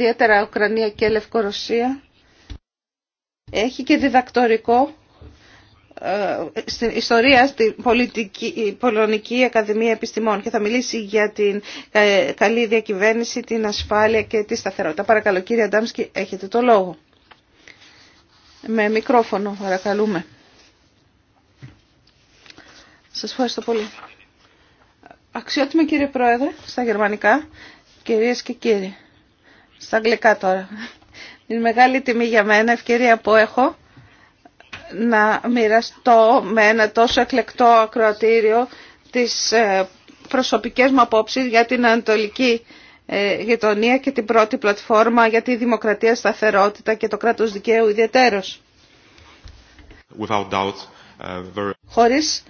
ιδιαίτερα Ουκρανία και Λευκορωσία. Έχει και διδακτορικό ε, στην ιστορία στην πολιτική, Πολωνική Ακαδημία Επιστημών και θα μιλήσει για την ε, καλή διακυβέρνηση, την ασφάλεια και τη σταθερότητα. Παρακαλώ κύριε Αντάμσκι, έχετε το λόγο. Με μικρόφωνο, παρακαλούμε. Σας ευχαριστώ πολύ. Αξιότιμη κύριε Πρόεδρε, στα γερμανικά, κυρίες και κύριοι. Στα αγγλικά τώρα. Είναι μεγάλη τιμή για μένα, ευκαιρία που έχω να μοιραστώ με ένα τόσο εκλεκτό ακροατήριο τις ε, προσωπικές μου απόψεις για την Ανατολική ε, Γειτονία και την πρώτη πλατφόρμα για τη δημοκρατία, σταθερότητα και το κράτος δικαίου ιδιαίτερος. Ε, Χωρίς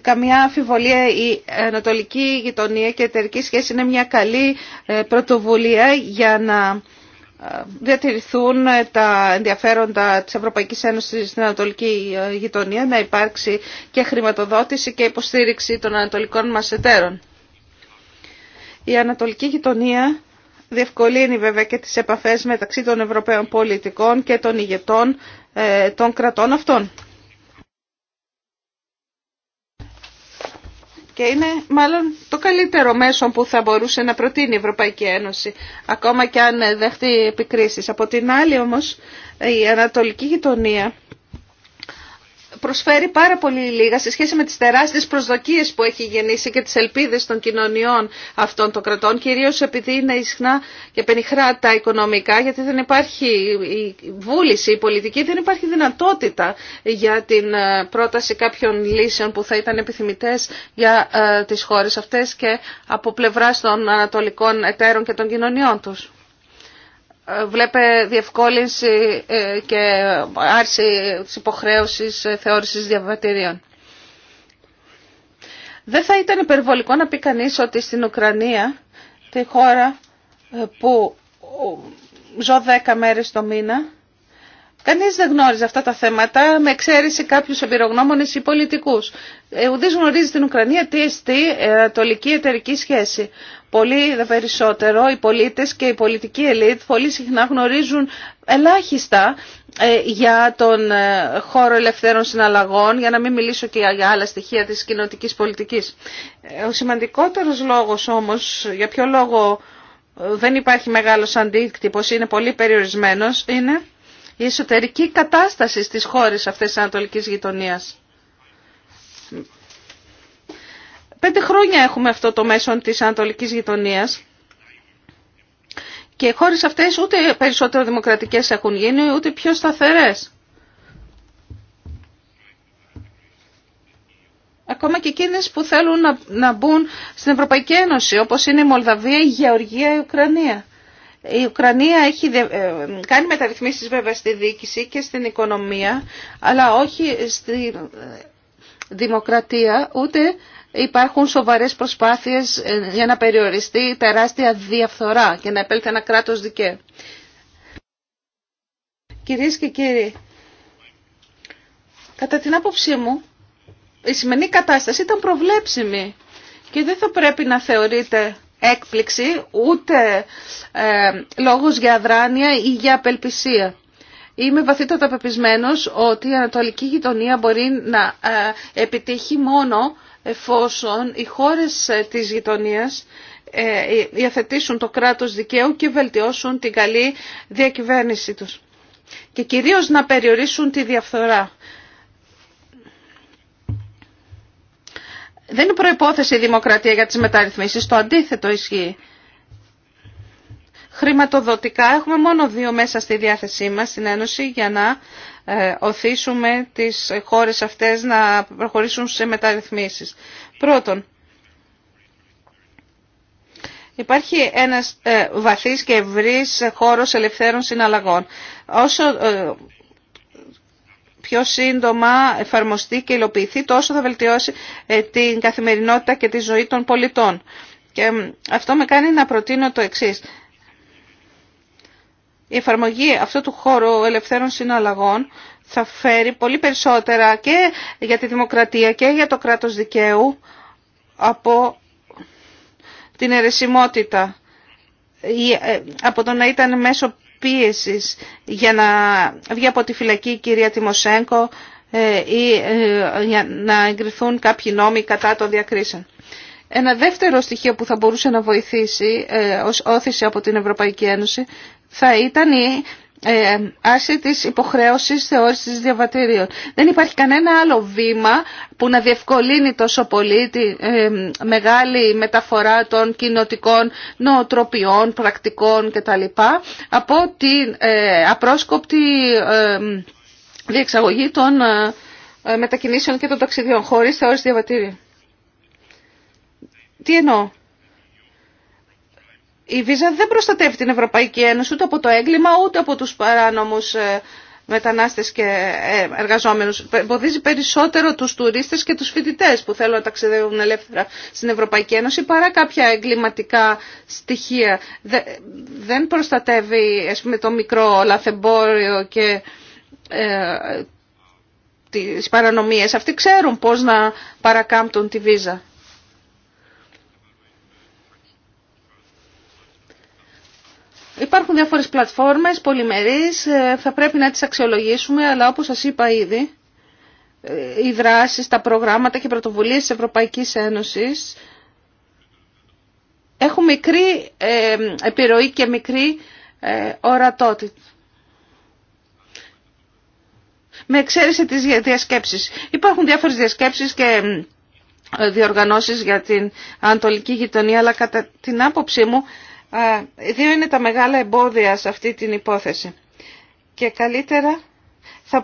καμιά αμφιβολία η ανατολική γειτονία και η εταιρική σχέση είναι μια καλή ε, πρωτοβουλία για να ε, διατηρηθούν ε, τα ενδιαφέροντα της Ευρωπαϊκής Ένωσης στην Ανατολική Γειτονία, να υπάρξει και χρηματοδότηση και υποστήριξη των ανατολικών μας εταίρων. Η Ανατολική Γειτονία διευκολύνει βέβαια και τις επαφές μεταξύ των Ευρωπαίων πολιτικών και των ηγετών των κρατών αυτών. Και είναι μάλλον το καλύτερο μέσο που θα μπορούσε να προτείνει η Ευρωπαϊκή Ένωση, ακόμα και αν ε, δεχτεί επικρίσεις. Από την άλλη όμως η Ανατολική Γειτονία προσφέρει πάρα πολύ λίγα σε σχέση με τις τεράστιες προσδοκίες που έχει γεννήσει και τις ελπίδες των κοινωνιών αυτών των κρατών, κυρίως επειδή είναι ισχνά και πενιχρά τα οικονομικά, γιατί δεν υπάρχει η βούληση, η πολιτική, δεν υπάρχει δυνατότητα για την ε, πρόταση κάποιων λύσεων που θα ήταν επιθυμητές για ε, τις χώρες αυτές και από πλευρά των ανατολικών εταίρων και των κοινωνιών τους βλέπε διευκόλυνση ε, και άρση της υποχρέωσης ε, θεώρησης διαβατηρίων. Δεν θα ήταν υπερβολικό να πει κανείς ότι στην Ουκρανία, τη χώρα ε, που ζω 10 μέρες το μήνα, κανείς δεν γνώριζε αυτά τα θέματα με εξαίρεση κάποιους εμπειρογνώμονες ή πολιτικούς. Ουδής γνωρίζει την Ουκρανία τι εστί ατολική εταιρική σχέση πολύ περισσότερο οι πολίτες και η πολιτική ελίτ πολύ συχνά γνωρίζουν ελάχιστα ε, για τον ε, χώρο ελευθέρων συναλλαγών, για να μην μιλήσω και για άλλα στοιχεία της κοινωτικής πολιτικής. Ε, ο σημαντικότερος λόγος όμως, για ποιο λόγο δεν υπάρχει μεγάλος αντίκτυπος, είναι πολύ περιορισμένος, είναι η εσωτερική κατάσταση στις χώρες αυτές της Ανατολικής Γειτονίας. Πέντε χρόνια έχουμε αυτό το μέσο της Ανατολικής Γειτονίας. Και χώρες αυτές ούτε περισσότερο δημοκρατικές έχουν γίνει, ούτε πιο σταθερές. Ακόμα και εκείνες που θέλουν να, να μπουν στην Ευρωπαϊκή Ένωση, όπως είναι η Μολδαβία, η Γεωργία, η Ουκρανία. Η Ουκρανία έχει ε, κάνει μεταρρυθμίσεις βέβαια στη διοίκηση και στην οικονομία, αλλά όχι στη ε, δημοκρατία, ούτε υπάρχουν σοβαρές προσπάθειες ε, για να περιοριστεί η τεράστια διαφθορά και να επέλθει ένα κράτος δικαίου. Κυρίες και κύριοι, κατά την άποψή μου, η σημερινή κατάσταση ήταν προβλέψιμη και δεν θα πρέπει να θεωρείται έκπληξη ούτε ε, λόγος για αδράνεια ή για απελπισία. Είμαι βαθύτατα πεπισμένος ότι η ανατολική γειτονία μπορεί να ε, επιτύχει μόνο εφόσον οι χώρες ε, της γειτονίας διαθετήσουν ε, το κράτος δικαίου και βελτιώσουν την καλή διακυβέρνησή τους. Και κυρίως να περιορίσουν τη διαφθορά. Δεν είναι προϋπόθεση η δημοκρατία για τις μεταρρυθμίσεις, το αντίθετο ισχύει. Χρηματοδοτικά έχουμε μόνο δύο μέσα στη διάθεσή μας στην Ένωση για να ε, οθήσουμε τις χώρες αυτές να προχωρήσουν σε μεταρρυθμίσεις. Πρώτον, Υπάρχει ένας ε, βαθύς και ευρύς χώρος ελευθέρων συναλλαγών. Όσο ε, πιο σύντομα εφαρμοστεί και υλοποιηθεί, τόσο θα βελτιώσει την καθημερινότητα και τη ζωή των πολιτών. Και αυτό με κάνει να προτείνω το εξής η εφαρμογή αυτού του χώρου ελευθέρων συναλλαγών θα φέρει πολύ περισσότερα και για τη δημοκρατία και για το κράτος δικαίου από την αιρεσιμότητα ε, από το να ήταν μέσω πίεσης για να βγει από τη φυλακή η κυρία Τιμοσέγκο ε, ή ε, για να εγκριθούν κάποιοι νόμοι κατά των διακρίσεων. Ένα δεύτερο στοιχείο που θα μπορούσε να βοηθήσει ως όθηση από την Ευρωπαϊκή Ένωση θα ήταν η ε, άση της υποχρέωσης θεώρησης διαβατηρίων. Δεν υπάρχει κανένα άλλο βήμα που να διευκολύνει τόσο πολύ τη ε, μεγάλη μεταφορά των κοινοτικών νοοτροπιών, πρακτικών κτλ. από την ε, απρόσκοπτη διεξαγωγή των μετακινήσεων και των ταξιδιών χωρίς θεώρηση διαβατηρίων. Τι εννοώ η Βίζα δεν προστατεύει την Ευρωπαϊκή Ένωση ούτε από το έγκλημα ούτε από τους παράνομους ε, μετανάστες και ε, εργαζόμενους. Εμποδίζει περισσότερο τους τουρίστες και τους φοιτητές που θέλουν να ταξιδεύουν ελεύθερα στην Ευρωπαϊκή Ένωση παρά κάποια εγκληματικά στοιχεία. Δεν προστατεύει ας πούμε, το μικρό λαθεμπόριο και ε, τις παρανομίες. Αυτοί ξέρουν πώς να παρακάμπτουν τη Βίζα. Υπάρχουν διάφορες πλατφόρμες, πολυμερείς, ε, θα πρέπει να τις αξιολογήσουμε, αλλά όπως σας είπα ήδη, ε, οι δράσεις, τα προγράμματα και πρωτοβουλίες της Ευρωπαϊκής Ένωσης έχουν μικρή ε, επιρροή και μικρή ορατότητα. Με εξαίρεση τις διασκέψεις. Υπάρχουν διάφορες διασκέψεις και διοργανώσεις για την Ανατολική Γειτονία, αλλά κατά την άποψή μου Δύο είναι τα μεγάλα εμπόδια σε αυτή την υπόθεση. Και καλύτερα θα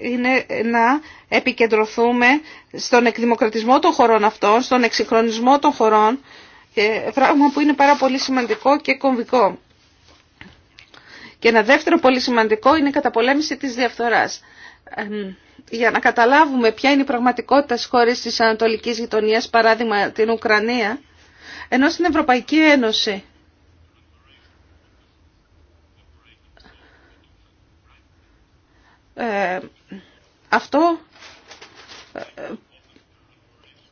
είναι να επικεντρωθούμε στον εκδημοκρατισμό των χωρών αυτών, στον εξυγχρονισμό των χωρών, πράγμα που είναι πάρα πολύ σημαντικό και κομβικό. Και ένα δεύτερο πολύ σημαντικό είναι η καταπολέμηση της διαφθοράς. Για να καταλάβουμε ποια είναι η πραγματικότητα στις χώρες της Ανατολικής Γειτονίας, παράδειγμα την Ουκρανία, ενώ στην Ευρωπαϊκή Ένωση Ε, αυτό ε,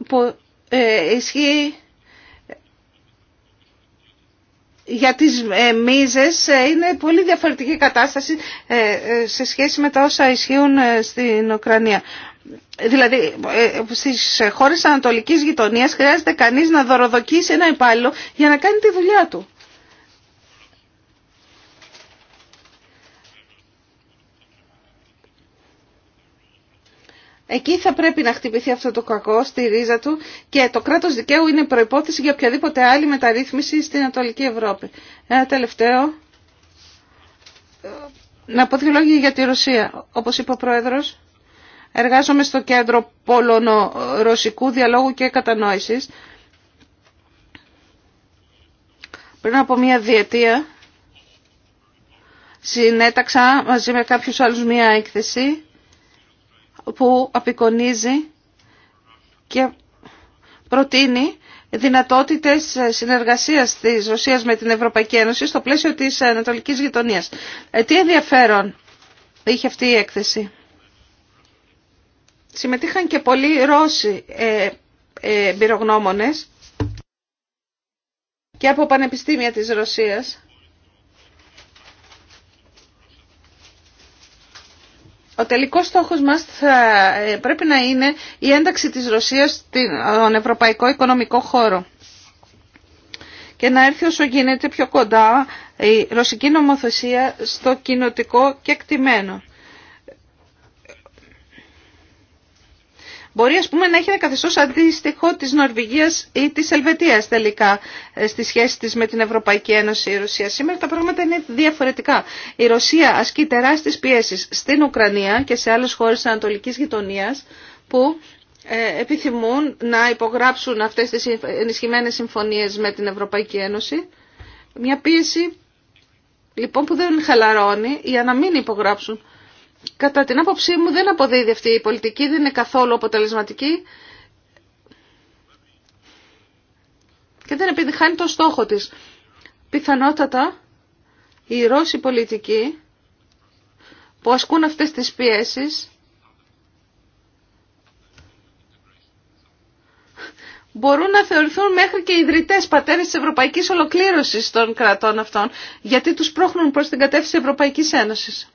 που ε, ισχύει για τις μίζες είναι πολύ διαφορετική κατάσταση σε σχέση με τα όσα ισχύουν στην Ουκρανία. Δηλαδή, στις χώρες ανατολικής γειτονίας χρειάζεται κανείς να δωροδοκίσει ένα υπάλληλο για να κάνει τη δουλειά του. Εκεί θα πρέπει να χτυπηθεί αυτό το κακό στη ρίζα του και το κράτος δικαίου είναι προϋπόθεση για οποιαδήποτε άλλη μεταρρύθμιση στην Ανατολική Ευρώπη. Ένα τελευταίο. Να πω δύο λόγια για τη Ρωσία. Όπως είπε ο Πρόεδρος, εργάζομαι στο κέντρο πολωνο-ρωσικού διαλόγου και κατανόησης. Πριν από μία διετία συνέταξα μαζί με κάποιους άλλους μία έκθεση που απεικονίζει και προτείνει δυνατότητες συνεργασίας της Ρωσίας με την Ευρωπαϊκή Ένωση στο πλαίσιο της Ανατολικής Γειτονίας. Ε, τι ενδιαφέρον είχε αυτή η έκθεση. Συμμετείχαν και πολλοί Ρώσοι ε, ε, εμπειρογνώμονες και από πανεπιστήμια της Ρωσίας ο τελικός στόχος μας θα, ε, πρέπει να είναι η ένταξη της Ρωσίας στον ευρωπαϊκό οικονομικό χώρο και να έρθει όσο γίνεται πιο κοντά η ρωσική νομοθεσία στο κοινοτικό και εκτιμένο. Μπορεί ας πούμε να έχει ένα καθεστώς αντίστοιχο της Νορβηγίας ή της Ελβετίας τελικά ε, στη σχέση της με την Ευρωπαϊκή Ένωση η Ρωσία. Σήμερα τα πράγματα είναι διαφορετικά. Η Ρωσία ασκεί τεράστιες πιέσεις στην Ουκρανία και σε άλλες χώρες της Ανατολικής Γειτονίας που ε, επιθυμούν να υπογράψουν αυτές τις ενισχυμένες συμφωνίες με την Ευρωπαϊκή Ένωση. Μια πίεση λοιπόν που δεν χαλαρώνει για να μην υπογράψουν Κατά την άποψή μου δεν αποδίδει αυτή η πολιτική, δεν είναι καθόλου αποτελεσματική και δεν επιτυχάνει το στόχο της. Πιθανότατα οι Ρώσοι πολιτικοί που ασκούν αυτές τις πιέσεις μπορούν να θεωρηθούν μέχρι και ιδρυτές πατέρες της ευρωπαϊκής ολοκλήρωσης των κρατών αυτών, γιατί τους πρόχνουν προς την κατεύθυνση Ευρωπαϊκής Ένωσης.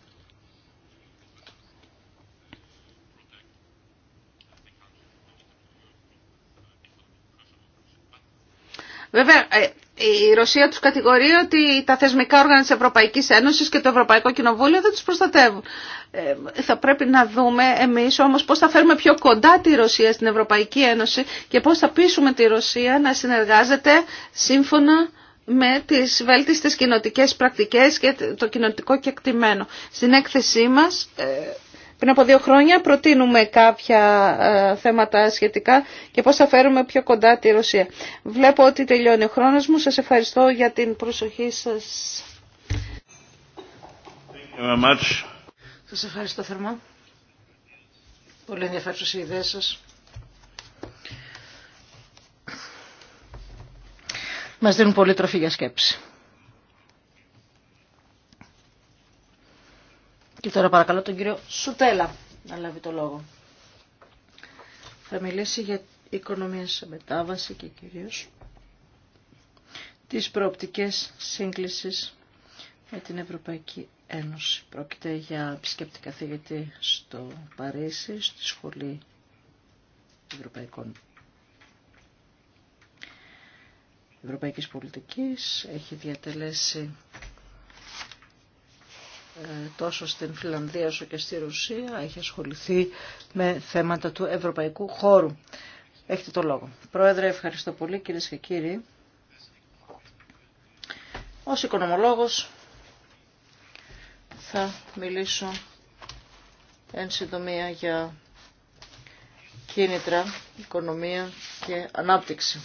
Βέβαια, ε, η Ρωσία τους κατηγορεί ότι τα θεσμικά όργανα της Ευρωπαϊκής Ένωσης και το Ευρωπαϊκό Κοινοβούλιο δεν τους προστατεύουν. Ε, θα πρέπει να δούμε εμείς όμως πώς θα φέρουμε πιο κοντά τη Ρωσία στην Ευρωπαϊκή Ένωση και πώς θα πείσουμε τη Ρωσία να συνεργάζεται σύμφωνα με τις βέλτιστες κοινοτικές πρακτικές και το κοινοτικό κεκτημένο. Στην έκθεσή μας ε, πριν από δύο χρόνια προτείνουμε κάποια ε, θέματα σχετικά και πώς θα φέρουμε πιο κοντά τη Ρωσία. Βλέπω ότι τελειώνει ο χρόνος μου. Σας ευχαριστώ για την προσοχή σας. Σας ευχαριστώ θερμά. Πολύ ενδιαφέρουσες οι ιδέες σας. Μας δίνουν πολύ τροφή για σκέψη. Και τώρα παρακαλώ τον κύριο Σουτέλα να λάβει το λόγο. Θα μιλήσει για οικονομία σε μετάβαση και κυρίως τις προοπτικές σύγκλησης με την Ευρωπαϊκή Ένωση. Πρόκειται για επισκέπτη καθηγητή στο Παρίσι, στη Σχολή Ευρωπαϊκών Ευρωπαϊκής Πολιτικής. Έχει διατελέσει ε, τόσο στην Φιλανδία όσο και στη Ρωσία έχει ασχοληθεί με θέματα του ευρωπαϊκού χώρου. Έχετε το λόγο. Πρόεδρε, ευχαριστώ πολύ κυρίε και κύριοι. Ως οικονομολόγος θα μιλήσω εν συντομία για κίνητρα, οικονομία και ανάπτυξη.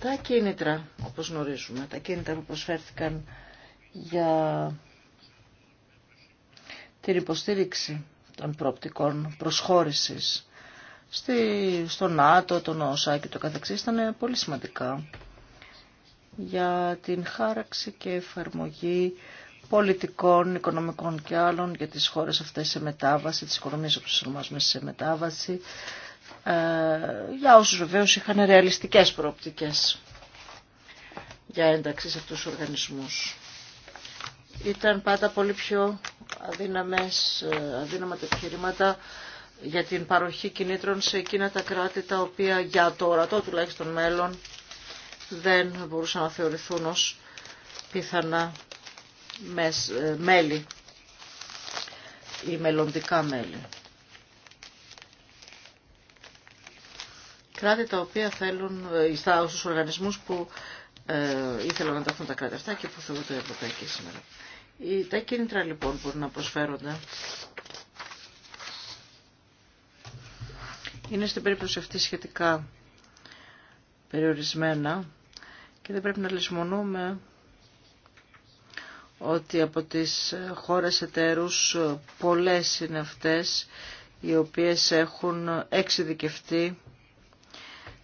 Τα κίνητρα, όπως γνωρίζουμε, τα κίνητρα που προσφέρθηκαν για την υποστήριξη των προοπτικών προσχώρησης στη, στο ΝΑΤΟ, τον ΩΣΑ και το καθεξής ήταν πολύ σημαντικά για την χάραξη και εφαρμογή πολιτικών, οικονομικών και άλλων για τις χώρες αυτές σε μετάβαση, τις οικονομίες όπως ονομάζουμε σε μετάβαση, ε, για όσους βεβαίως είχαν ρεαλιστικές προοπτικές για ένταξη σε αυτούς τους οργανισμούς ήταν πάντα πολύ πιο αδύναμες, ε, αδύναμα τα επιχειρήματα για την παροχή κινήτρων σε εκείνα τα κράτη τα οποία για το ορατό τουλάχιστον μέλλον δεν μπορούσαν να θεωρηθούν ως πιθανά ε, μέλη ή μελλοντικά μέλη. Κράτη τα οποία θέλουν, ε, στους οργανισμούς που ε, ήθελα να ταχθούν τα κράτη αυτά και που το ευρωπαϊκή σήμερα. Η, τα κίνητρα λοιπόν μπορούν να προσφέρονται. Είναι στην περίπτωση αυτή σχετικά περιορισμένα και δεν πρέπει να λησμονούμε ότι από τις χώρες εταίρους πολλές είναι αυτές οι οποίες έχουν εξειδικευτεί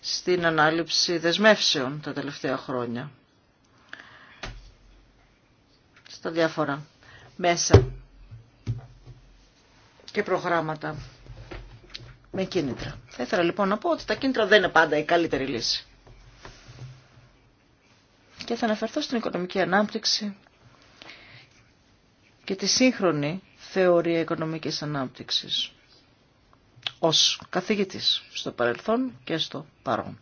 στην ανάληψη δεσμεύσεων τα τελευταία χρόνια. Στα διάφορα μέσα και προγράμματα με κίνητρα. Θα ήθελα λοιπόν να πω ότι τα κίνητρα δεν είναι πάντα η καλύτερη λύση. Και θα αναφερθώ στην οικονομική ανάπτυξη και τη σύγχρονη θεωρία οικονομικής ανάπτυξης ως καθηγητής στο παρελθόν και στο παρόν.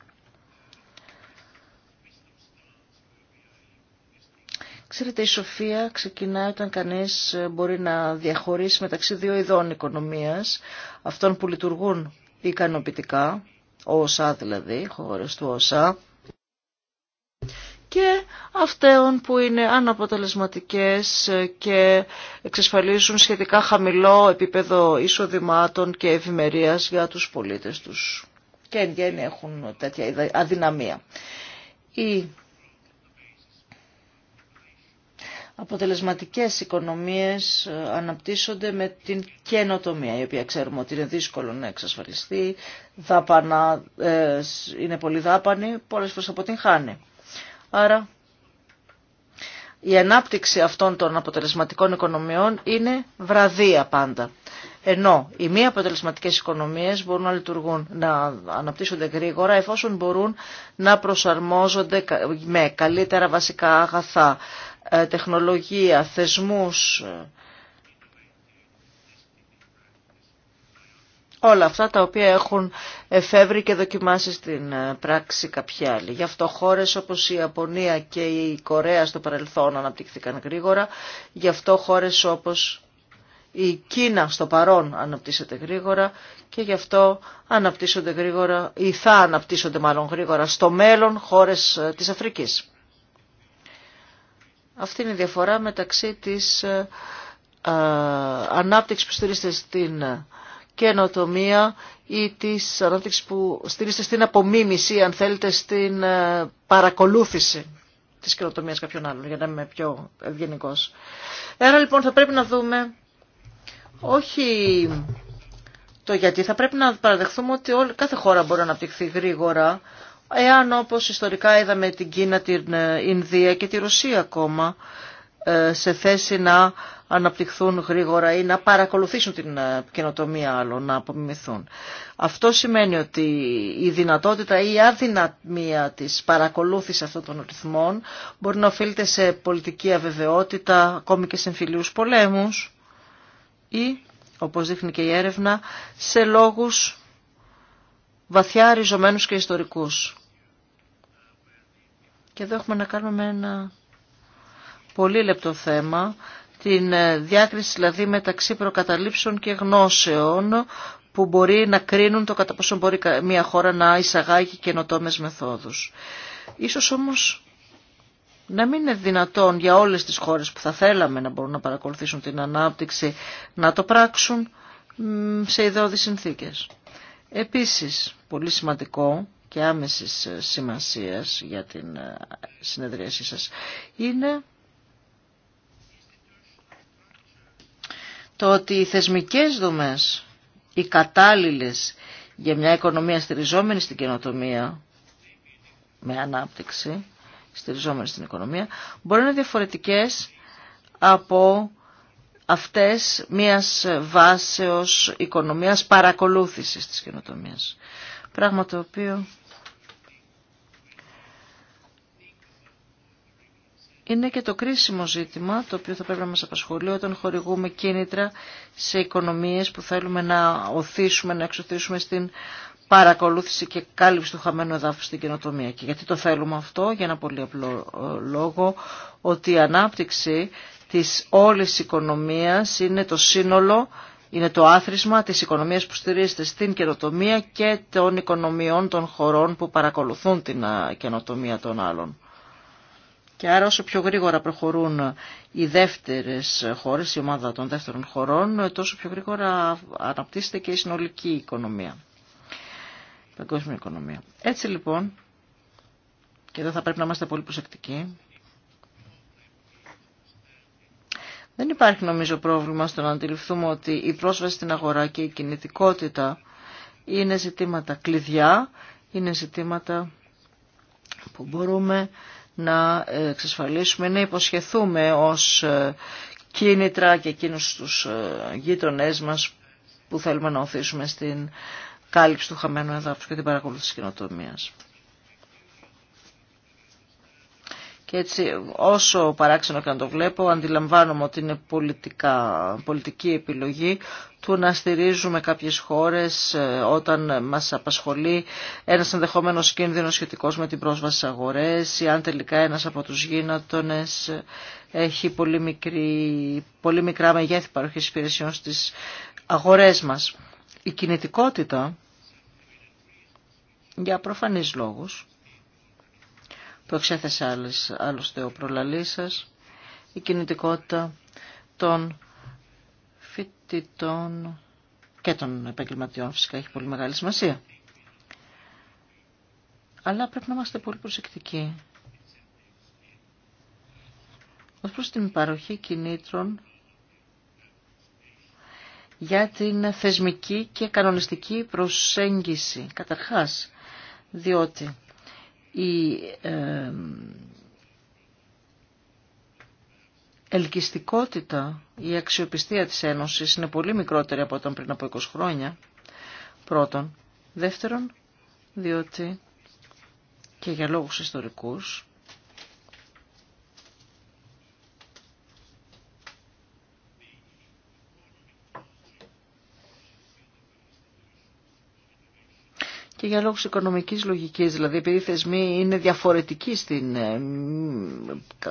Ξέρετε, η σοφία ξεκινάει όταν κανείς ε, μπορεί να διαχωρίσει μεταξύ δύο ειδών οικονομίας, αυτών που λειτουργούν ικανοποιητικά, ο ΩΣΑ δηλαδή, χωρίς του ΩΣΑ, και αυτών που είναι αναποτελεσματικές και εξασφαλίζουν σχετικά χαμηλό επίπεδο εισοδημάτων και ευημερία για τους πολίτες τους και εν γέννη έχουν τέτοια αδυναμία. Οι αποτελεσματικές οικονομίες ε, αναπτύσσονται με την καινοτομία, η οποία ξέρουμε ότι είναι δύσκολο να εξασφαλιστεί, δάπανα, ε, είναι πολύ δάπανη, πολλές φορές αποτυγχάνει. Άρα η ανάπτυξη αυτών των αποτελεσματικών οικονομιών είναι βραδία πάντα. Ενώ οι μη αποτελεσματικές οικονομίες μπορούν να λειτουργούν, να αναπτύσσονται γρήγορα εφόσον μπορούν να προσαρμόζονται με καλύτερα βασικά αγαθά, ε, τεχνολογία, θεσμούς, ε, όλα αυτά τα οποία έχουν εφεύρει και δοκιμάσει στην ε, πράξη κάποιοι άλλοι. Γι' αυτό χώρες όπως η Ιαπωνία και η Κορέα στο παρελθόν αναπτύχθηκαν γρήγορα, γι' αυτό χώρες όπως η Κίνα στο παρόν αναπτύσσεται γρήγορα και γι' αυτό αναπτύσσονται γρήγορα ή θα αναπτύσσονται μάλλον γρήγορα στο μέλλον χώρες ε, της Αφρικής. Αυτή είναι η διαφορά μεταξύ της ε, ανάπτυξης που στηρίζεται στην καινοτομία ή της ανάπτυξης που στηρίζεται στην απομίμηση, αν θέλετε, στην ε, παρακολούθηση της καινοτομίας κάποιων άλλων, για να είμαι πιο ευγενικό. Άρα λοιπόν θα πρέπει να δούμε όχι το γιατί, θα πρέπει να παραδεχθούμε ότι κάθε χώρα μπορεί να αναπτυχθεί γρήγορα, εάν όπως ιστορικά είδαμε την Κίνα, την ε, Ινδία και τη Ρωσία ακόμα, ε, σε θέση να αναπτυχθούν γρήγορα ή να παρακολουθήσουν την ε, καινοτομία άλλων, να απομιμηθούν. Αυτό σημαίνει ότι η δυνατότητα ή η αδυναμία της παρακολούθησης αυτών των ρυθμών μπορεί να οφείλεται σε πολιτική αβεβαιότητα, ακόμη και σε εμφυλίους πολέμους ή, όπως δείχνει και η έρευνα, σε λόγους βαθιά ριζωμένους και ιστορικούς. Και εδώ έχουμε να κάνουμε ένα πολύ λεπτό θέμα την ε, διάκριση δηλαδή μεταξύ προκαταλήψεων και γνώσεων που μπορεί να κρίνουν το κατά πόσο μπορεί μια χώρα να εισαγάγει καινοτόμες μεθόδους. Ίσως όμως να μην είναι δυνατόν για όλες τις χώρες που θα θέλαμε να μπορούν να παρακολουθήσουν την ανάπτυξη να το πράξουν σε ιδεώδεις συνθήκες. Επίσης, πολύ σημαντικό και άμεσης ε, σημασίας για την ε, συνεδρίασή σας είναι το ότι οι θεσμικές δομές, οι κατάλληλες για μια οικονομία στηριζόμενη στην καινοτομία, με ανάπτυξη, στηριζόμενη στην οικονομία, μπορεί να είναι διαφορετικές από αυτές μιας βάσεως οικονομίας παρακολούθησης της καινοτομίας. Πράγμα το οποίο είναι και το κρίσιμο ζήτημα το οποίο θα πρέπει να μας απασχολεί όταν χορηγούμε κίνητρα σε οικονομίες που θέλουμε να οθήσουμε, να εξωθήσουμε στην παρακολούθηση και κάλυψη του χαμένου εδάφου στην καινοτομία. Και γιατί το θέλουμε αυτό, για ένα πολύ απλό ε, λόγο, ότι η ανάπτυξη της όλης οικονομίας είναι το σύνολο είναι το άθροισμα της οικονομίας που στηρίζεται στην καινοτομία και των οικονομιών των χωρών που παρακολουθούν την ε, καινοτομία των άλλων. Και άρα όσο πιο γρήγορα προχωρούν οι δεύτερες χώρες, η ομάδα των δεύτερων χωρών, τόσο πιο γρήγορα αναπτύσσεται και η συνολική οικονομία, η παγκόσμια οικονομία. Έτσι λοιπόν, και εδώ θα πρέπει να είμαστε πολύ προσεκτικοί, δεν υπάρχει νομίζω πρόβλημα στο να αντιληφθούμε ότι η πρόσβαση στην αγορά και η κινητικότητα είναι ζητήματα κλειδιά, είναι ζητήματα που μπορούμε να εξασφαλίσουμε, να υποσχεθούμε ως ε, κίνητρα και εκείνους τους ε, γείτονές μας που θέλουμε να οθήσουμε στην κάλυψη του χαμένου εδάφους και την παρακολούθηση της κοινοτομίας. Και έτσι όσο παράξενο και να το βλέπω αντιλαμβάνομαι ότι είναι πολιτικά, πολιτική επιλογή του να στηρίζουμε κάποιες χώρες ε, όταν μας απασχολεί ένας ενδεχόμενος κίνδυνος σχετικός με την πρόσβαση σε αγορές ή αν τελικά ένας από τους γίνατονες ε, έχει πολύ, μικρή, πολύ μικρά μεγέθη παροχής υπηρεσιών στις αγορές μας. Η κινητικότητα για προφανείς λόγους που εξέθεσε άλλωστε ο προλαλής σας, η κινητικότητα των φοιτητών και των επαγγελματιών φυσικά έχει πολύ μεγάλη σημασία. Αλλά πρέπει να είμαστε πολύ προσεκτικοί ως προς την παροχή κινήτρων για την θεσμική και κανονιστική προσέγγιση. Καταρχάς, διότι η ελκυστικότητα, η αξιοπιστία της Ένωσης είναι πολύ μικρότερη από όταν πριν από 20 χρόνια, πρώτον. Δεύτερον, διότι και για λόγους ιστορικούς και για λόγους οικονομικής λογικής, δηλαδή επειδή οι θεσμοί είναι διαφορετικοί στην, ε,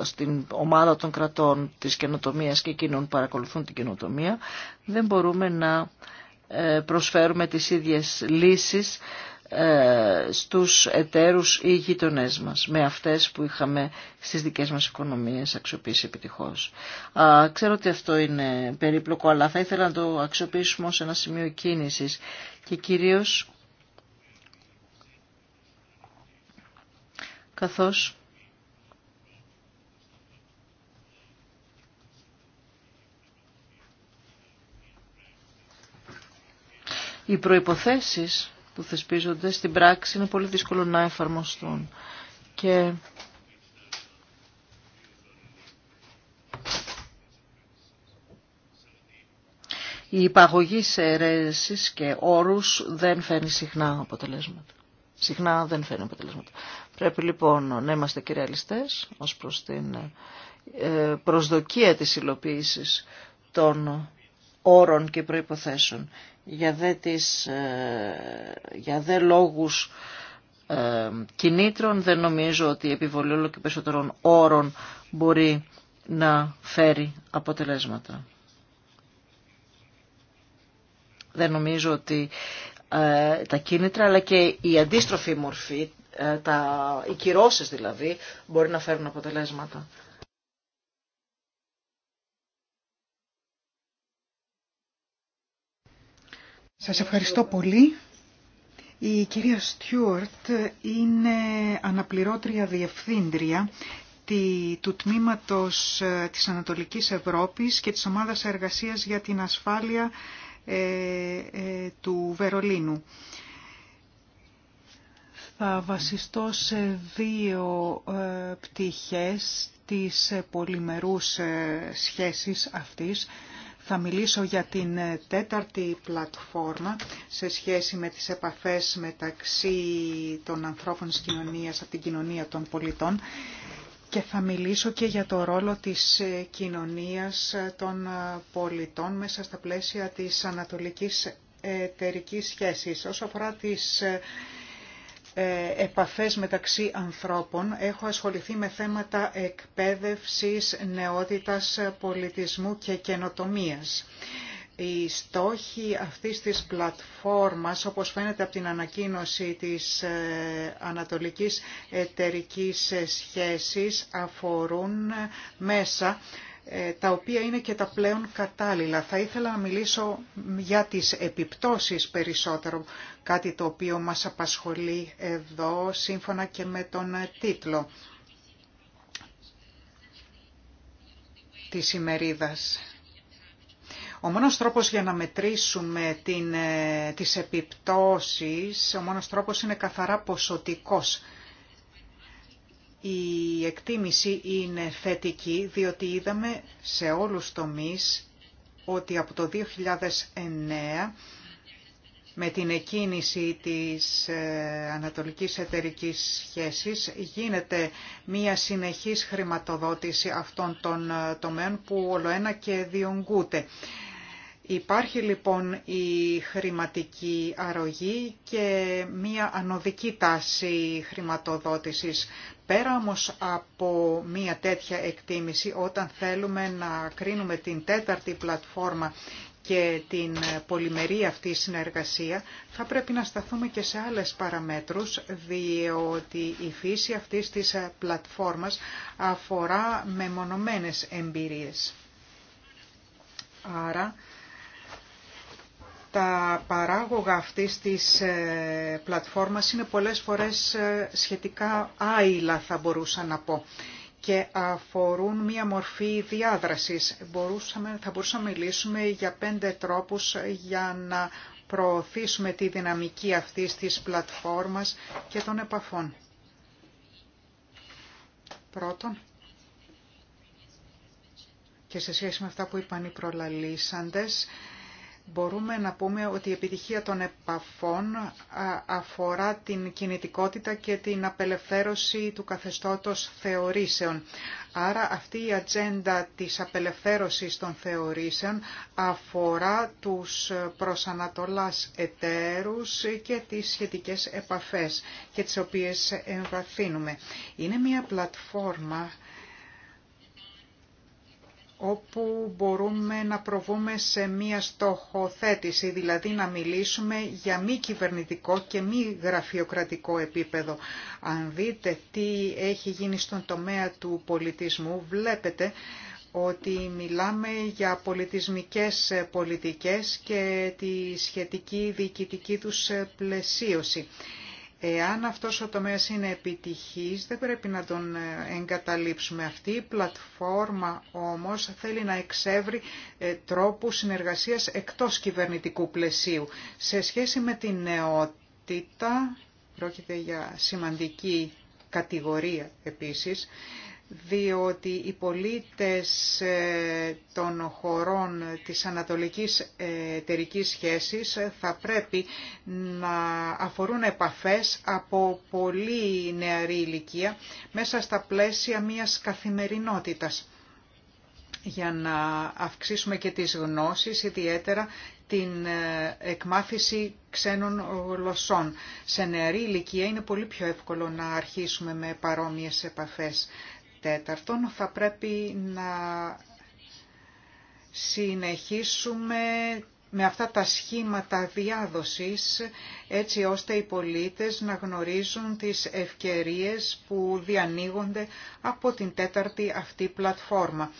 στην ομάδα των κρατών της καινοτομία και εκείνων που παρακολουθούν την καινοτομία, δεν μπορούμε να ε, προσφέρουμε τις ίδιες λύσεις ε, στους εταίρους ή γείτονέ μας, με αυτές που είχαμε στις δικές μας οικονομίες αξιοποιήσει επιτυχώς. ξέρω ότι αυτό είναι περίπλοκο, αλλά θα ήθελα να το αξιοποιήσουμε ως ένα σημείο κίνησης και κυρίως καθώς οι προϋποθέσεις που θεσπίζονται στην πράξη είναι πολύ δύσκολο να εφαρμοστούν. Και η υπαγωγή σε και όρους δεν φέρνει συχνά αποτελέσματα συχνά δεν φέρνει αποτελέσματα. Πρέπει λοιπόν να είμαστε κυριαλιστές ως προς την ε, προσδοκία της υλοποίηση των όρων και προϋποθέσεων. Για δε, τις, ε, για δε λόγους ε, κινήτρων δεν νομίζω ότι η επιβολή όλο και περισσότερων όρων μπορεί να φέρει αποτελέσματα. Δεν νομίζω ότι ε, τα κίνητρα αλλά και η αντίστροφη μορφή, ε, τα, οι κυρώσεις δηλαδή, μπορεί να φέρουν αποτελέσματα. Σας ευχαριστώ πολύ. Η κυρία Στιούαρτ είναι αναπληρώτρια διευθύντρια του τμήματος ε, της Ανατολικής Ευρώπης και της Ομάδας Εργασίας για την Ασφάλεια ε, ε, του Βερολίνου. Θα βασιστώ σε δύο ε, πτυχές της πολυμερούς σχέσης αυτής. Θα μιλήσω για την τέταρτη πλατφόρμα σε σχέση με τις επαφές μεταξύ των ανθρώπων της κοινωνίας από την κοινωνία των πολιτών και θα μιλήσω και για το ρόλο της ε, κοινωνίας ε, των ε, πολιτών μέσα στα πλαίσια της ανατολικής εταιρικής σχέσης. Όσο αφορά τις επαφές μεταξύ ανθρώπων, έχω ασχοληθεί με θέματα εκπαίδευσης, νεότητας, πολιτισμού και καινοτομίας. Οι στόχοι αυτής της πλατφόρμας, όπως φαίνεται από την ανακοίνωση της ε, Ανατολικής Εταιρικής Σχέσης, αφορούν μέσα ε, τα οποία είναι και τα πλέον κατάλληλα. Θα ήθελα να μιλήσω για τις επιπτώσεις περισσότερο, κάτι το οποίο μας απασχολεί εδώ σύμφωνα και με τον τίτλο της ημερίδας. Ο μόνος τρόπος για να μετρήσουμε την, ε, τις επιπτώσεις, ο μόνος τρόπος είναι καθαρά ποσοτικός. Η εκτίμηση είναι θετική διότι είδαμε σε όλους τομείς ότι από το 2009 με την εκκίνηση της ε, ανατολικής εταιρικής σχέσης γίνεται μία συνεχής χρηματοδότηση αυτών των ε, τομέων που ολοένα και διονγκούται. Υπάρχει λοιπόν η χρηματική αρρωγή και μία ανωδική τάση χρηματοδότησης. Πέρα όμως από μία τέτοια εκτίμηση, όταν θέλουμε να κρίνουμε την τέταρτη πλατφόρμα και την πολυμερή αυτή συνεργασία, θα πρέπει να σταθούμε και σε άλλες παραμέτρους, διότι η φύση αυτής της πλατφόρμας αφορά μεμονωμένες εμπειρίες. Άρα τα παράγωγα αυτής της ε, πλατφόρμας είναι πολλές φορές ε, σχετικά άειλα θα μπορούσα να πω και αφορούν μία μορφή διάδρασης. Μπορούσαμε, θα μπορούσαμε να μιλήσουμε για πέντε τρόπους για να προωθήσουμε τη δυναμική αυτής της πλατφόρμας και των επαφών. Πρώτον, και σε σχέση με αυτά που είπαν οι προλαλήσαντες, μπορούμε να πούμε ότι η επιτυχία των επαφών αφορά την κινητικότητα και την απελευθέρωση του καθεστώτος θεωρήσεων. Άρα αυτή η ατζέντα της απελευθέρωσης των θεωρήσεων αφορά τους προσανατολάς εταίρους και τις σχετικές επαφές και τις οποίες εμβαθύνουμε. Είναι μια πλατφόρμα όπου μπορούμε να προβούμε σε μία στοχοθέτηση, δηλαδή να μιλήσουμε για μη κυβερνητικό και μη γραφειοκρατικό επίπεδο. Αν δείτε τι έχει γίνει στον τομέα του πολιτισμού, βλέπετε ότι μιλάμε για πολιτισμικές πολιτικές και τη σχετική διοικητική τους πλαισίωση. Εάν αυτός ο τομέας είναι επιτυχής, δεν πρέπει να τον ε, εγκαταλείψουμε. Αυτή η πλατφόρμα όμως θέλει να εξεύρει ε, τρόπους συνεργασίας εκτός κυβερνητικού πλαισίου. Σε σχέση με την νεότητα, πρόκειται για σημαντική κατηγορία επίσης, διότι οι πολίτες ε, των χωρών της ανατολικής ε, εταιρικής σχέσης θα πρέπει να αφορούν επαφές από πολύ νεαρή ηλικία μέσα στα πλαίσια μιας καθημερινότητας για να αυξήσουμε και τις γνώσεις, ιδιαίτερα την ε, εκμάθηση ξένων γλωσσών. Σε νεαρή ηλικία είναι πολύ πιο εύκολο να αρχίσουμε με παρόμοιες επαφές. Τέταρτον, θα πρέπει να συνεχίσουμε με αυτά τα σχήματα διάδοσης, έτσι ώστε οι πολίτες να γνωρίζουν τις ευκαιρίες που διανοίγονται από την τέταρτη αυτή πλατφόρμα.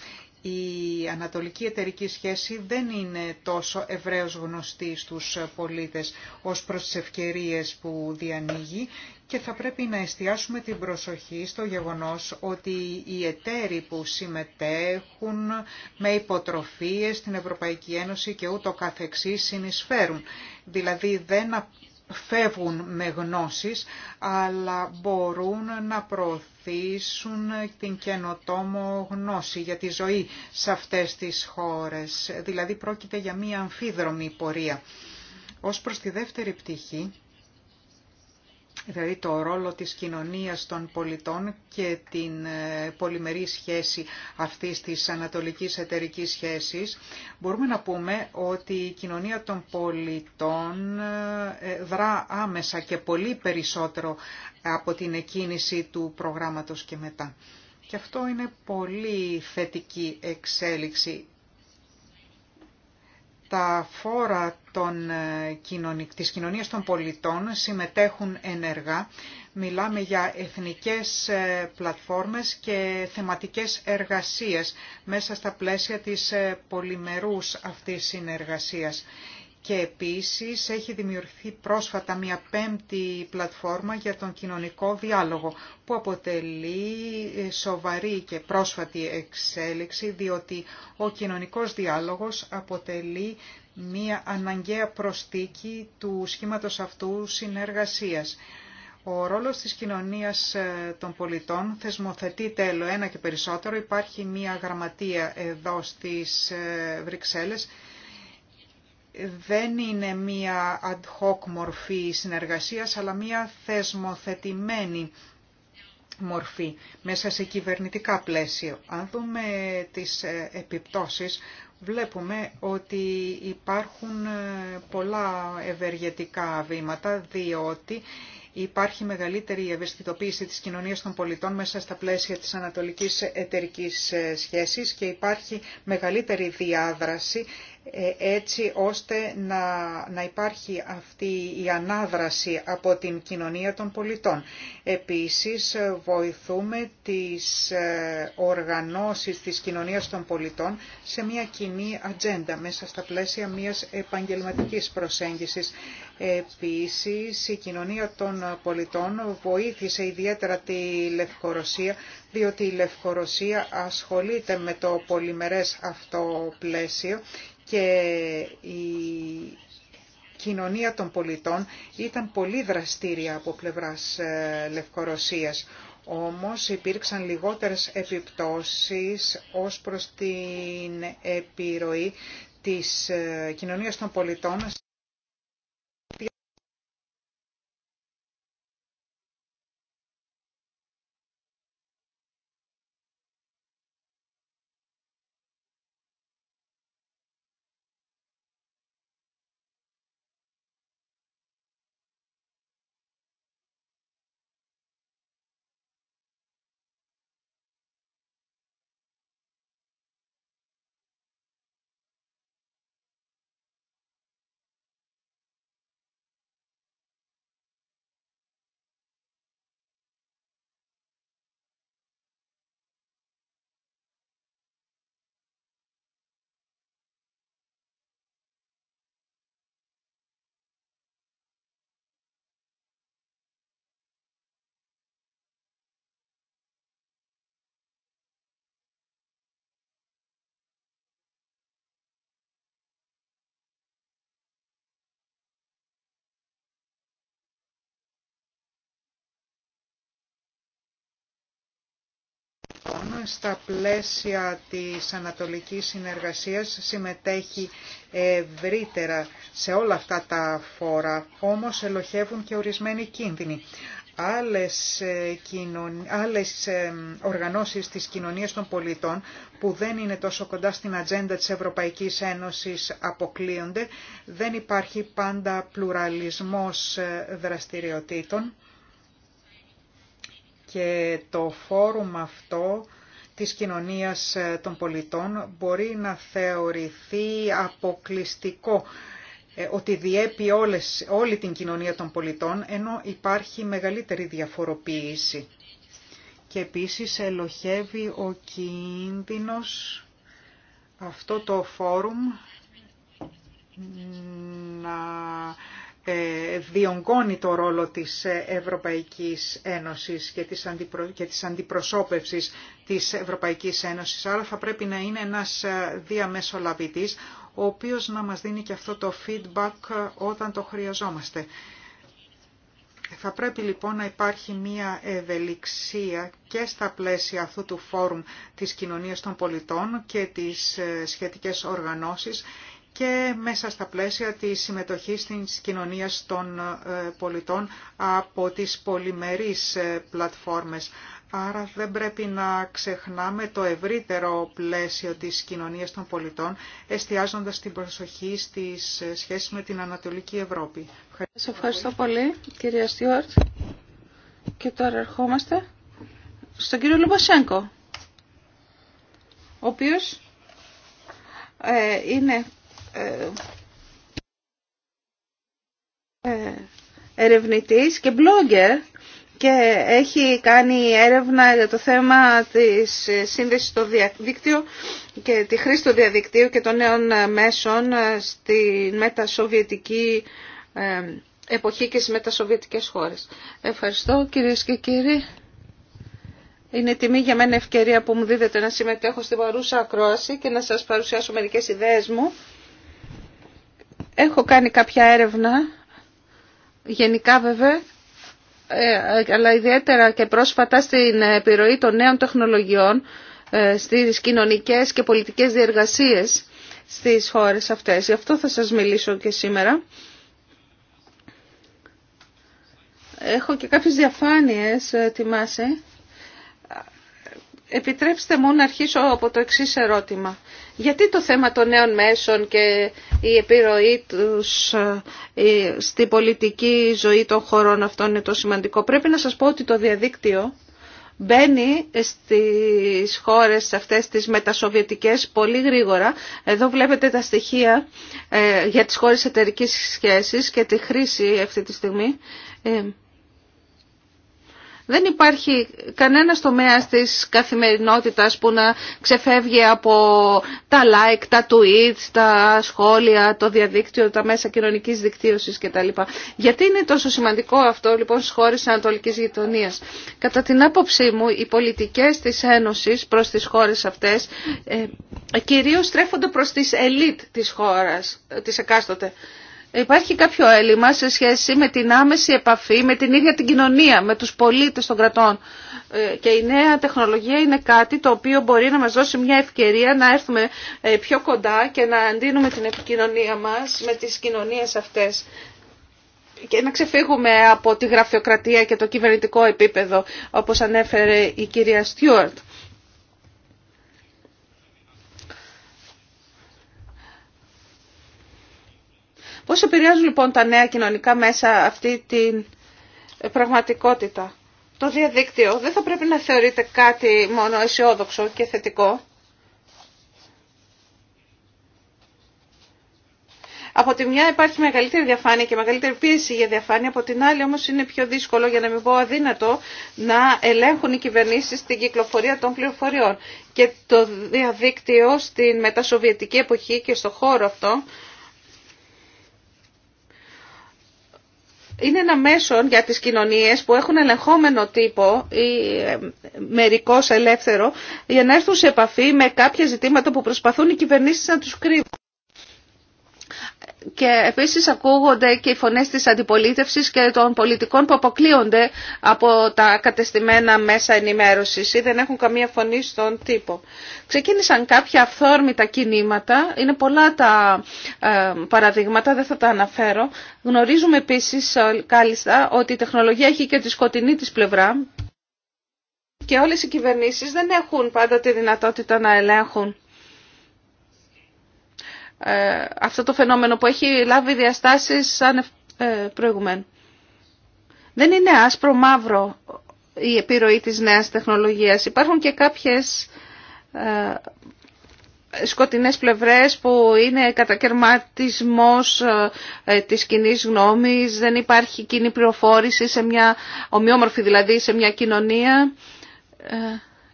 Η ανατολική εταιρική σχέση δεν είναι τόσο ευρέως γνωστή στους πολίτες ως προς τις ευκαιρίες που διανοίγει και θα πρέπει να εστιάσουμε την προσοχή στο γεγονός ότι οι εταίροι που συμμετέχουν με υποτροφίες στην Ευρωπαϊκή Ένωση και ούτω καθεξής συνεισφέρουν. Δηλαδή δεν φεύγουν με γνώσεις, αλλά μπορούν να προωθήσουν την καινοτόμο γνώση για τη ζωή σε αυτές τις χώρες. Δηλαδή πρόκειται για μία αμφίδρομη πορεία. Ως προς τη δεύτερη πτυχή, δηλαδή το ρόλο της κοινωνίας των πολιτών και την ε, πολυμερή σχέση αυτής της ανατολικής εταιρικής σχέσης, μπορούμε να πούμε ότι η κοινωνία των πολιτών ε, ε, δρά άμεσα και πολύ περισσότερο από την εκκίνηση του προγράμματος και μετά. Και αυτό είναι πολύ θετική εξέλιξη τα φόρα των, ε, της κοινωνίας των πολιτών συμμετέχουν ενεργά. Μιλάμε για εθνικές ε, πλατφόρμες και θεματικές εργασίες μέσα στα πλαίσια της ε, πολυμερούς αυτής συνεργασίας. Και επίσης έχει δημιουργηθεί πρόσφατα μια πέμπτη πλατφόρμα για τον κοινωνικό διάλογο που αποτελεί ε, σοβαρή και πρόσφατη εξέλιξη διότι ο κοινωνικός διάλογος αποτελεί μια αναγκαία προστίκη του σχήματος αυτού συνεργασίας. Ο ρόλος της κοινωνίας ε, των πολιτών θεσμοθετεί τέλο ένα και περισσότερο. Υπάρχει μια γραμματεία εδώ στις ε, Βρυξέλλες δεν είναι μία ad hoc μορφή συνεργασίας, αλλά μία θεσμοθετημένη μορφή μέσα σε κυβερνητικά πλαίσια. Αν δούμε τις ε, επιπτώσεις, βλέπουμε ότι υπάρχουν ε, πολλά ευεργετικά βήματα, διότι υπάρχει μεγαλύτερη ευαισθητοποίηση της κοινωνίας των πολιτών μέσα στα πλαίσια της ανατολικής εταιρικής ε, σχέσης και υπάρχει μεγαλύτερη διάδραση ε, έτσι ώστε να, να υπάρχει αυτή η ανάδραση από την κοινωνία των πολιτών. Επίσης βοηθούμε τις ε, οργανώσεις της κοινωνίας των πολιτών σε μια κοινή ατζέντα μέσα στα πλαίσια μιας επαγγελματικής προσέγγισης. Επίσης η κοινωνία των πολιτών βοήθησε ιδιαίτερα τη Λευκορωσία διότι η Λευκορωσία ασχολείται με το πολυμερές αυτό πλαίσιο και η κοινωνία των πολιτών ήταν πολύ δραστήρια από πλευράς ε, Λευκορωσίας. Όμως υπήρξαν λιγότερες επιπτώσεις ως προς την επιρροή της ε, κοινωνίας των πολιτών στα πλαίσια της ανατολικής συνεργασίας συμμετέχει ευρύτερα σε όλα αυτά τα φόρα, όμως ελοχεύουν και ορισμένοι κίνδυνοι. Άλλες, ε, άλλες ε, οργανώσεις της κοινωνίας των πολιτών που δεν είναι τόσο κοντά στην ατζέντα της Ευρωπαϊκής Ένωσης αποκλείονται. Δεν υπάρχει πάντα πλουραλισμός ε, δραστηριοτήτων και το φόρουμ αυτό της κοινωνίας ε, των πολιτών μπορεί να θεωρηθεί αποκλειστικό ε, ότι διέπει όλες, όλη την κοινωνία των πολιτών, ενώ υπάρχει μεγαλύτερη διαφοροποίηση. Και επίσης ελοχεύει ο κίνδυνος αυτό το φόρουμ να ε, διονγκώνει το ρόλο της Ευρωπαϊκής Ένωσης και της, αντιπρο... και της αντιπροσώπευσης της Ευρωπαϊκής Ένωσης. Άρα θα πρέπει να είναι ένας ε, διαμεσολαβητής, ο οποίος να μας δίνει και αυτό το feedback όταν το χρειαζόμαστε. Θα πρέπει λοιπόν να υπάρχει μία ευελιξία και στα πλαίσια αυτού του φόρουμ της κοινωνίας των πολιτών και τις ε, σχετικές οργανώσεις και μέσα στα πλαίσια της συμμετοχής της κοινωνίας των ε, πολιτών από τις πολυμερείς ε, πλατφόρμες. Άρα δεν πρέπει να ξεχνάμε το ευρύτερο πλαίσιο της κοινωνίας των πολιτών, εστιάζοντας την προσοχή στις ε, σχέσεις με την Ανατολική Ευρώπη. Σας ευχαριστώ πολύ, κυρία Στιούαρτ. Και τώρα ερχόμαστε στον κύριο Λουμπασέγκο, ο οποίος είναι ε, ε, ερευνητής και blogger και έχει κάνει έρευνα για το θέμα της σύνδεσης στο διαδίκτυο και τη χρήση του διαδικτύου και των νέων μέσων στη μετασοβιετική ε, εποχή και στις μετασοβιετικές χώρες. Ευχαριστώ κυρίες και κύριοι. Είναι τιμή για μένα ευκαιρία που μου δίδεται να συμμετέχω στην παρούσα ακρόαση και να σας παρουσιάσω μερικές ιδέες μου. Έχω κάνει κάποια έρευνα, γενικά βέβαια, ε, αλλά ιδιαίτερα και πρόσφατα στην επιρροή των νέων τεχνολογιών ε, στις κοινωνικές και πολιτικές διεργασίες στις χώρες αυτές. Γι' αυτό θα σας μιλήσω και σήμερα. Έχω και κάποιες διαφάνειες ε, ετοιμάσει. Επιτρέψτε μου να αρχίσω από το εξής ερώτημα. Γιατί το θέμα των νέων μέσων και η επιρροή τους ε, στην πολιτική ζωή των χωρών αυτών είναι το σημαντικό. Πρέπει να σας πω ότι το διαδίκτυο μπαίνει στις χώρες αυτές τις μετασοβιετικές πολύ γρήγορα. Εδώ βλέπετε τα στοιχεία ε, για τις χώρες εταιρικής σχέσης και τη χρήση αυτή τη στιγμή. Ε, δεν υπάρχει κανένα τομέα της καθημερινότητας που να ξεφεύγει από τα like, τα tweets, τα σχόλια, το διαδίκτυο, τα μέσα κοινωνική δικτύωσης κτλ. Γιατί είναι τόσο σημαντικό αυτό λοιπόν στι χώρε της Ανατολικής Κατά την άποψή μου οι πολιτικέ τη Ένωση προς τις χώρες αυτές ε, κυρίως στρέφονται προ τι ελίτ τη χώρα, ε, της εκάστοτε Υπάρχει κάποιο έλλειμμα σε σχέση με την άμεση επαφή, με την ίδια την κοινωνία, με τους πολίτες των κρατών. Ε, και η νέα τεχνολογία είναι κάτι το οποίο μπορεί να μας δώσει μια ευκαιρία να έρθουμε ε, πιο κοντά και να αντίνουμε την επικοινωνία μας με τις κοινωνίες αυτές και να ξεφύγουμε από τη γραφειοκρατία και το κυβερνητικό επίπεδο, όπως ανέφερε η κυρία Στιούαρτ. Πώς επηρεάζουν λοιπόν τα νέα κοινωνικά μέσα αυτή την πραγματικότητα. Το διαδίκτυο δεν θα πρέπει να θεωρείται κάτι μόνο αισιόδοξο και θετικό. Από τη μια υπάρχει μεγαλύτερη διαφάνεια και μεγαλύτερη πίεση για διαφάνεια, από την άλλη όμως είναι πιο δύσκολο για να μην πω αδύνατο να ελέγχουν οι κυβερνήσεις την κυκλοφορία των πληροφοριών. Και το διαδίκτυο στην μετασοβιετική εποχή και στο χώρο αυτό είναι ένα μέσο για τις κοινωνίες που έχουν ελεγχόμενο τύπο ή ε, μερικώς ελεύθερο για να έρθουν σε επαφή με κάποια ζητήματα που προσπαθούν οι κυβερνήσεις να τους κρύβουν. Και επίσης ακούγονται και οι φωνές της αντιπολίτευσης και των πολιτικών που αποκλείονται από τα κατεστημένα μέσα ενημέρωσης ή δεν έχουν καμία φωνή στον τύπο. Ξεκίνησαν κάποια αυθόρμητα κινήματα, είναι πολλά τα ε, παραδείγματα, δεν θα τα αναφέρω. Γνωρίζουμε επίσης ε, κάλλιστα ότι η τεχνολογία έχει και τη σκοτεινή της πλευρά και όλες οι κυβερνήσεις δεν έχουν πάντα τη δυνατότητα να ελέγχουν ε, αυτό το φαινόμενο που έχει λάβει διαστάσεις σαν ε, προηγουμένου. Δεν είναι άσπρο μαύρο η επιρροή της νέας τεχνολογίας. Υπάρχουν και κάποιες ε, σκοτεινές πλευρές που είναι κατακαιρματισμός της κοινή γνώμης, δεν υπάρχει κοινή πληροφόρηση σε μια ομοιόμορφη δηλαδή σε μια κοινωνία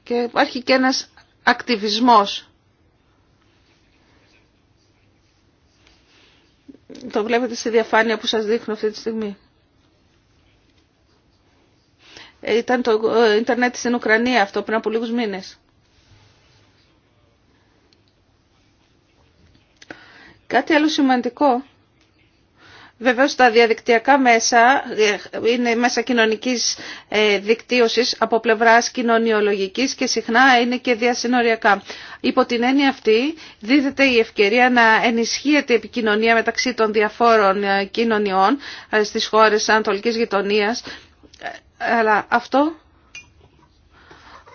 και υπάρχει και ένας ακτιβισμός Το βλέπετε στη διαφάνεια που σας δείχνω αυτή τη στιγμή. Ήταν το ε, ίντερνετ στην Ουκρανία αυτό πριν από λίγους μήνες. Κάτι άλλο σημαντικό Βεβαίως τα διαδικτυακά μέσα ε, είναι μέσα κοινωνικής ε, δικτύωσης από πλευράς κοινωνιολογικής και συχνά είναι και διασυνοριακά. Υπό την έννοια αυτή δίδεται η ευκαιρία να ενισχύεται η επικοινωνία μεταξύ των διαφόρων ε, κοινωνιών στις χώρες Ανατολικής Γειτονίας. Αλλά αυτό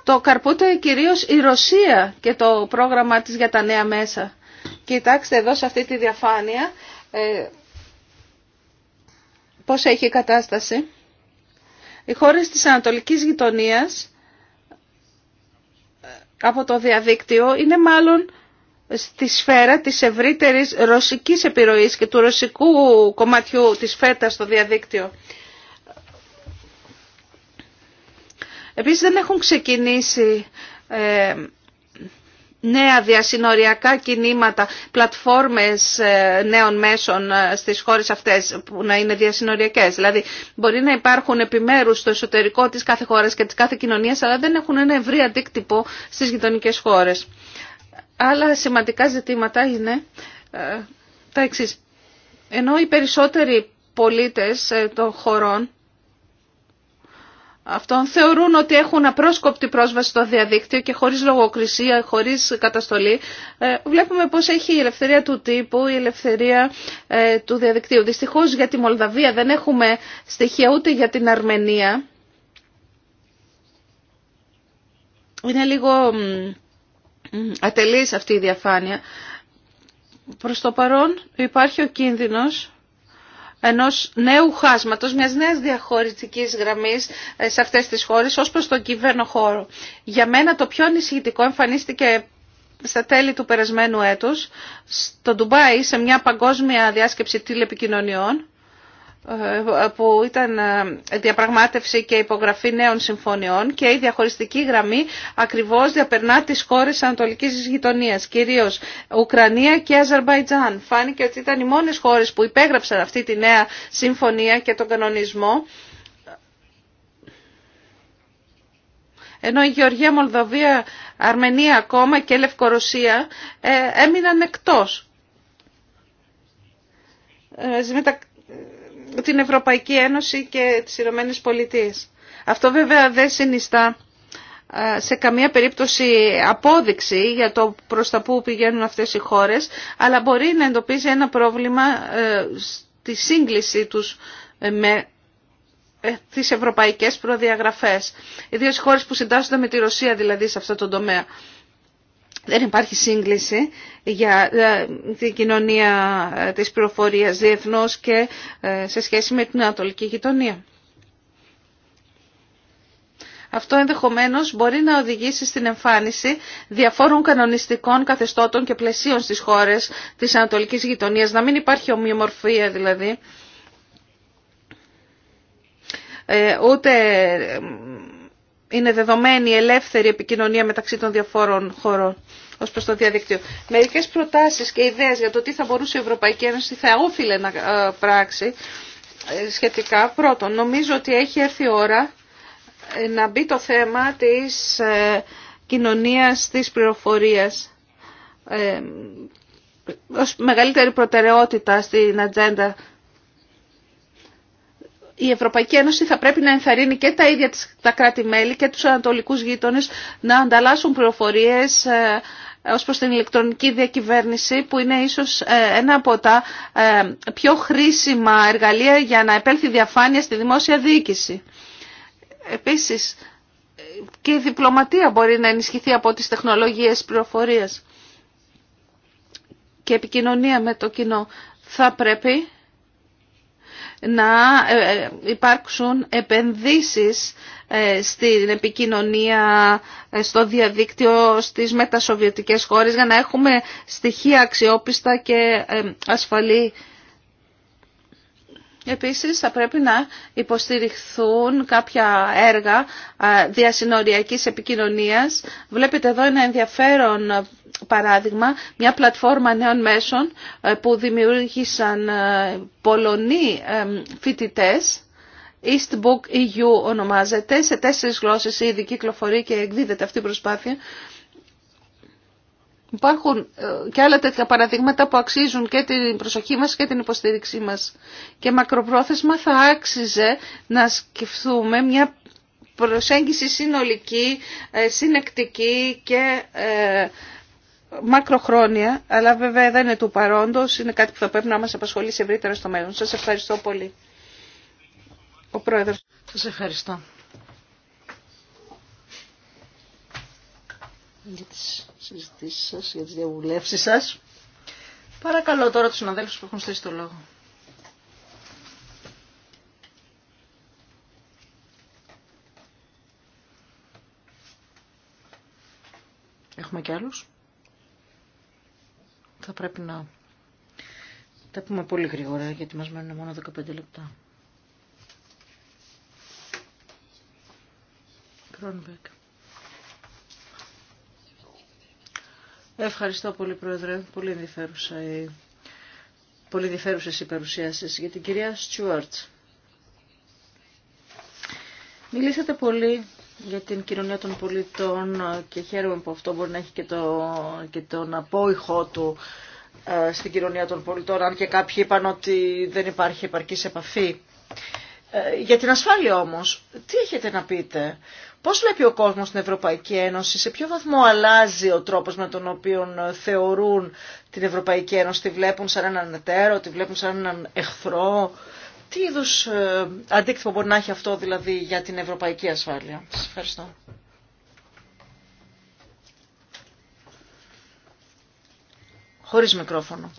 το καρπούται κυρίως η Ρωσία και το πρόγραμμα της για τα νέα μέσα. Κοιτάξτε εδώ σε αυτή τη διαφάνεια πώς έχει η κατάσταση. Οι χώρες της Ανατολικής Γειτονίας ε, από το διαδίκτυο είναι μάλλον στη σφαίρα της ευρύτερης ρωσικής επιρροής και του ρωσικού κομματιού της φέτας στο διαδίκτυο. Επίσης δεν έχουν ξεκινήσει ε, νέα διασυνοριακά κινήματα, πλατφόρμες ε, νέων μέσων ε, στις χώρες αυτές που να είναι διασυνοριακές. Δηλαδή μπορεί να υπάρχουν επιμέρους στο εσωτερικό της κάθε χώρας και της κάθε κοινωνίας αλλά δεν έχουν ένα ευρύ αντίκτυπο στις γειτονικές χώρες. Άλλα σημαντικά ζητήματα είναι ε, τα εξής. Ενώ οι περισσότεροι πολίτες των χωρών αυτών θεωρούν ότι έχουν απρόσκοπτη πρόσβαση στο διαδίκτυο και χωρίς λογοκρισία, χωρίς καταστολή. Ε, βλέπουμε πώς έχει η ελευθερία του τύπου, η ελευθερία ε, του διαδικτύου. Δυστυχώς για τη Μολδαβία δεν έχουμε στοιχεία ούτε για την Αρμενία. Είναι λίγο ατελής αυτή η διαφάνεια. Προς το παρόν υπάρχει ο κίνδυνος ενός νέου χάσματος, μιας νέας διαχωριστικής γραμμής ε, σε αυτές τις χώρες ως προς τον κυβέρνο χώρο. Για μένα το πιο ανησυχητικό εμφανίστηκε στα τέλη του περασμένου έτους στο Ντουμπάι σε μια παγκόσμια διάσκεψη τηλεπικοινωνιών ε, που ήταν ε, διαπραγμάτευση και υπογραφή νέων συμφωνιών και η διαχωριστική γραμμή ακριβώς διαπερνά τις χώρες της Ανατολικής Γειτονίας, κυρίως Ουκρανία και Αζερβαϊτζάν. Φάνηκε ότι ήταν οι μόνες χώρες που υπέγραψαν αυτή τη νέα συμφωνία και τον κανονισμό. Ενώ η Γεωργία, Μολδαβία, Αρμενία ακόμα και Λευκορωσία ε, έμειναν εκτός την Ευρωπαϊκή Ένωση και τις Ηνωμένες Πολιτείες. Αυτό βέβαια δεν συνιστά ε, σε καμία περίπτωση απόδειξη για το προς τα που πηγαίνουν αυτές οι χώρες, αλλά μπορεί να εντοπίζει ένα πρόβλημα ε, στη σύγκληση τους ε, με τις ευρωπαϊκές προδιαγραφές. οι οι χώρες που συντάσσονται με τη Ρωσία δηλαδή σε αυτό το τομέα δεν υπάρχει σύγκληση για ε, την κοινωνία της πληροφορίας διεθνώς και ε, σε σχέση με την Ανατολική γειτονία. Αυτό ενδεχομένως μπορεί να οδηγήσει στην εμφάνιση διαφόρων κανονιστικών καθεστώτων και πλαισίων στις χώρες της Ανατολικής γειτονίας, να μην υπάρχει ομοιομορφία δηλαδή, ε, ούτε είναι δεδομένη η ελεύθερη επικοινωνία μεταξύ των διαφόρων χωρών ω προ το διαδίκτυο. Μερικέ προτάσει και ιδέε για το τι θα μπορούσε η Ευρωπαϊκή Ένωση θα όφιλε να ε, πράξει ε, σχετικά. Πρώτον, νομίζω ότι έχει έρθει η ώρα ε, να μπει το θέμα της κοινωνίας της πληροφορίας ως μεγαλύτερη προτεραιότητα στην ατζέντα η Ευρωπαϊκή Ένωση θα πρέπει να ενθαρρύνει και τα ίδια τα κράτη-μέλη και τους ανατολικούς γείτονες να ανταλλάσσουν πληροφορίες ε, ως προς την ηλεκτρονική διακυβέρνηση που είναι ίσως ε, ένα από τα ε, πιο χρήσιμα εργαλεία για να επέλθει διαφάνεια στη δημόσια διοίκηση. Επίσης και η διπλωματία μπορεί να ενισχυθεί από τις τεχνολογίες πληροφορίας και επικοινωνία με το κοινό. Θα πρέπει να ε, ε, υπάρξουν επενδύσεις ε, στην επικοινωνία, στο διαδίκτυο, στις μετασοβιετικές χώρες για να έχουμε στοιχεία αξιόπιστα και ασφαλή Επίσης θα πρέπει να υποστηριχθούν κάποια έργα διασυνοριακής επικοινωνίας. Βλέπετε εδώ ένα ενδιαφέρον παράδειγμα, μια πλατφόρμα νέων μέσων που δημιούργησαν Πολωνοί ε, φοιτητές. East Book EU ονομάζεται. Σε τέσσερις γλώσσες ήδη κυκλοφορεί και εκδίδεται αυτή η προσπάθεια. Υπάρχουν ε, και άλλα τέτοια παραδείγματα που αξίζουν και την προσοχή μας και την υποστήριξή μας. Και μακροπρόθεσμα θα άξιζε να σκεφτούμε μια προσέγγιση συνολική, ε, συνεκτική και ε, μακροχρόνια, αλλά βέβαια δεν είναι του παρόντος, είναι κάτι που θα πρέπει να μας απασχολήσει ευρύτερα στο μέλλον. Σας ευχαριστώ πολύ. Ο Πρόεδρος. Σας ευχαριστώ συζητήσεις σας, για τις διαβουλεύσεις σας. Παρακαλώ τώρα τους συναδέλφους που έχουν στήσει το λόγο. Έχουμε κι άλλους. Θα πρέπει να τα πούμε πολύ γρήγορα γιατί μας μένουν μόνο 15 λεπτά. Κρόνμπεκ. Ευχαριστώ πολύ Πρόεδρε. Πολύ ενδιαφέρουσα η... Πολύ ενδιαφέρουσες οι παρουσιάσεις για την κυρία Στιούαρτ. Μιλήσατε πολύ για την κοινωνία των πολιτών και χαίρομαι που αυτό μπορεί να έχει και, το, και τον απόϊχό του ε, στην κοινωνία των πολιτών, αν και κάποιοι είπαν ότι δεν υπάρχει επαρκής επαφή. Ε, για την ασφάλεια όμως, τι έχετε να πείτε. Πώς βλέπει ο κόσμος την Ευρωπαϊκή Ένωση, σε ποιο βαθμό αλλάζει ο τρόπος με τον οποίο ε, θεωρούν την Ευρωπαϊκή Ένωση, τη βλέπουν σαν έναν εταίρο, τη βλέπουν σαν έναν εχθρό. Τι είδου ε, αντίκτυπο μπορεί να έχει αυτό δηλαδή για την ευρωπαϊκή ασφάλεια. Σας ευχαριστώ. Χωρίς μικρόφωνο.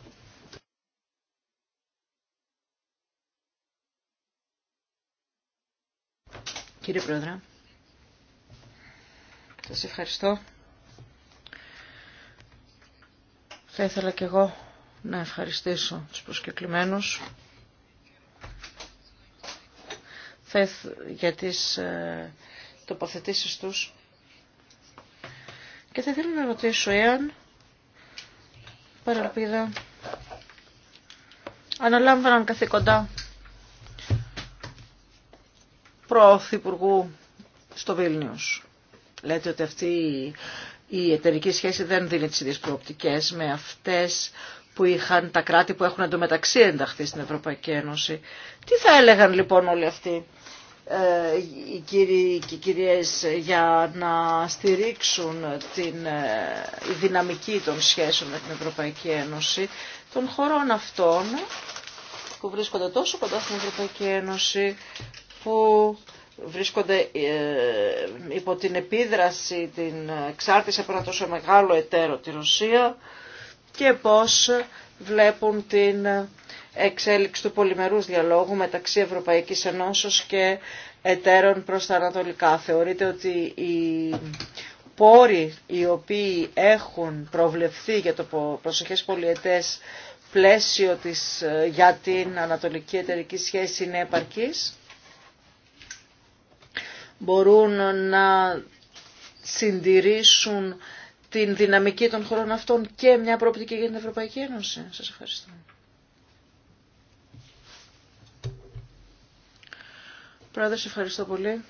Κύριε Πρόεδρε, σας ευχαριστώ. Θα ήθελα και εγώ να ευχαριστήσω τους προσκεκλημένους για τις ε, τοποθετήσεις τους και θα ήθελα να ρωτήσω εάν παραλπίδα αναλάμβαναν καθήκοντα Πρωθυπουργού στο Βίλνιους. Λέτε ότι αυτή η εταιρική σχέση δεν δίνει τις ίδιες προοπτικές με αυτές που είχαν τα κράτη που έχουν εντωμεταξύ ενταχθεί στην Ευρωπαϊκή Ένωση. Τι θα έλεγαν λοιπόν όλοι αυτοί ε, οι κύριοι και οι κυρίες για να στηρίξουν την ε, η δυναμική των σχέσεων με την Ευρωπαϊκή Ένωση των χωρών αυτών που βρίσκονται τόσο κοντά στην Ευρωπαϊκή Ένωση που βρίσκονται ε, υπό την επίδραση, την εξάρτηση από ένα τόσο μεγάλο εταίρο τη Ρωσία και πώς βλέπουν την εξέλιξη του πολυμερούς διαλόγου μεταξύ Ευρωπαϊκής Ενώσεως και εταίρων προς τα Ανατολικά. Θεωρείται ότι οι πόροι οι οποίοι έχουν προβλεφθεί για το προσοχές πολιετές πλαίσιο της, ε, για την Ανατολική Εταιρική Σχέση είναι επαρκής μπορούν να συντηρήσουν την δυναμική των χωρών αυτών και μια προοπτική για την Ευρωπαϊκή Ένωση. Σας ευχαριστώ. Πρόεδρε, ευχαριστώ πολύ.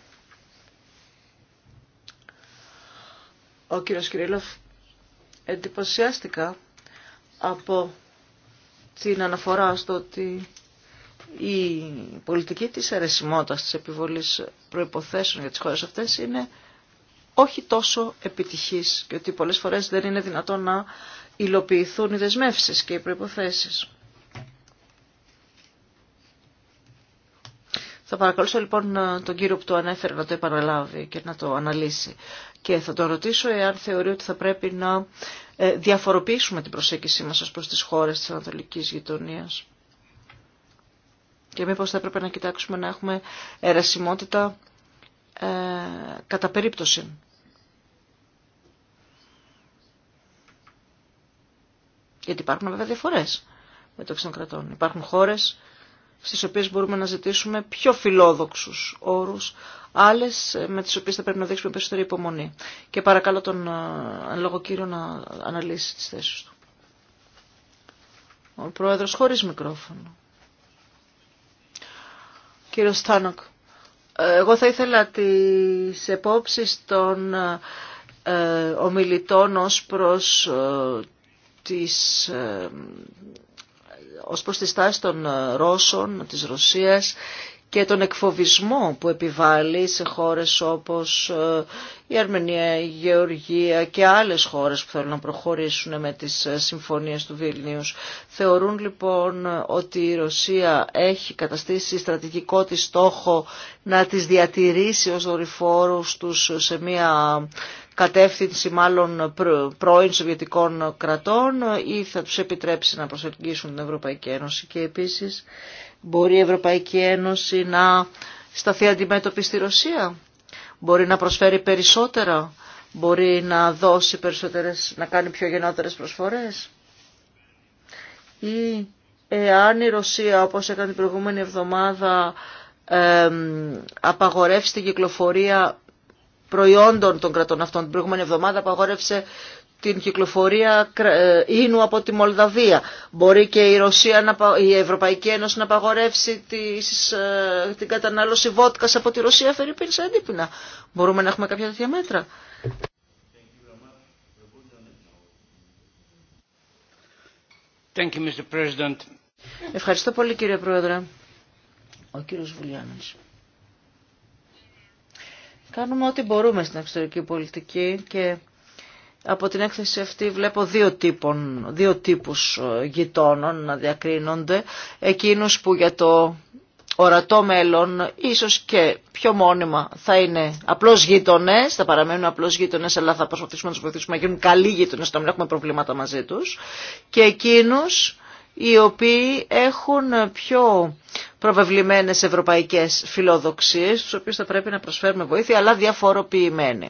Ο κύριος Κυρίλοφ, εντυπωσιάστηκα από την αναφορά στο ότι η πολιτική της αρεσιμότητας της επιβολής προϋποθέσεων για τις χώρες αυτές είναι όχι τόσο επιτυχής και ότι πολλές φορές δεν είναι δυνατόν να υλοποιηθούν οι δεσμεύσεις και οι προϋποθέσεις. Θα παρακαλούσα λοιπόν τον κύριο που το ανέφερε να το επαναλάβει και να το αναλύσει. Και θα τον ρωτήσω εάν θεωρεί ότι θα πρέπει να ε, διαφοροποιήσουμε την προσέγγιση μας προς τις χώρες της Ανατολικής Γειτονίας και μήπως θα έπρεπε να κοιτάξουμε να έχουμε αιρεσιμότητα ε, κατά περίπτωση. Γιατί υπάρχουν βέβαια διαφορές μεταξύ των κρατών. Υπάρχουν χώρες στις οποίες μπορούμε να ζητήσουμε πιο φιλόδοξους όρους, άλλες με τις οποίες θα πρέπει να δείξουμε περισσότερη υπομονή. Και παρακαλώ τον ε, λόγο κύριο να αναλύσει τις θέσεις του. Ο πρόεδρος χωρίς μικρόφωνο. Κύριο Στάνοκ, ε, εγώ θα ήθελα τις επόψεις των ε, ομιλητών ως προς ε, τις ως προς τη στάση των Ρώσων, της Ρωσίας και τον εκφοβισμό που επιβάλλει σε χώρες όπως ε, η Αρμενία, η Γεωργία και άλλες χώρες που θέλουν να προχωρήσουν με τις ε, συμφωνίες του Βίλνιους. Θεωρούν λοιπόν ότι η Ρωσία έχει καταστήσει στρατηγικό της στόχο να τις διατηρήσει ως δορυφόρους τους σε μια κατεύθυνση μάλλον πρώην Σοβιετικών κρατών ή θα τους επιτρέψει να προσεγγίσουν την Ευρωπαϊκή Ένωση και επίσης Μπορεί η Ευρωπαϊκή Ένωση να σταθεί αντιμέτωπη στη Ρωσία. Μπορεί να προσφέρει περισσότερα. Μπορεί να δώσει περισσότερες, να κάνει πιο γενναιότερες προσφορές. Ή εάν η Ρωσία, όπως έκανε την προηγούμενη εβδομάδα, απαγορεύσει την κυκλοφορία προϊόντων των κρατών αυτών. Την προηγούμενη εβδομάδα απαγόρευσε την κυκλοφορία ε, ίνου από τη Μολδαβία. Μπορεί και η, Ρωσία, η Ευρωπαϊκή Ένωση να απαγορεύσει ε, την κατανάλωση βότκας από τη Ρωσία Φερρυπίν σε αντίπεινα. Μπορούμε να έχουμε κάποια τέτοια μέτρα. Ευχαριστώ πολύ κύριε Πρόεδρε. Ο κύριος Βουλιάνος. Κάνουμε ό,τι μπορούμε στην εξωτερική πολιτική και από την έκθεση αυτή βλέπω δύο, τύπων, δύο τύπους ε, γειτόνων να διακρίνονται. Εκείνους που για το ορατό μέλλον, ίσως και πιο μόνιμα θα είναι απλώς γείτονες, θα παραμένουν απλώς γείτονες, αλλά θα προσπαθήσουμε να τους βοηθήσουμε να γίνουν καλοί γείτονες, να μην έχουμε προβλήματα μαζί τους. Και εκείνους οι οποίοι έχουν πιο προβεβλημένες ευρωπαϊκές φιλοδοξίες, στους οποίους θα πρέπει να προσφέρουμε βοήθεια, αλλά διαφοροποιημένοι.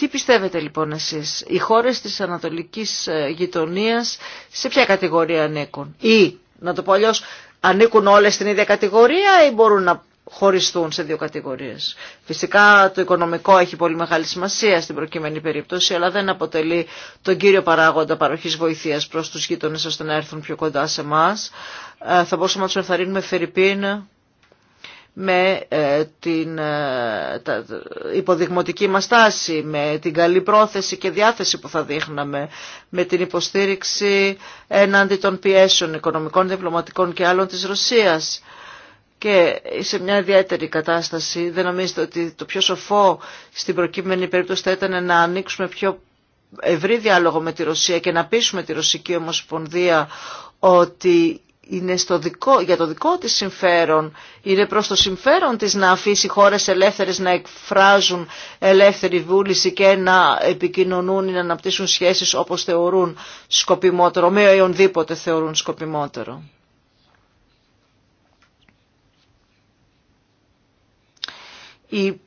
Τι πιστεύετε λοιπόν εσείς, οι χώρες της ανατολικής ε, γειτονίας σε ποια κατηγορία ανήκουν ή, να το πω αλλιώς, ανήκουν όλες στην ίδια κατηγορία ή μπορούν να χωριστούν σε δύο κατηγορίες. Φυσικά το οικονομικό έχει πολύ μεγάλη σημασία στην προκειμένη περίπτωση, αλλά δεν αποτελεί τον κύριο παράγοντα παροχής βοηθείας προς τους γείτονες ώστε να έρθουν πιο κοντά σε εμά. Θα μπορούσαμε να τους ενθαρρύνουμε φερρυπίν με ε, την ε, υποδειγματική μας τάση, με την καλή πρόθεση και διάθεση που θα δείχναμε, με την υποστήριξη έναντι των πιέσεων οικονομικών, διπλωματικών και άλλων της Ρωσίας. Και σε μια ιδιαίτερη κατάσταση δεν νομίζετε ότι το πιο σοφό στην προκείμενη περίπτωση θα ήταν να ανοίξουμε πιο ευρύ διάλογο με τη Ρωσία και να πείσουμε τη Ρωσική Ομοσπονδία ότι είναι στο δικό, για το δικό της συμφέρον, είναι προς το συμφέρον της να αφήσει χώρες ελεύθερες να εκφράζουν ελεύθερη βούληση και να επικοινωνούν ή να αναπτύσσουν σχέσεις όπως θεωρούν σκοπιμότερο, με οιονδήποτε θεωρούν σκοπιμότερο. Η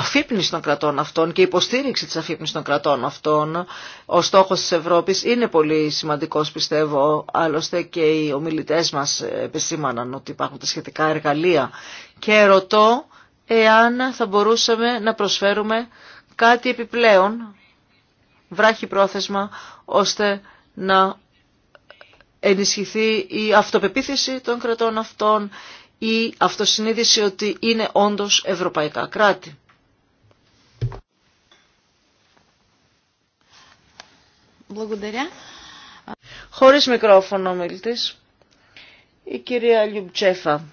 αφύπνιση των κρατών αυτών και υποστήριξη της αφύπνισης των κρατών αυτών. Ο στόχος της Ευρώπης είναι πολύ σημαντικός πιστεύω, άλλωστε και οι ομιλητές μας επισήμαναν ότι υπάρχουν τα σχετικά εργαλεία. Και ρωτώ εάν θα μπορούσαμε να προσφέρουμε κάτι επιπλέον, βράχη πρόθεσμα, ώστε να ενισχυθεί η αυτοπεποίθηση των κρατών αυτών, η αυτοσυνείδηση ότι είναι όντως ευρωπαϊκά κράτη. Благодаря. Χωρίς μικρόφωνο, μίλητης Η κυρία Λιουμτσέφα.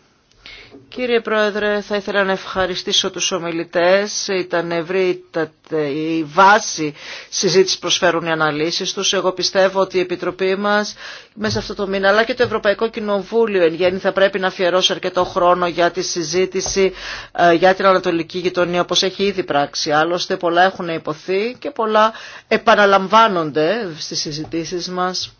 Κύριε Πρόεδρε, θα ήθελα να ευχαριστήσω τους ομιλητές. Ήταν ευρύτατη η βάση συζήτηση προσφέρουν οι αναλύσεις τους. Εγώ πιστεύω ότι η Επιτροπή μας μέσα αυτό το μήνα, αλλά και το Ευρωπαϊκό Κοινοβούλιο εν γέννη θα πρέπει να αφιερώσει αρκετό χρόνο για τη συζήτηση ε, για την Ανατολική Γειτονία, όπως έχει ήδη πράξει. Άλλωστε πολλά έχουν υποθεί και πολλά επαναλαμβάνονται στις συζητήσεις μας.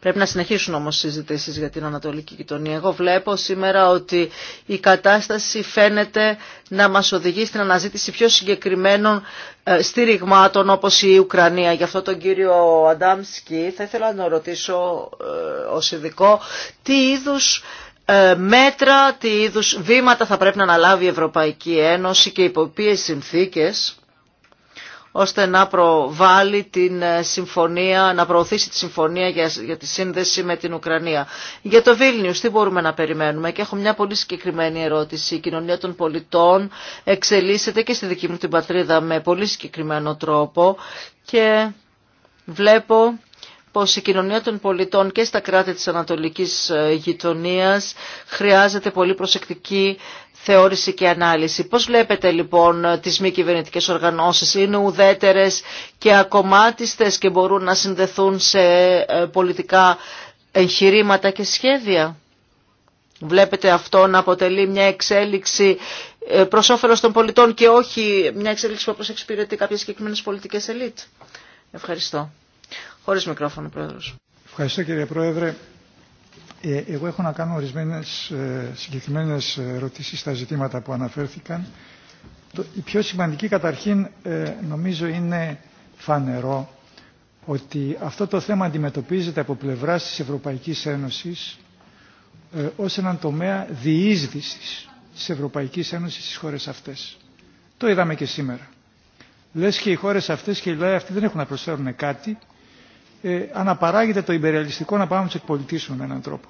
Πρέπει να συνεχίσουν όμως συζήτησεις για την Ανατολική κοινωνία. Εγώ βλέπω σήμερα ότι η κατάσταση φαίνεται να μας οδηγεί στην αναζήτηση πιο συγκεκριμένων ε, στήριγμάτων όπως η Ουκρανία. Γι' αυτό τον κύριο Αντάμσκι θα ήθελα να ρωτήσω ε, ω ειδικό τι είδους ε, μέτρα, τι είδους βήματα θα πρέπει να αναλάβει η Ευρωπαϊκή Ένωση και υπό ποιες συνθήκες ώστε να προβάλλει την ε, συμφωνία, να προωθήσει τη συμφωνία για, τη σύνδεση με την Ουκρανία. Για το Βίλνιους τι μπορούμε να περιμένουμε και έχω μια πολύ συγκεκριμένη ερώτηση. Η κοινωνία των πολιτών εξελίσσεται και στη δική μου την πατρίδα με πολύ συγκεκριμένο τρόπο και βλέπω πως η κοινωνία των πολιτών και στα κράτη της Ανατολικής ε, Γειτονίας χρειάζεται πολύ προσεκτική θεώρηση και ανάλυση. Πώς βλέπετε λοιπόν τις μη κυβερνητικέ οργανώσεις, είναι ουδέτερες και ακομάτιστες και μπορούν να συνδεθούν σε ε, πολιτικά εγχειρήματα και σχέδια. Βλέπετε αυτό να αποτελεί μια εξέλιξη ε, προ όφελο των πολιτών και όχι μια εξέλιξη που όπως εξυπηρετεί κάποιες συγκεκριμένες πολιτικές ελίτ. Ευχαριστώ. Χωρίς μικρόφωνο, Πρόεδρος. Ευχαριστώ κύριε Πρόεδρε. Ε, εγώ έχω να κάνω ορισμένες ε, συγκεκριμένες ερωτήσεις στα ζητήματα που αναφέρθηκαν. Η πιο σημαντική καταρχήν ε, νομίζω είναι φανερό ότι αυτό το θέμα αντιμετωπίζεται από πλευράς της Ευρωπαϊκής Ένωσης ως έναν τομέα διείσδυσης της Ευρωπαϊκής Ένωσης στις χώρες αυτές. Το είδαμε και σήμερα. Λες και οι χώρες αυτές και οι λαοί αυτοί δεν έχουν να προσφέρουν κάτι ε, αναπαράγεται το υπερρεαλιστικό να πάμε του εκπολιτίσουμε με έναν τρόπο.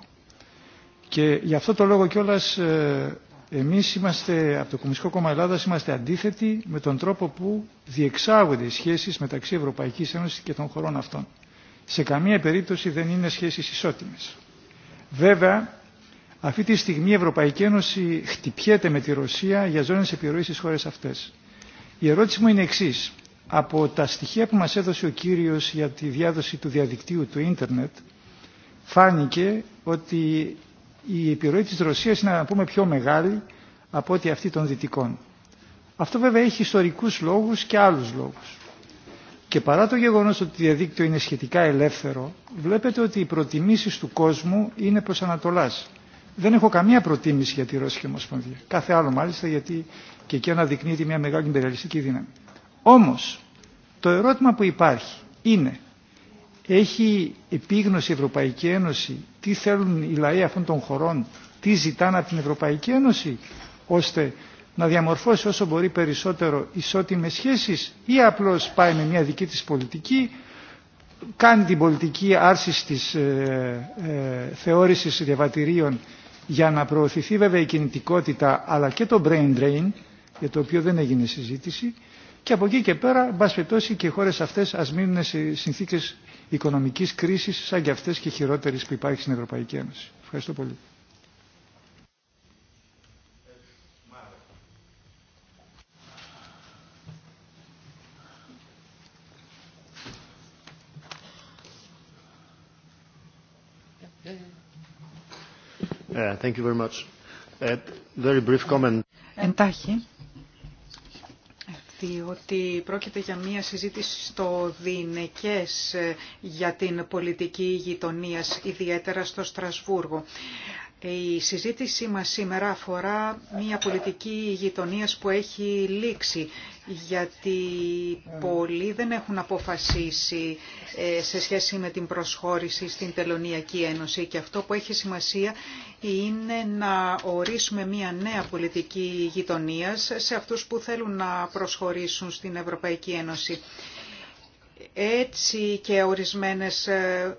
Και γι' αυτό το λόγο κιόλας ε, εμεί είμαστε, από το Κομμουνιστικό Κόμμα Ελλάδας, είμαστε αντίθετοι με τον τρόπο που διεξάγονται οι σχέσεις μεταξύ Ευρωπαϊκής Ένωσης και των χωρών αυτών. Σε καμία περίπτωση δεν είναι σχέσεις ισότιμες. Βέβαια, αυτή τη στιγμή η Ευρωπαϊκή Ένωση χτυπιέται με τη Ρωσία για ζώνες επιρροή στις χώρες αυτές. Η ερώτηση μου είναι εξής. Από τα στοιχεία που μας έδωσε ο κύριος για τη διάδοση του διαδικτύου του ίντερνετ φάνηκε ότι η επιρροή της Ρωσίας είναι να πούμε πιο μεγάλη από ό,τι αυτή των Δυτικών. Αυτό βέβαια έχει ιστορικούς λόγους και άλλους λόγους. Και παρά το γεγονός ότι το διαδίκτυο είναι σχετικά ελεύθερο, βλέπετε ότι οι προτιμήσεις του κόσμου είναι προς Ανατολάς. Δεν έχω καμία προτίμηση για τη Ρώσικη Ομοσπονδία. Κάθε άλλο μάλιστα γιατί και εκεί αναδεικνύεται μια μεγάλη υπεριαλιστική δύναμη. Όμως, το ερώτημα που υπάρχει είναι έχει επίγνωση η Ευρωπαϊκή Ένωση τι θέλουν οι λαοί αυτών των χωρών, τι ζητάνε από την Ευρωπαϊκή Ένωση ώστε να διαμορφώσει όσο μπορεί περισσότερο ισότιμες σχέσεις ή απλώς πάει με μια δική της πολιτική, κάνει την πολιτική άρσης της ε, ε, θεώρησης διαβατηρίων για να προωθηθεί βέβαια η κινητικότητα αλλά και το brain drain για το οποίο δεν έγινε συζήτηση και από εκεί και πέρα, εν και οι χώρε αυτέ α μείνουν σε συνθήκε οικονομική κρίση σαν και αυτέ και χειρότερε που υπάρχει στην Ευρωπαϊκή Ένωση. Ευχαριστώ πολύ. Ε, thank you very much. Ε, very brief comment. Εντάχει, διότι πρόκειται για μία συζήτηση στο Δινεκές για την πολιτική γειτονία, ιδιαίτερα στο Στρασβούργο. Η συζήτησή μας σήμερα αφορά μια πολιτική γειτονίας που έχει λήξει, γιατί πολλοί δεν έχουν αποφασίσει ε, σε σχέση με την προσχώρηση στην Τελωνιακή Ένωση και αυτό που έχει σημασία είναι να ορίσουμε μια νέα πολιτική γειτονίας σε αυτούς που θέλουν να προσχωρήσουν στην Ευρωπαϊκή Ένωση. Έτσι και ορισμένες ε,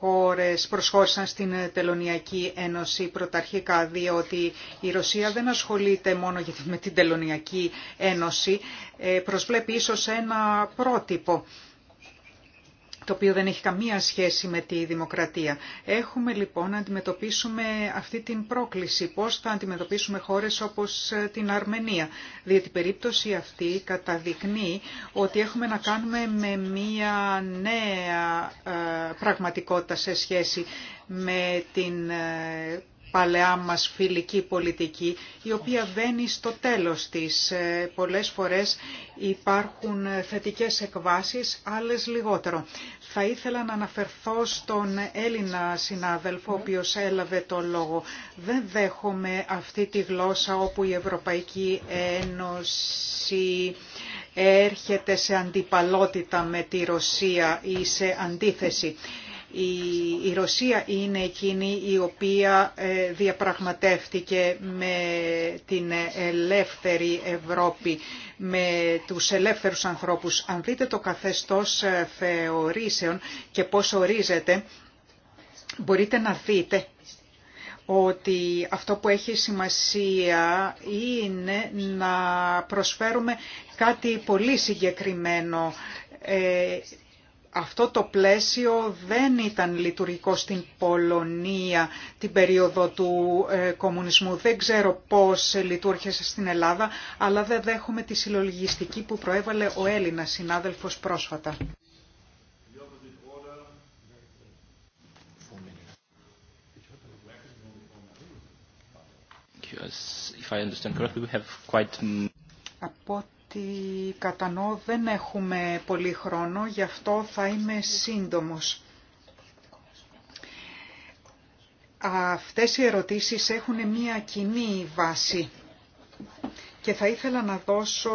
χώρες προσχώρησαν στην Τελωνιακή Ένωση πρωταρχικά, διότι η Ρωσία δεν ασχολείται μόνο με την Τελωνιακή Ένωση, ε, προσβλέπει ίσως ένα πρότυπο το οποίο δεν έχει καμία σχέση με τη δημοκρατία. Έχουμε λοιπόν να αντιμετωπίσουμε αυτή την πρόκληση. Πώς θα αντιμετωπίσουμε χώρες όπως ε, την Αρμενία. Διότι η περίπτωση αυτή καταδεικνύει ότι έχουμε να κάνουμε με μία νέα ε, πραγματικότητα σε σχέση με την ε, παλαιά μας φιλική πολιτική, η οποία βαίνει στο τέλος της. Ε, πολλές φορές υπάρχουν θετικές εκβάσεις, άλλες λιγότερο. Θα ήθελα να αναφερθώ στον Έλληνα συνάδελφο, ο ναι. οποίος έλαβε το λόγο. Δεν δέχομαι αυτή τη γλώσσα όπου η Ευρωπαϊκή Ένωση έρχεται σε αντιπαλότητα με τη Ρωσία ή σε αντίθεση. Η Ρωσία είναι εκείνη η οποία ε, διαπραγματεύτηκε με την ελεύθερη Ευρώπη, με τους ελεύθερους ανθρώπους. Αν δείτε το καθεστώς ε, θεωρήσεων και πώς ορίζεται, μπορείτε να δείτε ότι αυτό που έχει σημασία είναι να προσφέρουμε κάτι πολύ συγκεκριμένο ε, αυτό το πλαίσιο δεν ήταν λειτουργικό στην Πολωνία την περίοδο του ε, κομμουνισμού. Δεν ξέρω πώς λειτουργήσε στην Ελλάδα, αλλά δεν δέχομαι τη συλλογιστική που προέβαλε ο Έλληνας συνάδελφος πρόσφατα ότι κατανοώ δεν έχουμε πολύ χρόνο, γι' αυτό θα είμαι σύντομος. Αυτές οι ερωτήσεις έχουν μία κοινή βάση και θα ήθελα να δώσω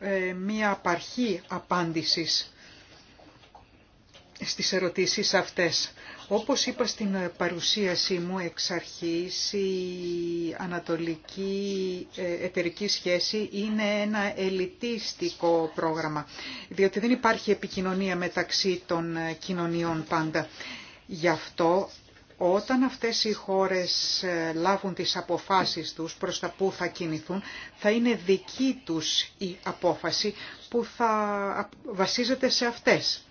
ε, μία απαρχή απάντησης στις ερωτήσεις αυτές. Όπως είπα στην παρουσίασή μου εξ αρχής, η ανατολική ε, εταιρική σχέση είναι ένα ελιτίστικο πρόγραμμα, διότι δεν υπάρχει επικοινωνία μεταξύ των ε, κοινωνιών πάντα. Γι' αυτό όταν αυτές οι χώρες ε, λάβουν τις αποφάσεις τους προς τα που θα κινηθούν, θα είναι δική τους η απόφαση που θα βασίζεται σε αυτές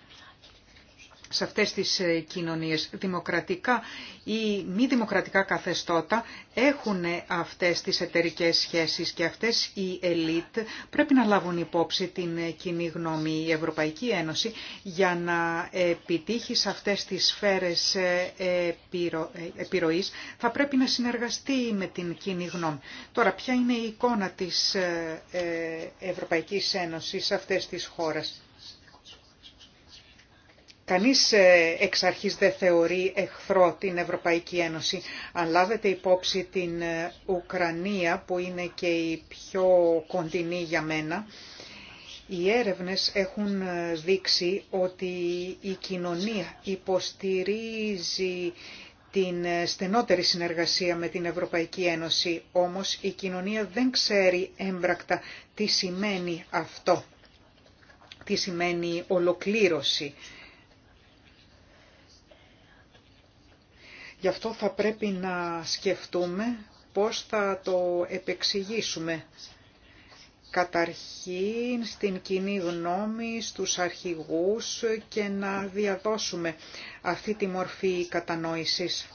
σε αυτές τις ε, κοινωνίες. Δημοκρατικά ή μη δημοκρατικά καθεστώτα έχουν αυτές τις εταιρικές σχέσεις και αυτές οι ελίτ πρέπει να λάβουν υπόψη την ε, κοινή γνώμη η Ευρωπαϊκή Ένωση για να επιτύχει σε αυτές τις σφαίρες ε, επιρροής θα πρέπει να συνεργαστεί με την κοινή γνώμη. Τώρα ποια είναι η εικόνα της Ευρωπαϊκής Ένωσης σε αυτές τις χώρες Κανείς ε, εξ αρχής δεν θεωρεί εχθρό την Ευρωπαϊκή Ένωση. Αν λάβετε υπόψη την ε, Ουκρανία που είναι και η πιο κοντινή για μένα, οι έρευνες έχουν ε, δείξει ότι η κοινωνία υποστηρίζει την στενότερη συνεργασία με την Ευρωπαϊκή Ένωση, όμως η κοινωνία δεν ξέρει έμπρακτα τι σημαίνει αυτό, τι σημαίνει ολοκλήρωση Γι' αυτό θα πρέπει να σκεφτούμε πώς θα το επεξηγήσουμε. Καταρχήν στην κοινή γνώμη, στους αρχηγούς και να διαδώσουμε αυτή τη μορφή κατανόησης.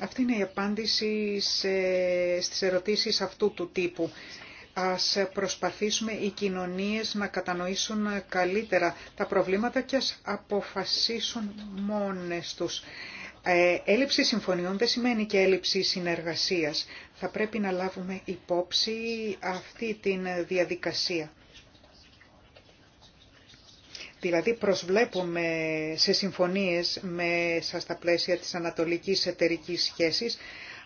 Αυτή είναι η απάντηση στις ερωτήσεις αυτού του τύπου. Ας προσπαθήσουμε οι κοινωνίες να κατανοήσουν καλύτερα τα προβλήματα και ας αποφασίσουν μόνες τους. Ε, έλλειψη συμφωνιών δεν σημαίνει και έλλειψη συνεργασίας. Θα πρέπει να λάβουμε υπόψη αυτή την διαδικασία. Δηλαδή προσβλέπουμε σε συμφωνίες μέσα στα πλαίσια της ανατολικής εταιρικής σχέσης,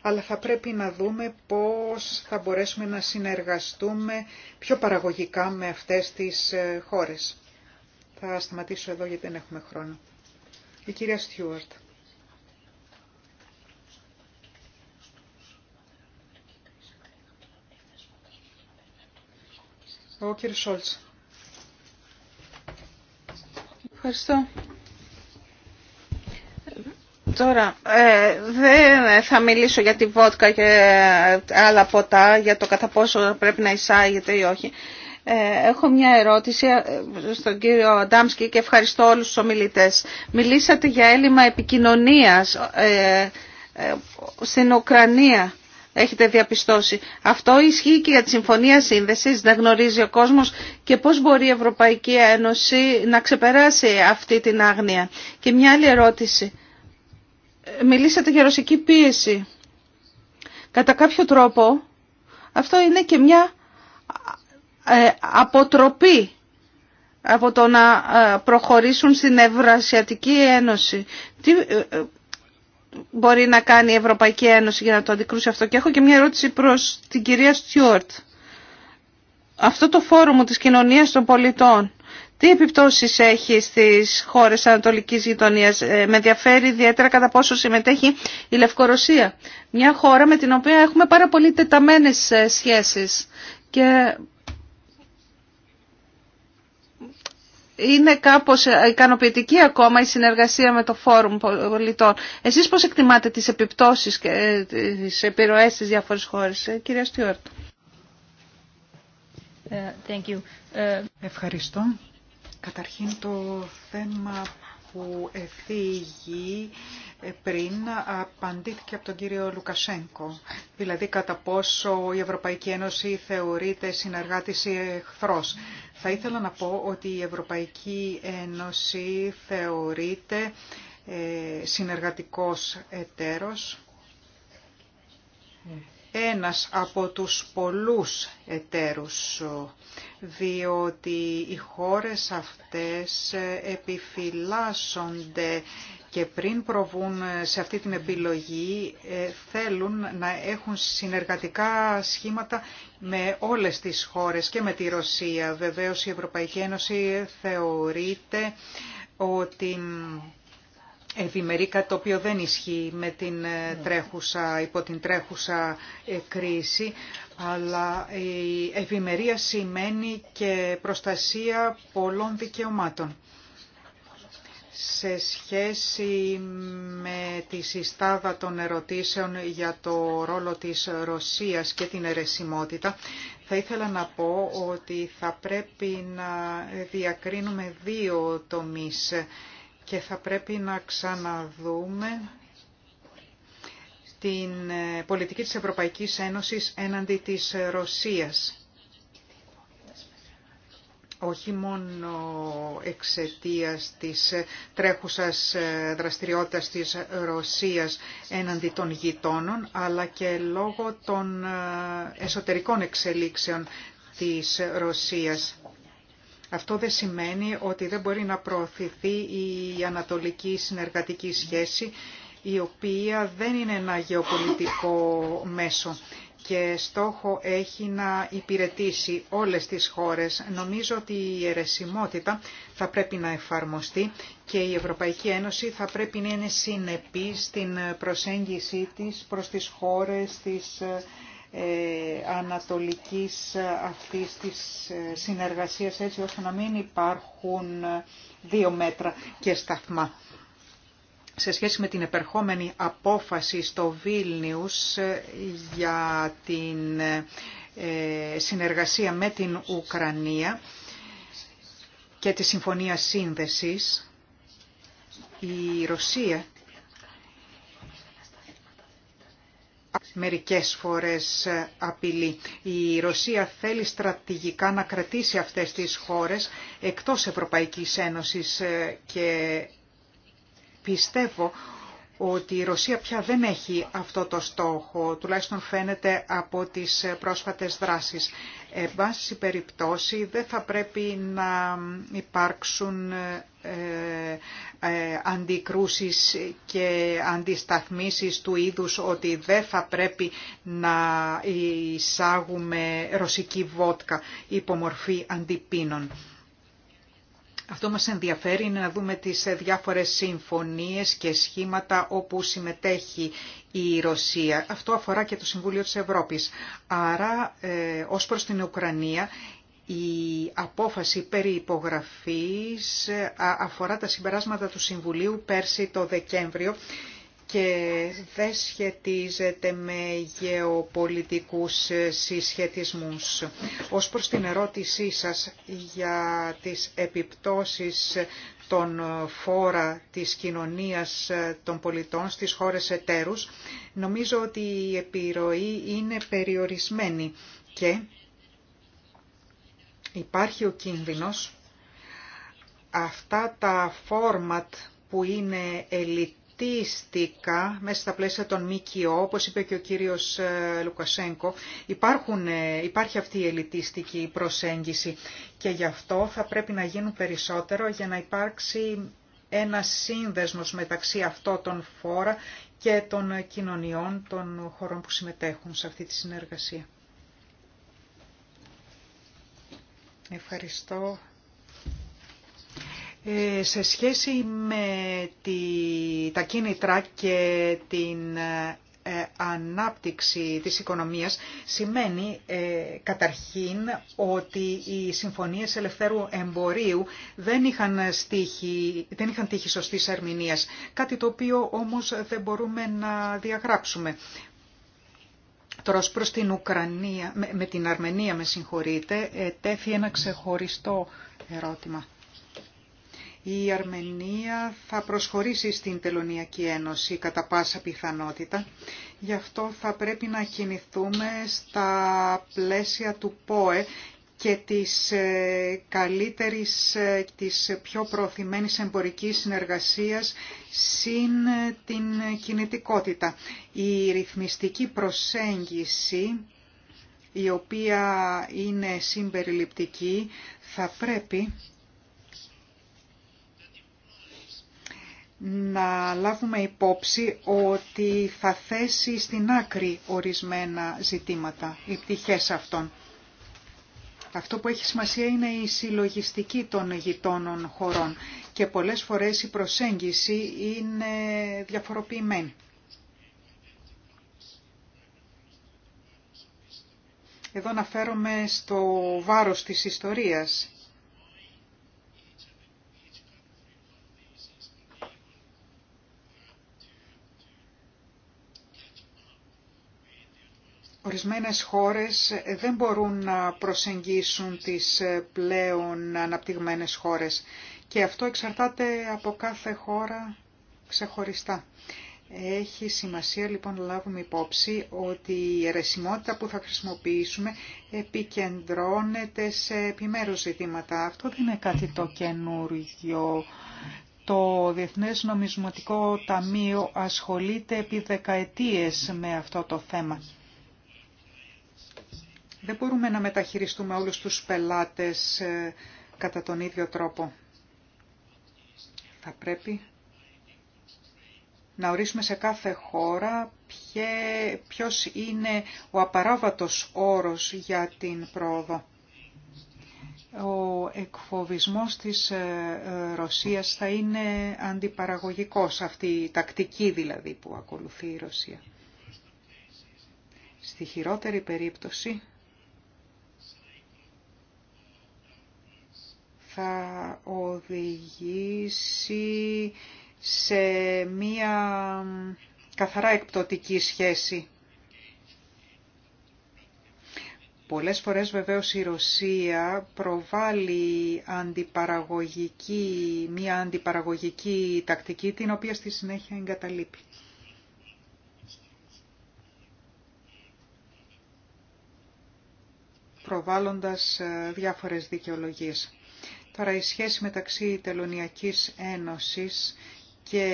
αλλά θα πρέπει να δούμε πώς θα μπορέσουμε να συνεργαστούμε πιο παραγωγικά με αυτές τις ε, χώρες. Θα σταματήσω εδώ γιατί δεν έχουμε χρόνο. Η κυρία Στιούαρτ. Ο κύριος Σόλτς. Ευχαριστώ. Τώρα, ε, δεν ε, θα μιλήσω για τη βότκα και ε, άλλα ποτά, για το κατά πόσο πρέπει να εισάγεται ή όχι. έχω μια ερώτηση στον κύριο Αντάμσκι και ευχαριστώ όλους τους ομιλητές. Μιλήσατε για έλλειμμα επικοινωνίας στην Ουκρανία. Έχετε διαπιστώσει. Αυτό ισχύει και για τη Συμφωνία Σύνδεσης, να γνωρίζει ο κόσμος και πώς μπορεί η Ευρωπαϊκή Ένωση να ξεπεράσει αυτή την άγνοια. Και μια άλλη ερώτηση μιλήσατε για ρωσική πίεση. Κατά κάποιο τρόπο αυτό είναι και μια ε, αποτροπή από το να ε, προχωρήσουν στην Ευρασιατική Ένωση. Τι ε, μπορεί να κάνει η Ευρωπαϊκή Ένωση για να το αντικρούσει αυτό. Και έχω και μια ερώτηση προς την κυρία Στιούαρτ. Αυτό το φόρουμ της κοινωνίας των πολιτών τι επιπτώσεις έχει στις χώρες ανατολικής γειτονίας. Ε, με ενδιαφέρει ιδιαίτερα κατά πόσο συμμετέχει η Λευκορωσία. Μια χώρα με την οποία έχουμε πάρα πολύ τεταμένες ε, σχέσεις. Και είναι κάπως ε, ικανοποιητική ακόμα η συνεργασία με το Φόρουμ Πολιτών. Εσείς πώς εκτιμάτε τις επιπτώσεις και τις επιρροές στις διάφορες χώρες, κυρία Στιόρτ. Ευχαριστώ. Καταρχήν το θέμα που εφήγει ε, πριν απαντήθηκε από τον κύριο Λουκασένκο. Δηλαδή κατά πόσο η Ευρωπαϊκή Ένωση θεωρείται συνεργάτης ή εχθρός. Θα ήθελα να πω ότι η Ευρωπαϊκή Ένωση θεωρείται ε, συνεργατικός εταίρος ε, ένας από τους πολλούς εταίρους, διότι οι χώρες αυτές επιφυλάσσονται και πριν προβούν σε αυτή την επιλογή ε, θέλουν να έχουν συνεργατικά σχήματα με όλες τις χώρες και με τη Ρωσία. Βεβαίως η Ευρωπαϊκή Ένωση θεωρείται ότι Ευημερία, το οποίο δεν ισχύει με την ε, ναι. τρέχουσα, υπό την τρέχουσα ε, κρίση, αλλά η ευημερία σημαίνει και προστασία πολλών δικαιωμάτων. Σε σχέση με τη συστάδα των ερωτήσεων για το ρόλο της Ρωσίας και την αιρεσιμότητα, θα ήθελα να πω ότι θα πρέπει να διακρίνουμε δύο τομείς και θα πρέπει να ξαναδούμε την ε, πολιτική της Ευρωπαϊκής Ένωσης έναντι της Ρωσίας. Όχι μόνο εξαιτίας της τρέχουσας ε, δραστηριότητας της Ρωσίας έναντι των γειτόνων, αλλά και λόγω των ε, εσωτερικών εξελίξεων της Ρωσίας αυτό δεν σημαίνει ότι δεν μπορεί να προωθηθεί η ανατολική συνεργατική σχέση, η οποία δεν είναι ένα γεωπολιτικό μέσο και στόχο έχει να υπηρετήσει όλες τις χώρες. Νομίζω ότι η αιρεσιμότητα θα πρέπει να εφαρμοστεί και η Ευρωπαϊκή Ένωση θα πρέπει να είναι συνεπή στην προσέγγιση της προς τις χώρες της ε, ανατολικής ε, αυτής της ε, συνεργασίας έτσι ώστε να μην υπάρχουν δύο μέτρα και σταθμά. Σε σχέση με την επερχόμενη απόφαση στο Βίλνιους για την συνεργασία με την Ουκρανία και τη Συμφωνία Σύνδεσης, η Ρωσία μερικές φορές ε, απειλή. Η Ρωσία θέλει στρατηγικά να κρατήσει αυτές τις χώρες εκτός Ευρωπαϊκής Ένωσης ε, και πιστεύω ότι η Ρωσία πια δεν έχει αυτό το στόχο, τουλάχιστον φαίνεται από τις ε, πρόσφατες δράσεις. Εν πάση περιπτώσει δεν θα πρέπει να υπάρξουν ε, αντικρούσεις και αντισταθμίσεις του είδους ότι δεν θα πρέπει να εισάγουμε ρωσική βότκα υπομορφή αντιπίνων. Αυτό μας ενδιαφέρει είναι να δούμε τις διάφορες συμφωνίες και σχήματα όπου συμμετέχει η Ρωσία. Αυτό αφορά και το Συμβούλιο της Ευρώπης. Άρα, ε, ως προς την Ουκρανία, η απόφαση περί υπογραφής ε, αφορά τα συμπεράσματα του Συμβουλίου πέρσι το Δεκέμβριο και δεν σχετίζεται με γεωπολιτικούς ε, συσχετισμούς. Ως προς την ερώτησή σας για τις επιπτώσεις των ε, φόρα της κοινωνίας των πολιτών στις χώρες εταίρους, νομίζω ότι η επιρροή είναι περιορισμένη και υπάρχει ο κίνδυνος αυτά τα φόρματ που είναι ελιτίστικα μέσα στα πλαίσια των ΜΚΟ, όπως είπε και ο κύριος ε, Λουκασένκο, υπάρχουν, ε, υπάρχει αυτή η ελιτίστικη προσέγγιση και γι' αυτό θα πρέπει να γίνουν περισσότερο για να υπάρξει ένα σύνδεσμος μεταξύ αυτών των φόρων και των κοινωνιών των χωρών που συμμετέχουν σε αυτή τη συνεργασία. Ευχαριστώ. Ε, σε σχέση με τη, τα κίνητρα και την ε, ανάπτυξη της οικονομίας σημαίνει ε, καταρχήν ότι οι συμφωνίες ελευθέρου εμπορίου δεν είχαν, στήχη, δεν είχαν τύχη σωστής ερμηνείας, κάτι το οποίο όμως δεν μπορούμε να διαγράψουμε προς, προς την Ουκρανία, με, με την Αρμενία με συγχωρείτε, ε, τέθη ένα ξεχωριστό ερώτημα. Η Αρμενία θα προσχωρήσει στην Τελωνιακή Ένωση κατά πάσα πιθανότητα. Γι' αυτό θα πρέπει να κινηθούμε στα πλαίσια του ΠΟΕ και της ε, καλύτερης, ε, της πιο προωθημένης εμπορικής συνεργασίας συν ε, την κινητικότητα. Η ρυθμιστική προσέγγιση, η οποία είναι συμπεριληπτική, θα πρέπει να λάβουμε υπόψη ότι θα θέσει στην άκρη ορισμένα ζητήματα, οι πτυχές αυτών. Αυτό που έχει σημασία είναι η συλλογιστική των γειτόνων χωρών και πολλές φορές η προσέγγιση είναι διαφοροποιημένη. Εδώ αναφέρομαι στο βάρος της ιστορίας Ορισμένες χώρες δεν μπορούν να προσεγγίσουν τις πλέον αναπτυγμένες χώρες και αυτό εξαρτάται από κάθε χώρα ξεχωριστά. Έχει σημασία λοιπόν να λάβουμε υπόψη ότι η αιρεσιμότητα που θα χρησιμοποιήσουμε επικεντρώνεται σε επιμέρους ζητήματα. Αυτό δεν είναι κάτι το καινούργιο. Το Διεθνές Νομισματικό Ταμείο ασχολείται επί δεκαετίες με αυτό το θέμα. Δεν μπορούμε να μεταχειριστούμε όλους τους πελάτες ε, κατά τον ίδιο τρόπο. Θα πρέπει να ορίσουμε σε κάθε χώρα ποιος είναι ο απαράβατος όρος για την πρόοδο. Ο εκφοβισμός της ε, Ρωσίας θα είναι αντιπαραγωγικός, αυτή η τακτική δηλαδή που ακολουθεί η Ρωσία. Στη χειρότερη περίπτωση θα οδηγήσει σε μία καθαρά εκπτωτική σχέση. Πολλές φορές βεβαίως η Ρωσία προβάλλει αντιπαραγωγική, μία αντιπαραγωγική τακτική την οποία στη συνέχεια εγκαταλείπει. προβάλλοντας ε, διάφορες δικαιολογίες. Τώρα η σχέση μεταξύ Τελωνιακής Ένωσης και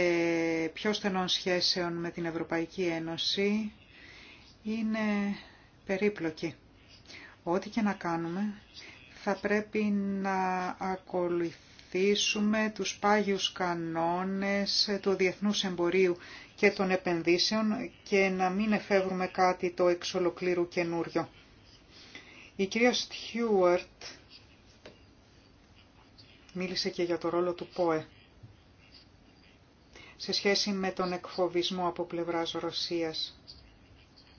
πιο στενών σχέσεων με την Ευρωπαϊκή Ένωση είναι περίπλοκη. Ό,τι και να κάνουμε θα πρέπει να ακολουθήσουμε τους πάγιους κανόνες του διεθνούς εμπορίου και των επενδύσεων και να μην εφεύρουμε κάτι το εξολοκλήρου καινούριο. Η κυρία Στιούαρτ μίλησε και για το ρόλο του ΠΟΕ σε σχέση με τον εκφοβισμό από πλευράς Ρωσίας,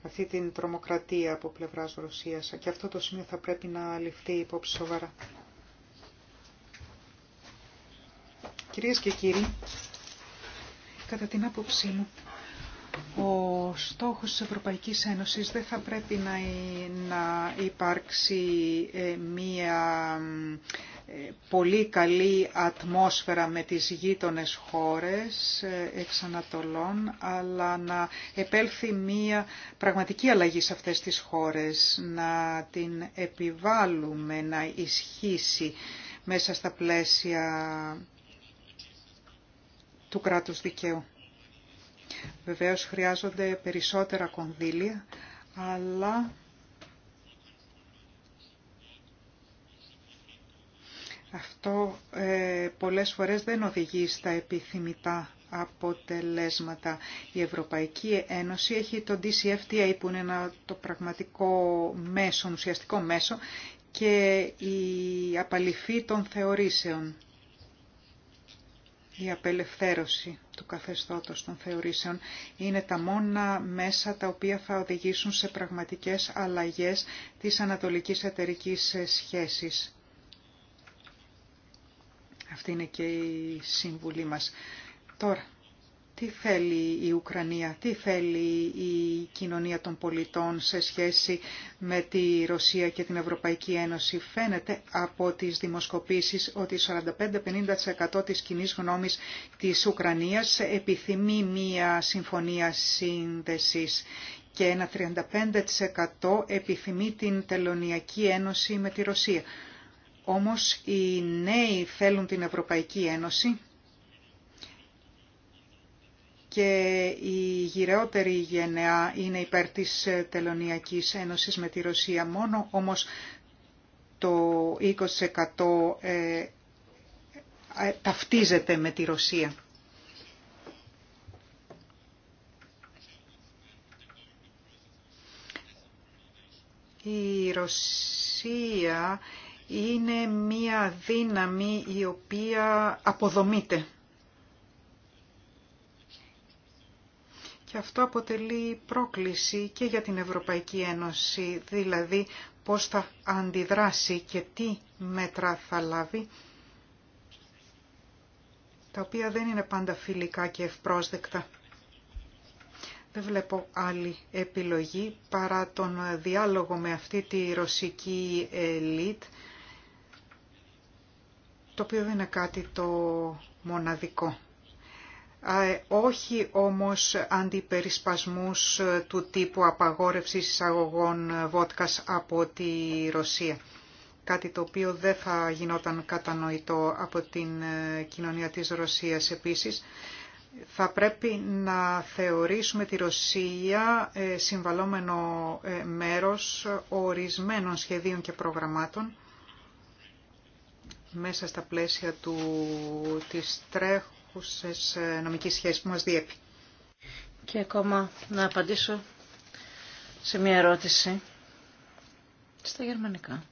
αυτή την τρομοκρατία από πλευράς Ρωσίας. Και αυτό το σημείο θα πρέπει να ληφθεί υπόψη σοβαρά. Κυρίες και κύριοι, κατά την άποψή μου, ο στόχος της Ευρωπαϊκής Ένωσης δεν θα πρέπει να, ε, να υπάρξει ε, μία ε, πολύ καλή ατμόσφαιρα με τις γείτονες χώρες Ανατολών, αλλά να επέλθει μία πραγματική αλλαγή σε αυτές τις χώρες, να την επιβάλλουμε να ισχύσει μέσα στα πλαίσια του κράτους δικαίου. Βεβαίως χρειάζονται περισσότερα κονδύλια, αλλά αυτό ε, πολλές φορές δεν οδηγεί στα επιθυμητά αποτελέσματα. Η Ευρωπαϊκή Ένωση έχει το DCFTA που είναι ένα, το πραγματικό μέσο, ουσιαστικό μέσο και η απαλληφή των θεωρήσεων η απελευθέρωση του καθεστώτος των θεωρήσεων είναι τα μόνα μέσα τα οποία θα οδηγήσουν σε πραγματικές αλλαγές της ανατολικής εταιρικής σχέσης. Αυτή είναι και η σύμβουλή μας. Τώρα, τι θέλει η Ουκρανία, τι θέλει η κοινωνία των πολιτών σε σχέση με τη Ρωσία και την Ευρωπαϊκή Ένωση. Φαίνεται από τις δημοσκοπήσεις ότι 45-50% της κοινή γνώμης της Ουκρανίας επιθυμεί μία συμφωνία σύνδεσης και ένα 35% επιθυμεί την Τελωνιακή Ένωση με τη Ρωσία. Όμως οι νέοι θέλουν την Ευρωπαϊκή Ένωση και η γυρεότερη γενεά είναι υπέρ της Τελωνιακής Ένωσης με τη Ρωσία μόνο, όμως το 20% ε, ε, ταυτίζεται με τη Ρωσία. Η Ρωσία είναι μία δύναμη η οποία αποδομείται. Και αυτό αποτελεί πρόκληση και για την Ευρωπαϊκή Ένωση, δηλαδή πώς θα αντιδράσει και τι μέτρα θα λάβει, τα οποία δεν είναι πάντα φιλικά και ευπρόσδεκτα. Δεν βλέπω άλλη επιλογή παρά τον διάλογο με αυτή τη ρωσική ελίτ, το οποίο δεν είναι κάτι το μοναδικό. Ε, όχι όμως αντιπερισπασμούς ε, του τύπου απαγόρευσης εισαγωγών ε, βότκας από τη Ρωσία. Κάτι το οποίο δεν θα γινόταν κατανοητό από την κοινωνία της Ρωσίας επίσης. Θα πρέπει να θεωρήσουμε τη Ρωσία συμβαλόμενο μέρος ορισμένων σχεδίων και προγραμμάτων μέσα στα πλαίσια του, της τρέχου υπάρχουσες ε, νομική σχέσης που μας διέπει. Και ακόμα να απαντήσω σε μια ερώτηση στα γερμανικά.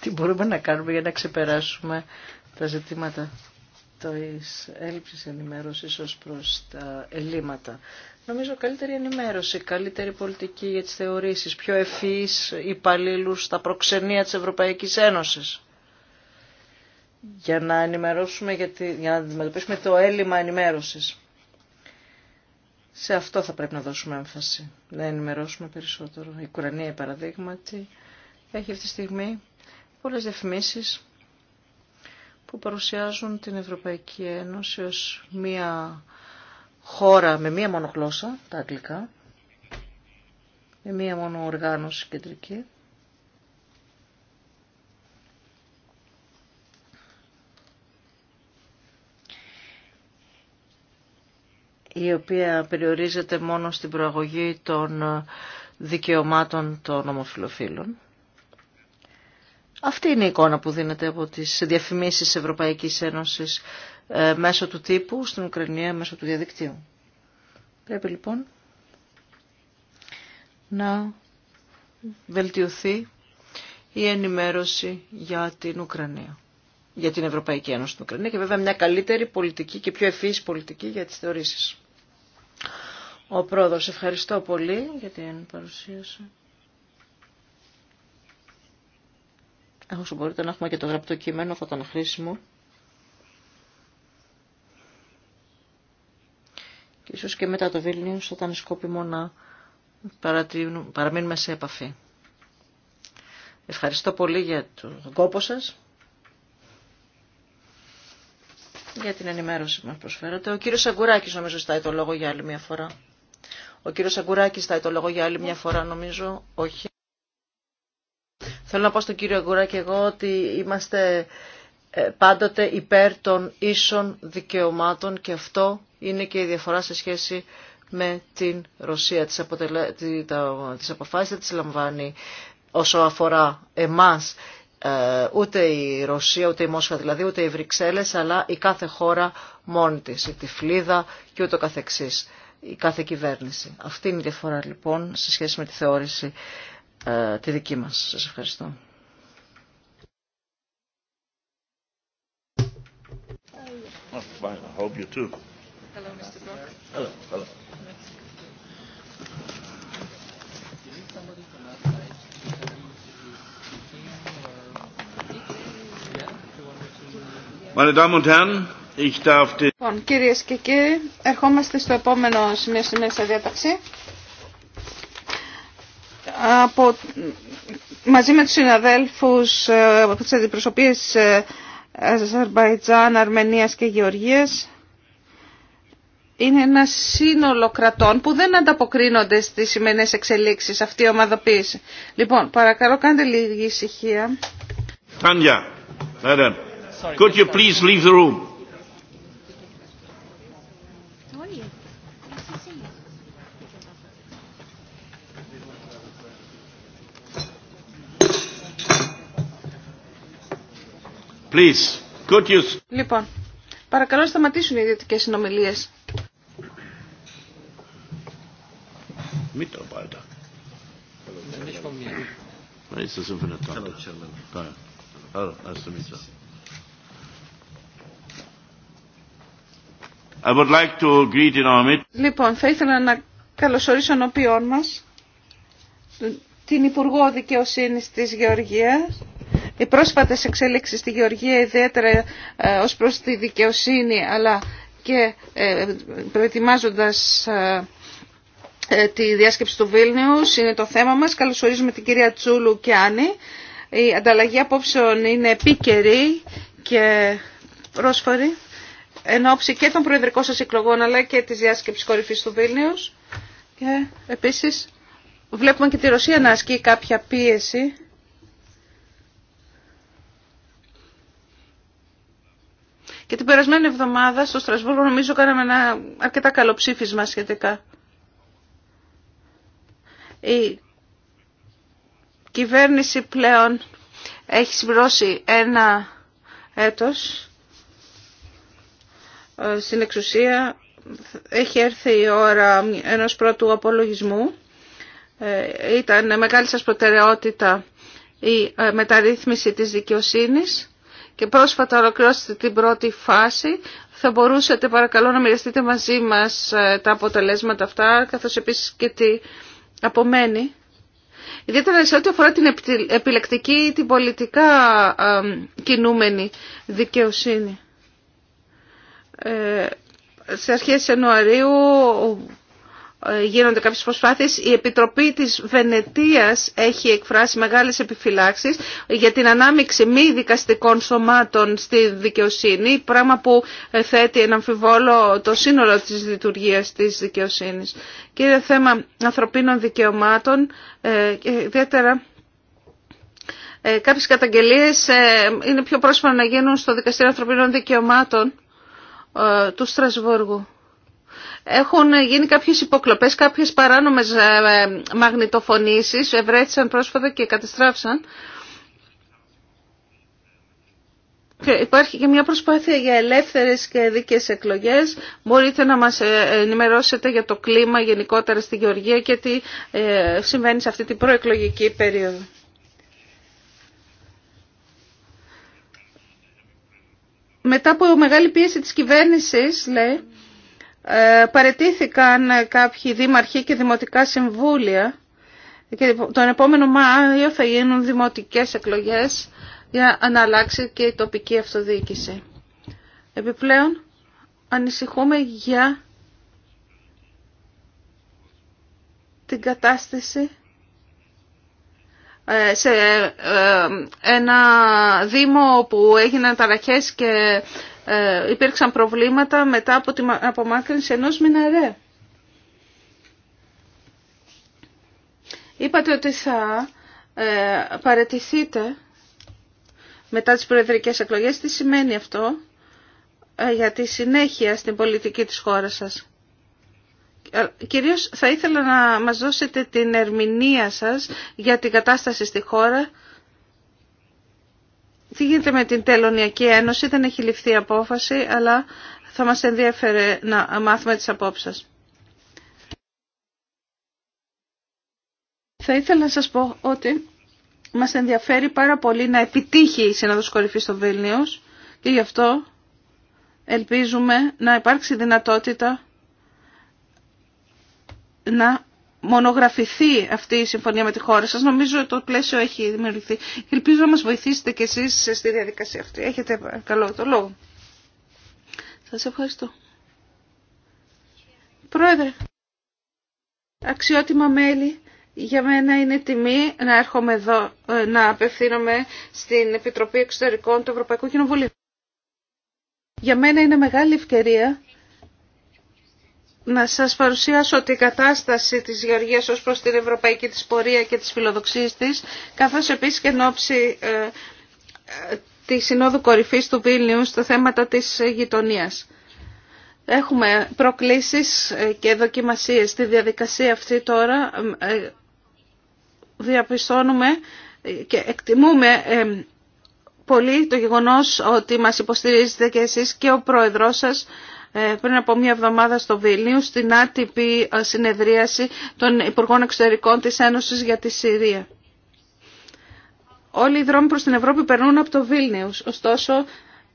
Τι μπορούμε να κάνουμε για να ξεπεράσουμε τα ζητήματα της έλλειψης ενημέρωσης ως προς τα ελλείμματα. Νομίζω καλύτερη ενημέρωση, καλύτερη πολιτική για τις θεωρήσεις, πιο ευφυείς υπαλλήλου στα προξενία της Ευρωπαϊκής Ένωσης. Για να ενημερώσουμε, για, για να αντιμετωπίσουμε το έλλειμμα ενημέρωσης. Σε αυτό θα πρέπει να δώσουμε έμφαση, να ενημερώσουμε περισσότερο. Η Κουρανία, παραδείγματι, έχει αυτή τη στιγμή πολλές διαφημίσεις που παρουσιάζουν την Ευρωπαϊκή Ένωση ως μία χώρα με μία μόνο γλώσσα, τα αγγλικά, με μία μόνο οργάνωση κεντρική. η οποία περιορίζεται μόνο στην προαγωγή των δικαιωμάτων των ομοφιλοφίλων. Αυτή είναι η εικόνα που δίνεται από τις διαφημίσεις Ευρωπαϊκής Ένωσης ε, μέσω του τύπου στην Ουκρανία μέσω του διαδικτύου. Πρέπει λοιπόν να βελτιωθεί η ενημέρωση για την Ουκρανία, για την Ευρωπαϊκή Ένωση στην Ουκρανία και βέβαια μια καλύτερη πολιτική και πιο ευφύης πολιτική για τις θεωρήσεις. Ο πρόεδρος, ευχαριστώ πολύ για την παρουσίαση. Όσο μπορείτε να έχουμε και το γραπτό κείμενο, θα ήταν χρήσιμο. και ίσως και μετά το Βίλνιους ήταν σκόπιμο να παραμείνουμε σε επαφή. Ευχαριστώ πολύ για τον κόπο σας, για την ενημέρωση που μας προσφέρατε. Ο κύριος Αγκουράκης νομίζω στάει το λόγο για άλλη μια φορά. Ο κύριος Αγκουράκης στάει το λόγο για άλλη μια φορά νομίζω, όχι. Θέλω να πω στον κύριο Αγκουράκη εγώ ότι είμαστε ε, πάντοτε υπέρ των ίσων δικαιωμάτων και αυτό είναι και η διαφορά σε σχέση με την Ρωσία. Τις, αποτελε... τις αποφάσεις δεν τις λαμβάνει όσο αφορά εμάς ε, ούτε η Ρωσία, ούτε η Μόσχα δηλαδή, ούτε οι Βρυξέλλες, αλλά η κάθε χώρα μόνη της, η Τυφλίδα και ούτω καθεξής, η κάθε κυβέρνηση. Αυτή είναι η διαφορά λοιπόν σε σχέση με τη θεώρηση ε, τη δική μας. Σας ευχαριστώ. hope you too. Hello, Mr. Brock. Hello, hello. Meine Damen und Herren, ich darf Λοιπόν, κυρίε και κύριοι, ερχόμαστε στο επόμενο σημείο στη μέσα διάταξη. Από, μαζί με τους συναδέλφους ε, από τις αντιπροσωπείες ε, Αζερβαϊτζάν, Αρμενίας και Γεωργία είναι ένα σύνολο κρατών που δεν ανταποκρίνονται στις σημερινές εξελίξεις αυτή η ομαδοποίηση. Λοιπόν, παρακαλώ κάντε λίγη ησυχία. Tanya, could you please leave the room? Λοιπόν, παρακαλώ σταματήσουν οι ιδιωτικές συνομιλίες. I would like Λοιπόν, θα ήθελα να καλωσορίσω ενώπιόν μας την Υπουργό Δικαιοσύνης της Γεωργίας, οι πρόσφατες εξέλιξεις στη Γεωργία ιδιαίτερα ε, ως προς τη δικαιοσύνη αλλά και ε, προετοιμάζοντας ε, τη διάσκεψη του βίλνιου είναι το θέμα μας. Καλωσορίζουμε την κυρία Τσούλου και Άννη. Η ανταλλαγή απόψεων είναι επίκαιρη και πρόσφορη εν ώψη και των προεδρικών σας εκλογών αλλά και τη διάσκεψης κορυφής του Βίλνιου. Και επίσης βλέπουμε και τη Ρωσία να ασκεί κάποια πίεση Και την περασμένη εβδομάδα στο Στρασβούργο νομίζω κάναμε ένα αρκετά καλό ψήφισμα σχετικά. Η κυβέρνηση πλέον έχει συμπληρώσει ένα έτος ε, στην εξουσία. Έχει έρθει η ώρα ενός πρώτου απολογισμού. Ε, ήταν μεγάλη σας προτεραιότητα η ε, μεταρρύθμιση της δικαιοσύνης και πρόσφατα ολοκληρώσετε την πρώτη φάση. Θα μπορούσατε παρακαλώ να μοιραστείτε μαζί μας ε, τα αποτελέσματα αυτά, καθώς επίσης και τι απομένει. Ιδιαίτερα σε ό,τι αφορά την επιλεκτική ή την πολιτικά κινούμενη δικαιοσύνη. Ε, σε αρχές Ιανουαρίου ε, γίνονται κάποιες προσπάθειες. Η Επιτροπή της Βενετίας έχει εκφράσει μεγάλες επιφυλάξεις για την ανάμειξη μη δικαστικών σωμάτων στη δικαιοσύνη, πράγμα που ε, θέτει ένα αμφιβόλο το σύνολο της λειτουργίας της δικαιοσύνης. Και θέμα ανθρωπίνων δικαιωμάτων, ε, ιδιαίτερα... κάποιες καταγγελίες είναι πιο πρόσφατα να γίνουν στο Δικαστήριο Ανθρωπίνων Δικαιωμάτων του Στρασβούργου. Έχουν γίνει κάποιες υποκλοπές, κάποιες παράνομες ε, ε, μαγνητοφωνήσεις, ευρέθησαν πρόσφατα και κατεστράφησαν. υπάρχει και μια προσπάθεια για ελεύθερες και δίκαιες εκλογές. Μπορείτε να μας ε, ενημερώσετε για το κλίμα γενικότερα στη Γεωργία και τι συμβαίνει σε αυτή την προεκλογική περίοδο. Μετά από μεγάλη πίεση της κυβέρνησης, λέει, ε, παρετήθηκαν κάποιοι δήμαρχοι και δημοτικά συμβούλια και τον επόμενο Μάιο θα γίνουν δημοτικές εκλογές για να αλλάξει και η τοπική αυτοδιοίκηση. Επιπλέον, ανησυχούμε για την κατάσταση ε, σε ε, ένα δήμο που έγιναν ταραχές και ε, υπήρξαν προβλήματα μετά από την απομάκρυνση ενός μιναρέ. Είπατε ότι θα ε, παρετηθείτε μετά τις προεδρικές εκλογές. Τι σημαίνει αυτό ε, για τη συνέχεια στην πολιτική της χώρας σας. Κυρίως θα ήθελα να μας δώσετε την ερμηνεία σας για την κατάσταση στη χώρα τι γίνεται με την Τελωνιακή Ένωση, δεν έχει ληφθεί απόφαση, αλλά θα μας ενδιαφέρε να μάθουμε τις απόψεις. Θα ήθελα να σας πω ότι μας ενδιαφέρει πάρα πολύ να επιτύχει η Σύνοδος Κορυφής στο Βίλνιος και γι' αυτό ελπίζουμε να υπάρξει δυνατότητα να μονογραφηθεί αυτή η συμφωνία με τη χώρα σας. Νομίζω το πλαίσιο έχει δημιουργηθεί. Ελπίζω να μας βοηθήσετε κι εσείς στη διαδικασία αυτή. Έχετε καλό το λόγο. Σας ευχαριστώ. Πρόεδρε, αξιότιμα μέλη, για μένα είναι τιμή να έρχομαι εδώ, ε, να απευθύνομαι στην Επιτροπή Εξωτερικών του Ευρωπαϊκού Κοινοβουλίου. Για μένα είναι μεγάλη ευκαιρία να σας παρουσιάσω την κατάσταση της Γεωργίας ως προς την ευρωπαϊκή της πορεία και τις φιλοδοξίες της, καθώς επίσης και εν ώψη ε, ε, τη Συνόδου Κορυφής του Βίλνιου στα θέματα της γειτονίας. Έχουμε προκλήσεις ε, και δοκιμασίες στη διαδικασία αυτή τώρα. Διαπιστώνουμε και εκτιμούμε πολύ το γεγονός ότι μας υποστηρίζετε και εσείς και ο πρόεδρός σας ε, πριν από μία εβδομάδα στο Βίλνιου στην άτυπη ε, συνεδρίαση των Υπουργών Εξωτερικών της Ένωσης για τη Συρία. Όλοι οι δρόμοι προς την Ευρώπη περνούν από το Βίλνιους. Ωστόσο,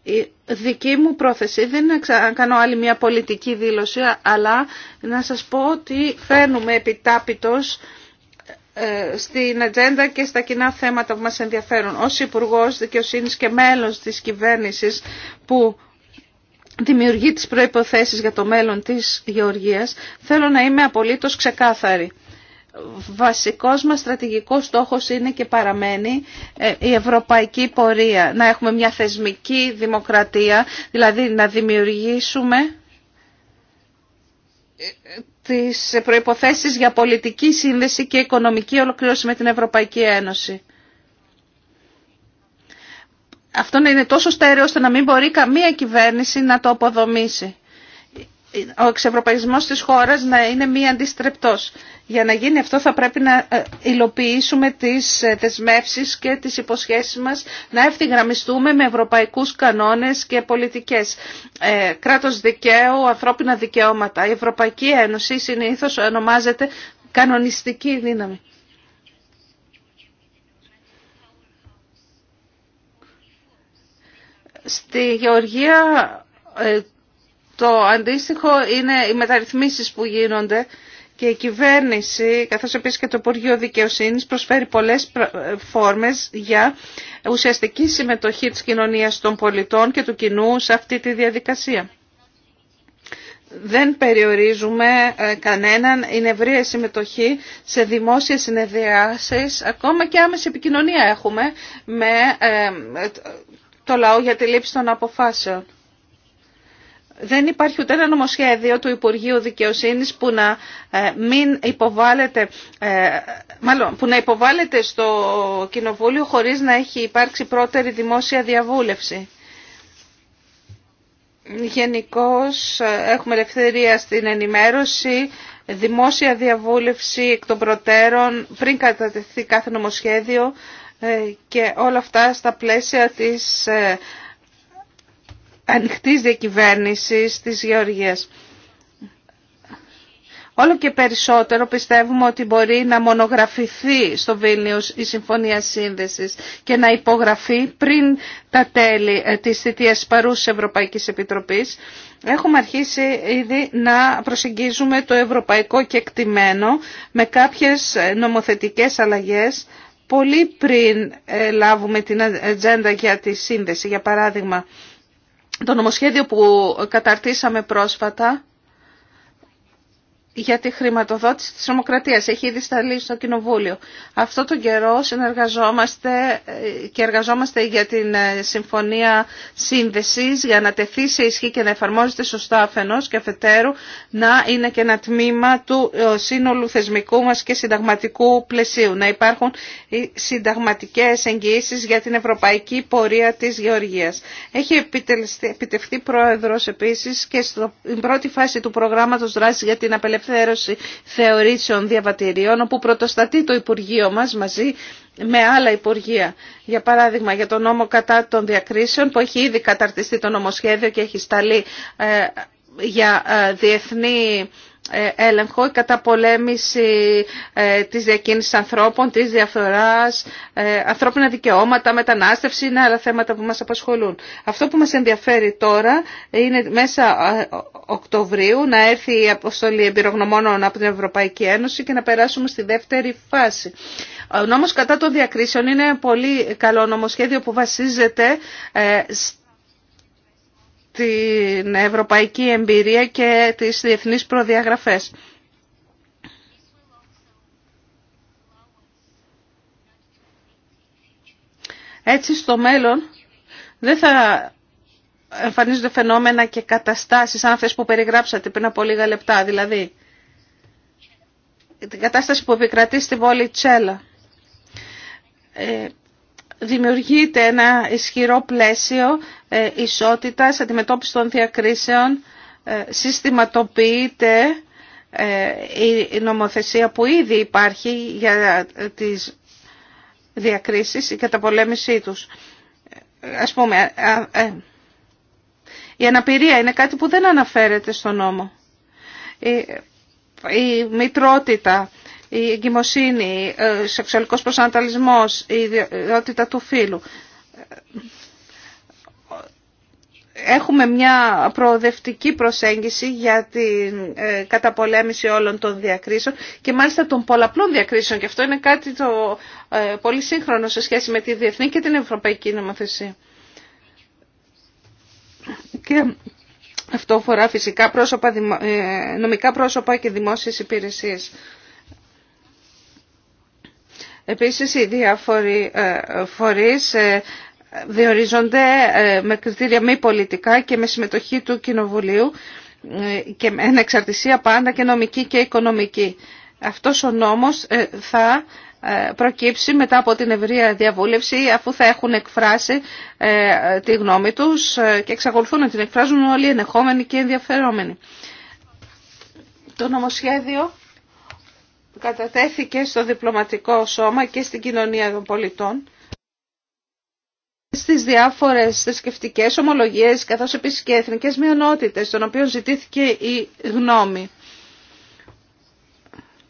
η δική μου πρόθεση δεν είναι να κάνω άλλη μια πολιτική δήλωση, αλλά να σας πω ότι φέρνουμε επιτάπητος ε, στην ατζέντα και στα κοινά θέματα που μας ενδιαφέρουν. Ως υπουργό Δικαιοσύνης και μέλος της κυβέρνησης που δημιουργεί τις προϋποθέσεις για το μέλλον της γεωργίας, θέλω να είμαι απολύτως ξεκάθαρη. Βασικός μας στρατηγικός στόχος είναι και παραμένει ε, η ευρωπαϊκή πορεία. Να έχουμε μια θεσμική δημοκρατία, δηλαδή να δημιουργήσουμε ε, τις προϋποθέσεις για πολιτική σύνδεση και οικονομική ολοκλήρωση με την Ευρωπαϊκή Ένωση αυτό να είναι τόσο στέρεο ώστε να μην μπορεί καμία κυβέρνηση να το αποδομήσει. Ο εξευρωπαϊσμός της χώρας να είναι μη αντιστρεπτός. Για να γίνει αυτό θα πρέπει να ε, υλοποιήσουμε τις ε, δεσμεύσεις και τις υποσχέσεις μας, να ευθυγραμμιστούμε με ευρωπαϊκούς κανόνες και πολιτικές. Ε, κράτος δικαίου, ανθρώπινα δικαιώματα. Η Ευρωπαϊκή Ένωση συνήθως ονομάζεται κανονιστική δύναμη. Στη Γεωργία ε, το αντίστοιχο είναι οι μεταρρυθμίσεις που γίνονται και η κυβέρνηση, καθώς επίσης και το Υπουργείο Δικαιοσύνης, προσφέρει πολλές φόρμες για ουσιαστική συμμετοχή της κοινωνίας των πολιτών και του κοινού σε αυτή τη διαδικασία. Δεν περιορίζουμε ε, κανέναν, είναι ευρία συμμετοχή σε δημόσιες συνεδριάσεις, ακόμα και άμεση επικοινωνία έχουμε με ε, το λαό για τη λήψη των αποφάσεων. Δεν υπάρχει ούτε ένα νομοσχέδιο του Υπουργείου Δικαιοσύνης που να ε, μην υποβάλλεται, ε, μάλλον, που να υποβάλλεται στο Κοινοβούλιο χωρίς να έχει υπάρξει πρώτερη δημόσια διαβούλευση. Γενικώ ε, έχουμε ελευθερία στην ενημέρωση, δημόσια διαβούλευση εκ των προτέρων πριν κατατεθεί κάθε νομοσχέδιο, ε, και όλα αυτά στα πλαίσια της ε, ανοιχτής διακυβέρνησης της Γεωργίας. Όλο και περισσότερο πιστεύουμε ότι μπορεί να μονογραφηθεί στο Βίλνιους η Συμφωνία Σύνδεσης και να υπογραφεί πριν τα τέλη ε, της θητείας παρούς Ευρωπαϊκής Επιτροπής. Έχουμε αρχίσει ήδη να προσεγγίζουμε το ευρωπαϊκό κεκτημένο με κάποιες νομοθετικές αλλαγές πολύ πριν ε, λάβουμε την ατζέντα για τη σύνδεση. Για παράδειγμα, το νομοσχέδιο που καταρτήσαμε πρόσφατα για τη χρηματοδότηση της νομοκρατίας. Έχει ήδη σταλεί στο Κοινοβούλιο. Αυτό τον καιρό συνεργαζόμαστε ε, και εργαζόμαστε για την ε, Συμφωνία Σύνδεσης για να τεθεί σε ισχύ και να εφαρμόζεται σωστά αφενός και αφετέρου να είναι και ένα τμήμα του ε, σύνολου θεσμικού μας και συνταγματικού πλαισίου. Να υπάρχουν συνταγματικέ συνταγματικές εγγυήσεις για την ευρωπαϊκή πορεία της Γεωργίας. Έχει επιτευχθεί πρόεδρος επίση και στην πρώτη φάση του προγράμματο δράση για την απελευθέρωση απελευθέρωση θεωρήσεων διαβατηρίων, όπου πρωτοστατεί το Υπουργείο μας μαζί με άλλα Υπουργεία. Για παράδειγμα, για τον νόμο κατά των διακρίσεων, που έχει ήδη καταρτιστεί το νομοσχέδιο και έχει σταλεί ε, για ε, διεθνή ε, έλεγχο, η καταπολέμηση ε, της διακίνησης ανθρώπων, της διαφθοράς, ε, ανθρώπινα δικαιώματα, μετανάστευση, είναι άλλα θέματα που μας απασχολούν. Αυτό που μας ενδιαφέρει τώρα είναι μέσα Οκτωβρίου να έρθει η αποστολή εμπειρογνωμόνων από την Ευρωπαϊκή Ένωση και να περάσουμε στη δεύτερη φάση. Ο νόμος κατά των διακρίσεων είναι πολύ καλό νομοσχέδιο που βασίζεται την ευρωπαϊκή εμπειρία και τις διεθνείς προδιαγραφές. Έτσι στο μέλλον δεν θα εμφανίζονται φαινόμενα και καταστάσεις σαν αυτές που περιγράψατε πριν από λίγα λεπτά, δηλαδή την κατάσταση που επικρατεί στην πόλη Τσέλα. Ε, δημιουργείται ένα ισχυρό πλαίσιο ε, ισότητας, αντιμετώπιση των διακρίσεων, ε, συστηματοποιείται ε, η νομοθεσία που ήδη υπάρχει για τις διακρίσεις, τα πολέμησή τους. Ας πούμε, η αναπηρία είναι κάτι που δεν αναφέρεται στο νόμο. Η, η μητρότητα, η εγκυμοσύνη, ο ε, σεξουαλικός προσανατολισμός, η ιδιότητα του φίλου Έχουμε μια προοδευτική προσέγγιση για την ε, καταπολέμηση όλων των διακρίσεων και μάλιστα των πολλαπλών διακρίσεων και αυτό είναι κάτι το ε, πολύ σύγχρονο σε σχέση με τη διεθνή και την ευρωπαϊκή νομοθεσία. Και αυτό αφορά φυσικά πρόσωπα, νομικά πρόσωπα και δημόσιες υπηρεσίες. Επίσης οι διάφοροι ε, φορείς ε, διορίζονται ε, με κριτήρια μη πολιτικά και με συμμετοχή του Κοινοβουλίου και με εξαρτησία πάντα και νομική και οικονομική. Αυτός ο νόμος θα προκύψει μετά από την ευρεία διαβούλευση αφού θα έχουν εκφράσει τη γνώμη τους και εξακολουθούν να την εκφράζουν όλοι οι ενεχόμενοι και ενδιαφερόμενοι. Το νομοσχέδιο κατατέθηκε στο διπλωματικό σώμα και στην κοινωνία των πολιτών στις διάφορες θρησκευτικέ ομολογίες καθώς επίσης και εθνικές μειονότητες των οποίων ζητήθηκε η γνώμη.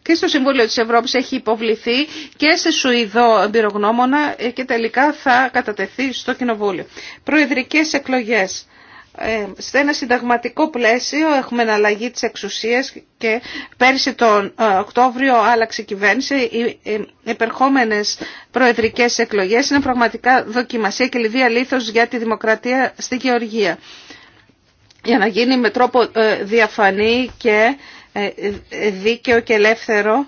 Και στο Συμβούλιο της Ευρώπης έχει υποβληθεί και σε Σουηδό εμπειρογνώμονα και τελικά θα κατατεθεί στο Κοινοβούλιο. Προεδρικές εκλογές. Ε, σε ένα συνταγματικό πλαίσιο έχουμε αλλαγή της εξουσίας και πέρσι τον ε, Οκτώβριο άλλαξε η κυβέρνηση. Οι επερχόμενες προεδρικές εκλογές είναι πραγματικά δοκιμασία και λιδία λήθος για τη δημοκρατία στη Γεωργία. Για να γίνει με τρόπο ε, διαφανή και δίκαιο και ελεύθερο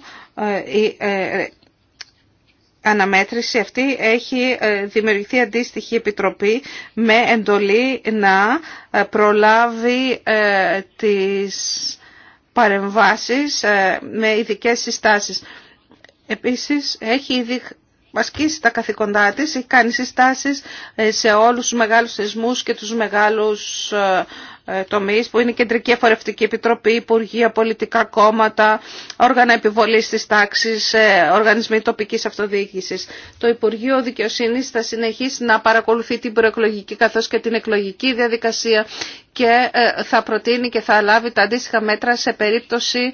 αναμέτρηση αυτή έχει ε, δημιουργηθεί αντίστοιχη επιτροπή με εντολή να ε, προλάβει ε, τις παρεμβάσεις με ειδικέ συστάσεις. Επίσης έχει ήδη ασκήσει τα καθηκοντά της, έχει κάνει συστάσεις σε όλους τους μεγάλους θεσμούς και τους μεγάλους ε, που είναι η Κεντρική Εφορευτική Επιτροπή, Υπουργεία, Πολιτικά Κόμματα, Όργανα επιβολή τη τάξη, ε, Οργανισμοί τοπική αυτοδιοίκηση. Το Υπουργείο Δικαιοσύνη θα συνεχίσει να παρακολουθεί την προεκλογική καθώς και την εκλογική διαδικασία και ε, θα προτείνει και θα λάβει τα αντίστοιχα μέτρα σε περίπτωση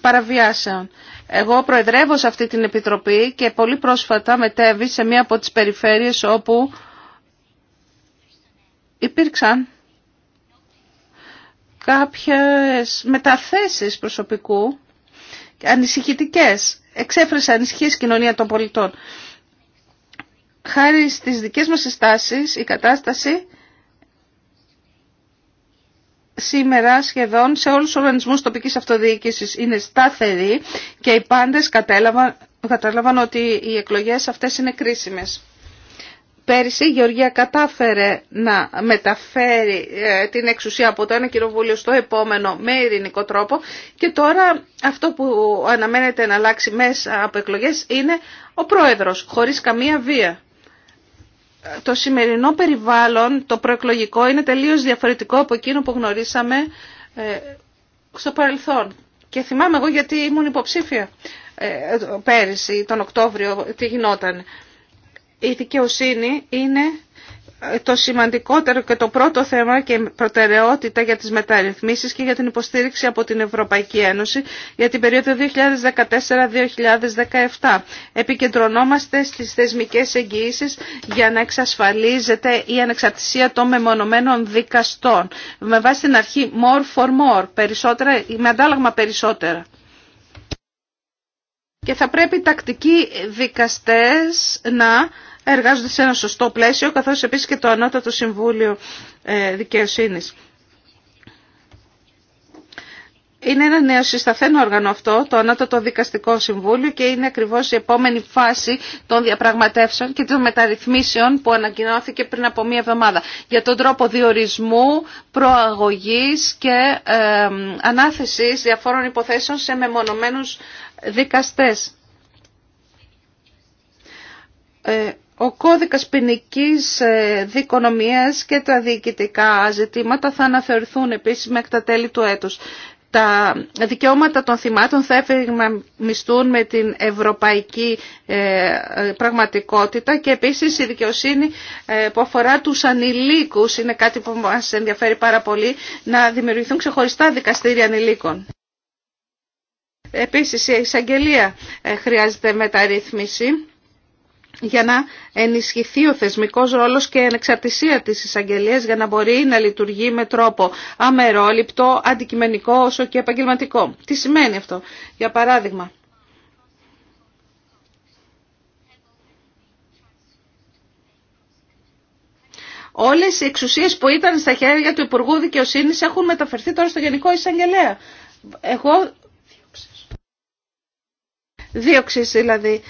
παραβιάσεων. Εγώ προεδρεύω σε αυτή την Επιτροπή και πολύ πρόσφατα μετέβη σε μία από τις περιφέρειες όπου υπήρξαν κάποιες μεταθέσεις προσωπικού ανησυχητικές. Εξέφρασε ανησυχίες κοινωνία των πολιτών. Χάρη στις δικές μας συστάσεις η κατάσταση σήμερα σχεδόν σε όλους τους οργανισμούς τοπικής αυτοδιοίκησης είναι σταθερή και οι πάντες κατέλαβαν, ότι οι εκλογές αυτές είναι κρίσιμες. Πέρυσι η Γεωργία κατάφερε να μεταφέρει ε, την εξουσία από το ένα κοινοβούλιο στο επόμενο με ειρηνικό τρόπο και τώρα αυτό που αναμένεται να αλλάξει μέσα από εκλογές είναι ο πρόεδρος χωρίς καμία βία. Το σημερινό περιβάλλον, το προεκλογικό, είναι τελείως διαφορετικό από εκείνο που γνωρίσαμε ε, στο παρελθόν. Και θυμάμαι εγώ γιατί ήμουν υποψήφια ε, πέρυσι, τον Οκτώβριο, τι γινόταν η δικαιοσύνη είναι το σημαντικότερο και το πρώτο θέμα και προτεραιότητα για τις μεταρρυθμίσεις και για την υποστήριξη από την Ευρωπαϊκή Ένωση για την περίοδο 2014-2017. Επικεντρωνόμαστε στις θεσμικές εγγυήσεις για να εξασφαλίζεται η ανεξαρτησία των μεμονωμένων δικαστών με βάση την αρχή more for more, περισσότερα, με αντάλλαγμα περισσότερα και θα πρέπει τακτικοί δικαστές να εργάζονται σε ένα σωστό πλαίσιο, καθώς επίσης και το Ανώτατο Συμβούλιο ε, Δικαιοσύνης. Είναι ένα νέο συσταθένο όργανο αυτό, το Ανώτατο Δικαστικό Συμβούλιο και είναι ακριβώς η επόμενη φάση των διαπραγματεύσεων και των μεταρρυθμίσεων που ανακοινώθηκε πριν από μία εβδομάδα για τον τρόπο διορισμού, προαγωγής και ε, ανάθεσης διαφόρων υποθέσεων σε μεμονωμένους δικαστές. Ε, ο κώδικας ποινική ε, δικονομίας και τα διοικητικά ζητήματα θα αναθεωρηθούν επίσης μέχρι τα τέλη του έτους. Τα δικαιώματα των θυμάτων θα μισθούν με την ευρωπαϊκή ε, πραγματικότητα και επίσης η δικαιοσύνη που αφορά τους ανηλίκους είναι κάτι που μας ενδιαφέρει πάρα πολύ να δημιουργηθούν ξεχωριστά δικαστήρια ανηλίκων. Επίσης η εισαγγελία ε, χρειάζεται μεταρρύθμιση για να ενισχυθεί ο θεσμικός ρόλος και η ανεξαρτησία της εισαγγελίας για να μπορεί να λειτουργεί με τρόπο αμερόληπτο, αντικειμενικό όσο και επαγγελματικό. Τι σημαίνει αυτό, για παράδειγμα. Όλες οι εξουσίες που ήταν στα χέρια του Υπουργού Δικαιοσύνης έχουν μεταφερθεί τώρα στο Γενικό Εισαγγελέα. Εγώ δίωξης δηλαδή.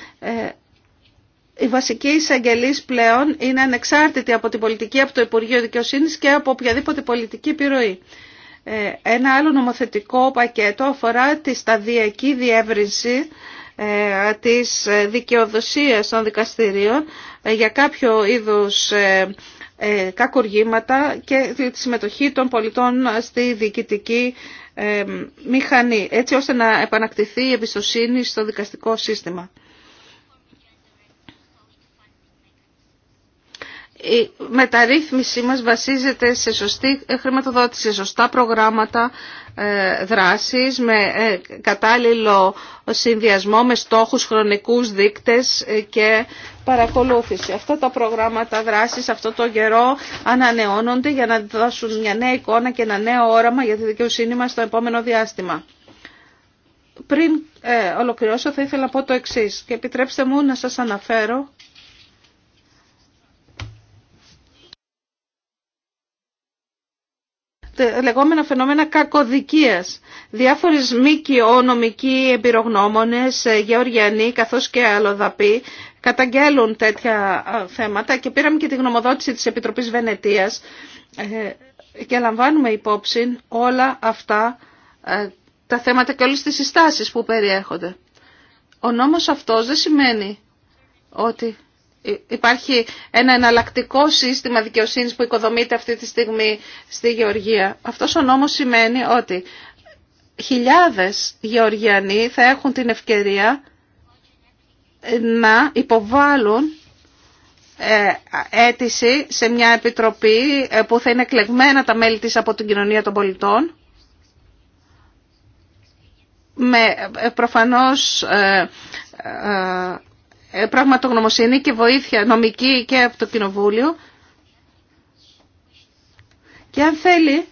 Οι ε, βασικοί εισαγγελεί πλέον είναι ανεξάρτητη από την πολιτική, από το Υπουργείο Δικαιοσύνη και από οποιαδήποτε πολιτική επιρροή. Ε, ένα άλλο νομοθετικό πακέτο αφορά τη σταδιακή διεύρυνση ε, της δικαιοδοσίας των δικαστηρίων για κάποιο είδους κακουργήματα και τη συμμετοχή των πολιτών στη διοικητική μηχανή, έτσι ώστε να επανακτηθεί η εμπιστοσύνη στο δικαστικό σύστημα. Η μεταρρύθμιση μας βασίζεται σε σωστή χρηματοδότηση, σε σωστά προγράμματα, ε, δράσεις με ε, κατάλληλο συνδυασμό με στόχους χρονικούς δείκτες ε, και παρακολούθηση. Αυτά τα προγράμματα δράσης αυτό το καιρό ανανεώνονται για να δώσουν μια νέα εικόνα και ένα νέο όραμα για τη δικαιοσύνη μας στο επόμενο διάστημα. Πριν ολοκληρώσω θα ήθελα να πω το εξής και επιτρέψτε μου να σας αναφέρω λεγόμενα φαινόμενα κακοδικίας. Διάφορες μη νομικοί εμπειρογνώμονες, ε, γεωργιανοί καθώς και αλλοδαποί καταγγέλουν τέτοια θέματα και πήραμε και τη γνωμοδότηση της Επιτροπής Βενετίας ε, και λαμβάνουμε υπόψη όλα αυτά ε, τα θέματα και όλες τις συστάσεις που περιέχονται. Ο νόμος αυτός δεν σημαίνει ότι υπάρχει ένα εναλλακτικό σύστημα δικαιοσύνης που οικοδομείται αυτή τη στιγμή στη Γεωργία. Αυτός ο νόμος σημαίνει ότι χιλιάδες Γεωργιανοί θα έχουν την ευκαιρία να υποβάλουν ε, αίτηση σε μια επιτροπή ε, που θα είναι εκλεγμένα τα μέλη της από την κοινωνία των πολιτών με ε, προφανώς ε, πραγματογνωμοσύνη και βοήθεια νομική και από το Κοινοβούλιο. Και αν θέλει,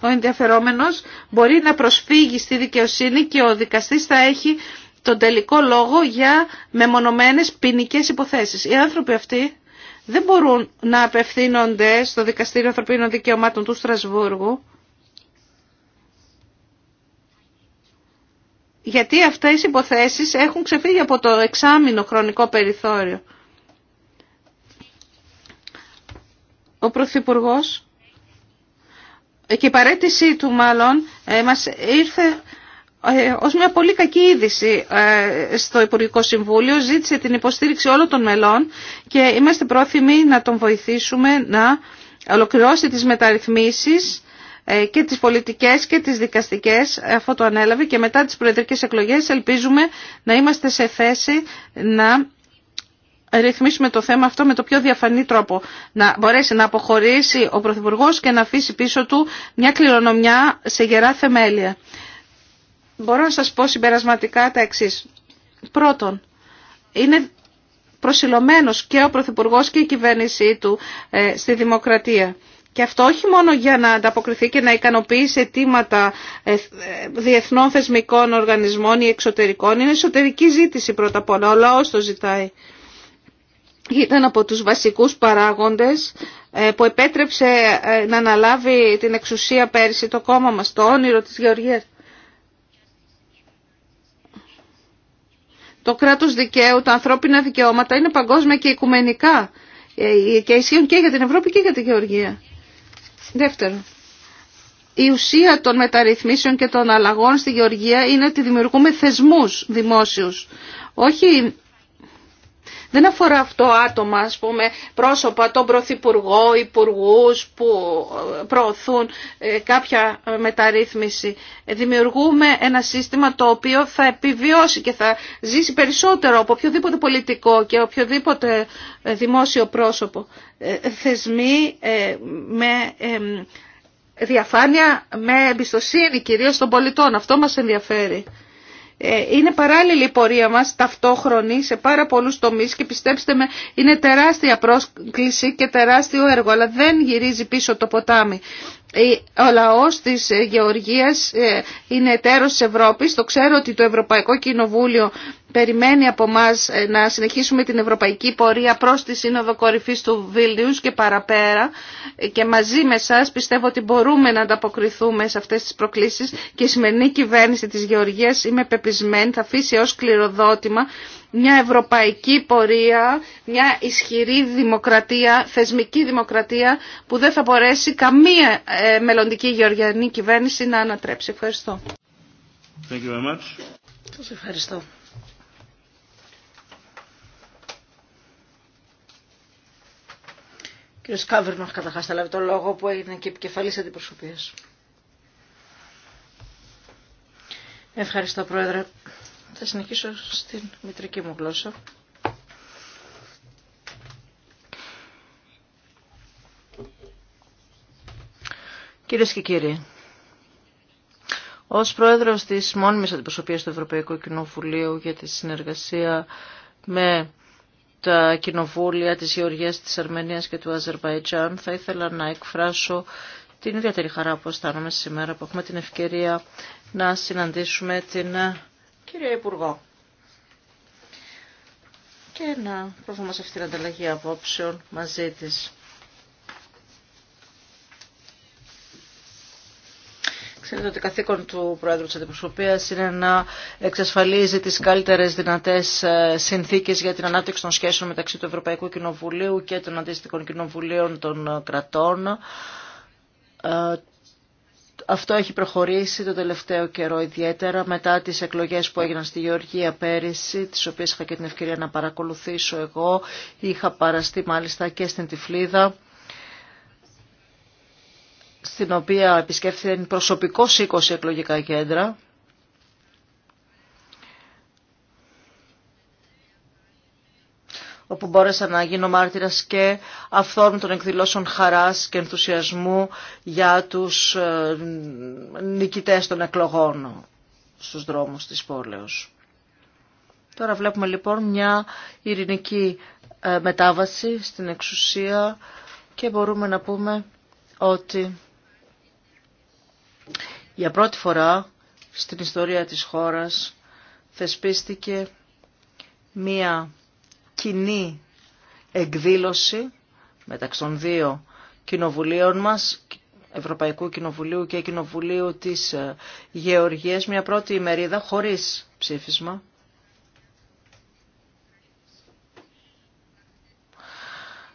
ο ενδιαφερόμενος μπορεί να προσφύγει στη δικαιοσύνη και ο δικαστής θα έχει τον τελικό λόγο για μεμονωμένες ποινικέ υποθέσεις. Οι άνθρωποι αυτοί δεν μπορούν να απευθύνονται στο Δικαστήριο Ανθρωπίνων Δικαιωμάτων του Στρασβούργου γιατί αυτές οι υποθέσεις έχουν ξεφύγει από το εξάμεινο χρονικό περιθώριο. Ο Πρωθυπουργό και η παρέτησή του μάλλον ε, μας ήρθε ε, ως μια πολύ κακή είδηση ε, στο Υπουργικό Συμβούλιο. Ζήτησε την υποστήριξη όλων των μελών και είμαστε πρόθυμοι να τον βοηθήσουμε να ολοκληρώσει τις μεταρρυθμίσεις ε, και τις πολιτικές και τις δικαστικές, αφού το ανέλαβε και μετά τις προεδρικές εκλογές ελπίζουμε να είμαστε σε θέση να ρυθμίσουμε το θέμα αυτό με το πιο διαφανή τρόπο. Να μπορέσει να αποχωρήσει ο Πρωθυπουργό και να αφήσει πίσω του μια κληρονομιά σε γερά θεμέλια. Μπορώ να σας πω συμπερασματικά τα εξής Πρώτον, είναι προσιλωμένος και ο Πρωθυπουργό και η κυβέρνησή του ε, στη δημοκρατία. Και αυτό όχι μόνο για να ανταποκριθεί και να ικανοποιήσει αιτήματα ε, ε, διεθνών θεσμικών οργανισμών ή εξωτερικών. Είναι εσωτερική ζήτηση πρώτα απ' όλα. Ο το ζητάει. Ήταν από τους βασικούς παράγοντες ε, που επέτρεψε να αναλάβει την εξουσία πέρυσι το κόμμα μας, το όνειρο της Γεωργίας. Το κράτος δικαίου, τα ανθρώπινα δικαιώματα είναι παγκόσμια και οικουμενικά και ισχύουν και για την Ευρώπη και για τη Γεωργία. Δεύτερο, η ουσία των μεταρρυθμίσεων και των αλλαγών στη Γεωργία είναι ότι δημιουργούμε θεσμούς δημόσιους, όχι δεν αφορά αυτό άτομα, ας πούμε, πρόσωπα, τον Πρωθυπουργό, υπουργού που ε, προωθούν ε, κάποια ε, μεταρρύθμιση. Δημιουργούμε ένα σύστημα το οποίο θα επιβιώσει και θα ζήσει περισσότερο από οποιοδήποτε πολιτικό και οποιοδήποτε δημόσιο πρόσωπο. Θεσμοί με διαφάνεια, με εμπιστοσύνη κυρίως των πολιτών. Αυτό μας ενδιαφέρει. Ε, είναι παράλληλη η πορεία μας ταυτόχρονη σε πάρα πολλούς τομείς και πιστέψτε με είναι τεράστια πρόσκληση και τεράστιο έργο αλλά δεν γυρίζει πίσω το ποτάμι. Ο λαός της ε, Γεωργίας ε, είναι εταίρος της Ευρώπης. Το ξέρω ότι το Ευρωπαϊκό Κοινοβούλιο περιμένει από εμά να συνεχίσουμε την ευρωπαϊκή πορεία προς τη Σύνοδο Κορυφής του Βίλνιους και παραπέρα ε, και μαζί με σας πιστεύω ότι μπορούμε να ανταποκριθούμε σε αυτές τις προκλήσεις και η σημερινή κυβέρνηση της Γεωργίας είμαι πεπισμένη θα αφήσει ως κληροδότημα μια ευρωπαϊκή πορεία, μια ισχυρή δημοκρατία, θεσμική δημοκρατία που δεν θα μπορέσει καμία ε, μελλοντική γεωργιανή κυβέρνηση να ανατρέψει. Ευχαριστώ. Thank you very much. Σας ευχαριστώ. Κύριο να καταρχά, το λόγο που έγινε και επικεφαλή αντιπροσωπεία. Ευχαριστώ, Πρόεδρε. Θα συνεχίσω στην μητρική μου γλώσσα. Κυρίες και κύριοι, ως πρόεδρος της μόνιμης αντιπροσωπείας του Ευρωπαϊκού Κοινοβουλίου για τη συνεργασία με τα κοινοβούλια της Γεωργίας, της Αρμενίας και του Αζερβαϊτζάν θα ήθελα να εκφράσω την ιδιαίτερη χαρά που αισθάνομαι σήμερα που έχουμε την ευκαιρία να συναντήσουμε την Κύριε Υπουργό και να προσθέσουμε σε αυτήν την ανταλλαγή απόψεων μαζί της. Ξέρετε ότι καθήκον του Πρόεδρου της Αντιπροσωπείας είναι να εξασφαλίζει τις καλύτερες δυνατές ε, συνθήκες για την ανάπτυξη των σχέσεων μεταξύ του Ευρωπαϊκού Κοινοβουλίου και των αντίστοιχων κοινοβουλίων των κρατών ε, αυτό έχει προχωρήσει το τελευταίο καιρό ιδιαίτερα μετά τις εκλογές που έγιναν στη Γεωργία πέρυσι, τις οποίες είχα και την ευκαιρία να παρακολουθήσω εγώ. Είχα παραστεί μάλιστα και στην Τυφλίδα, στην οποία επισκέφθηκαν προσωπικό 20 εκλογικά κέντρα όπου μπόρεσα να γίνω μάρτυρας και αυθόρμη των εκδηλώσεων χαράς και ενθουσιασμού για τους ε, νικητές των εκλογών στους δρόμους της πόλεως. Τώρα βλέπουμε λοιπόν μια ειρηνική ε, μετάβαση στην εξουσία και μπορούμε να πούμε ότι για πρώτη φορά στην ιστορία της χώρας θεσπίστηκε μία κοινή εκδήλωση μεταξύ των δύο κοινοβουλίων μας, Ευρωπαϊκού Κοινοβουλίου και Κοινοβουλίου της ε, Γεωργίας, μια πρώτη ημερίδα χωρίς ψήφισμα.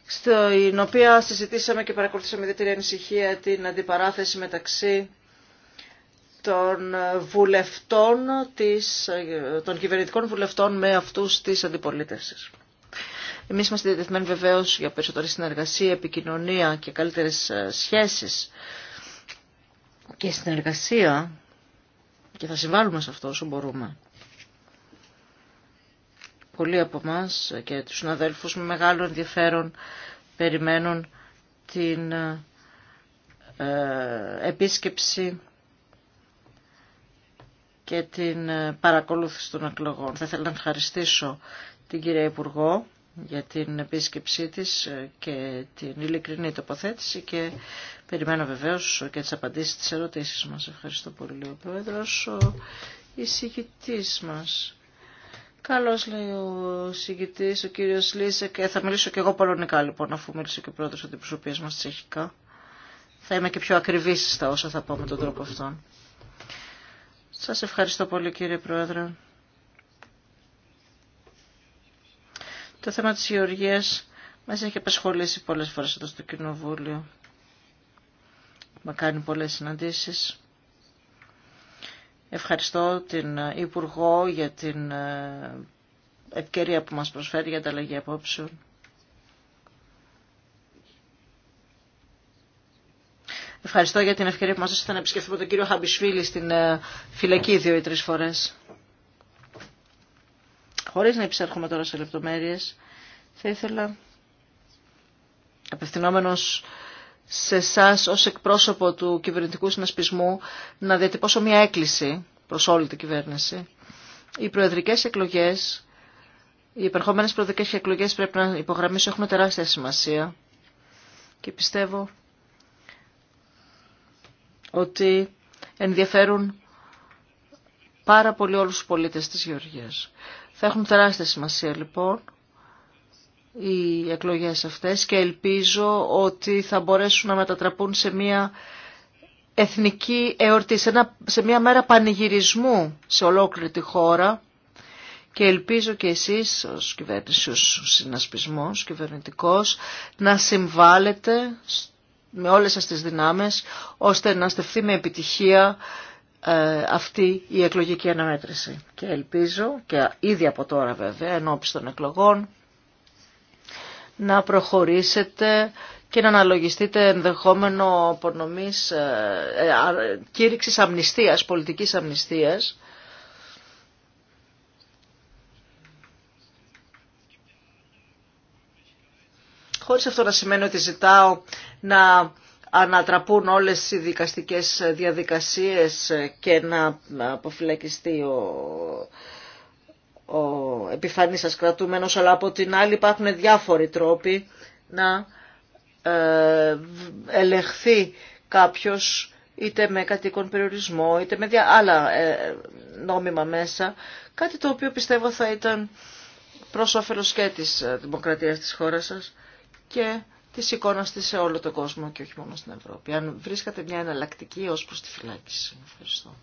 στην οποία συζητήσαμε και παρακολουθήσαμε ιδιαίτερη ανησυχία την αντιπαράθεση μεταξύ των βουλευτών, της, ε, των κυβερνητικών βουλευτών με αυτούς της αντιπολίτευσης. Εμείς είμαστε διατεθειμένοι βεβαίως για περισσότερη συνεργασία, επικοινωνία και καλύτερες ε, σχέσεις και συνεργασία και θα συμβάλλουμε σε αυτό όσο μπορούμε. Πολλοί από εμά και τους συναδέλφους με μεγάλο ενδιαφέρον περιμένουν την ε, ε, επίσκεψη και την παρακολούθηση των εκλογών. Θα ήθελα να ευχαριστήσω την κυρία Υπουργό για την επίσκεψή της και την ειλικρινή τοποθέτηση και περιμένω βεβαίως και τις απαντήσεις της ερωτήσεις μας. Ευχαριστώ πολύ ο Πρόεδρος, ο εισηγητής μας. Καλώς λέει ο εισηγητής, ο κύριος και ε, Θα μιλήσω και εγώ πολωνικά λοιπόν, αφού μίλησε και ο πρόεδρος αντιπροσωπείας μας τσεχικά. Θα είμαι και πιο ακριβής στα όσα θα πω με τον τρόπο αυτόν. Σας ευχαριστώ πολύ κύριε Πρόεδρε. Το θέμα της γεωργίας μας έχει απασχολήσει πολλές φορές εδώ στο Κοινοβούλιο. Μα κάνει πολλές συναντήσεις. Ευχαριστώ την ε, Υπουργό για την ε, ευκαιρία που μας προσφέρει για τα αλλαγή απόψεων. Ευχαριστώ για την ευκαιρία που μας έδωσε να επισκεφθούμε τον κύριο Χαμπισφίλη στην ε, φυλακή δύο ή τρεις φορές. Χωρίς να υψέρχομαι τώρα σε λεπτομέρειες, θα ήθελα απευθυνόμενος σε εσά ως εκπρόσωπο του κυβερνητικού συνασπισμού να διατυπώσω μια έκκληση προς όλη την κυβέρνηση. Οι προεδρικές εκλογές, οι επερχόμενες προεδρικές εκλογές πρέπει να υπογραμμίσω έχουν τεράστια σημασία και πιστεύω ότι ενδιαφέρουν πάρα πολύ όλους τους πολίτες της Γεωργίας. Θα έχουν τεράστια σημασία λοιπόν οι εκλογές αυτές και ελπίζω ότι θα μπορέσουν να μετατραπούν σε μια εθνική εορτή, σε, μια μέρα πανηγυρισμού σε ολόκληρη τη χώρα και ελπίζω και εσείς ως κυβέρνηση, ως συνασπισμός κυβερνητικός να συμβάλλετε με όλες σας τις δυνάμεις ώστε να στεφθεί με επιτυχία ε, αυτή η εκλογική αναμέτρηση. Και ελπίζω, και ήδη από τώρα βέβαια, εν των εκλογών, να προχωρήσετε και να αναλογιστείτε ενδεχόμενο απονομής, ε, ε, κήρυξης αμνηστίας, πολιτικής αμνηστίας, χωρίς αυτό να σημαίνει ότι ζητάω να ανατραπούν όλες οι δικαστικές διαδικασίες και να αποφυλακιστεί ο, ο επιφανής σας κρατούμενος, αλλά από την άλλη υπάρχουν διάφοροι τρόποι να ε, ελεχθεί κάποιος είτε με κατοίκον περιορισμό, είτε με δια... άλλα ε, νόμιμα μέσα, κάτι το οποίο πιστεύω θα ήταν προς όφελος και της ε, δημοκρατίας της χώρας σας και Τη εικόνας της σε όλο τον κόσμο και όχι μόνο στην Ευρώπη. Αν βρίσκατε μια εναλλακτική ως προς τη φυλάκιση. Ευχαριστώ.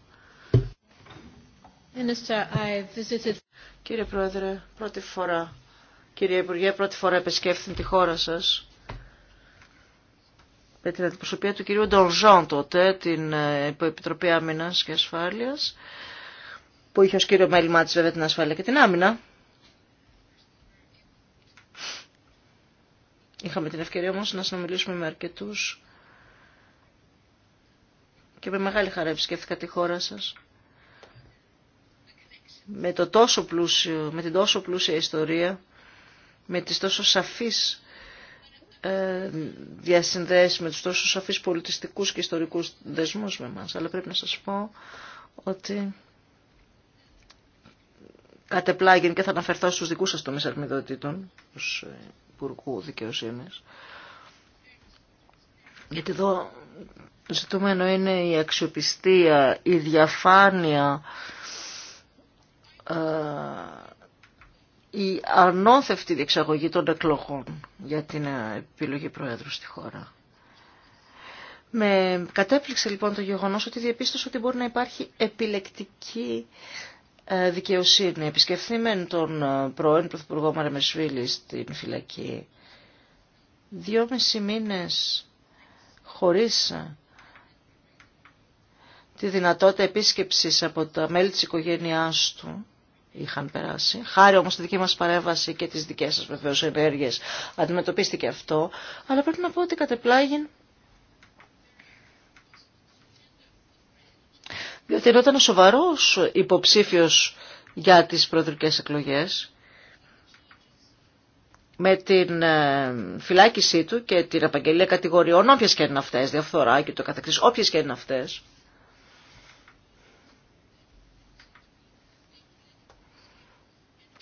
Κύριε Πρόεδρε, πρώτη φορά, κύριε Υπουργέ, πρώτη φορά επισκέφθη τη χώρα σας με την αντιπροσωπεία του κυρίου Ντορζόν τότε, την ε, Επιτροπή Άμυνας και Ασφάλειας, που είχε ως κύριο μέλημά της βέβαια την ασφάλεια και την άμυνα. Είχαμε την ευκαιρία όμως να συνομιλήσουμε με αρκετούς και με μεγάλη χαρά επισκέφθηκα τη χώρα σας. Με, το τόσο πλούσιο, με την τόσο πλούσια ιστορία, με τις τόσο σαφείς ε, διασυνδέσεις, με τους τόσο σαφείς πολιτιστικούς και ιστορικούς δεσμούς με μας. Αλλά πρέπει να σας πω ότι κατεπλάγει και θα αναφερθώ στους δικούς σας τομείς αρμιδοτήτων, τους ε, Υπουργού Δικαιοσύνης. Γιατί εδώ το ζητούμενο είναι η αξιοπιστία, η διαφάνεια, ε, η ανώθευτη διεξαγωγή των εκλογών για την επιλογή Προέδρου στη χώρα. Με κατέπληξε λοιπόν το γεγονός ότι διεπίστωσε ότι μπορεί να υπάρχει επιλεκτική ε, δικαιοσύνη. Επισκεφθήμεν τον ε, πρώην Πρωθυπουργό Μαρεμεσβίλη στην φυλακή. Δυόμισι μήνες χωρίς ε, τη δυνατότητα επίσκεψης από τα μέλη της οικογένειάς του είχαν περάσει. Χάρη όμως τη δική μας παρέμβαση και τις δικές σας βεβαίως ενέργειες αντιμετωπίστηκε αυτό. Αλλά πρέπει να πω ότι κατεπλάγει διότι ενώ ήταν σοβαρός υποψήφιος για τις προεδρικές εκλογές, με την ε, φυλάκισή του και την απαγγελία κατηγοριών, όποιες και είναι αυτές, διαφθορά και το καθεξής, όποιες και είναι αυτές,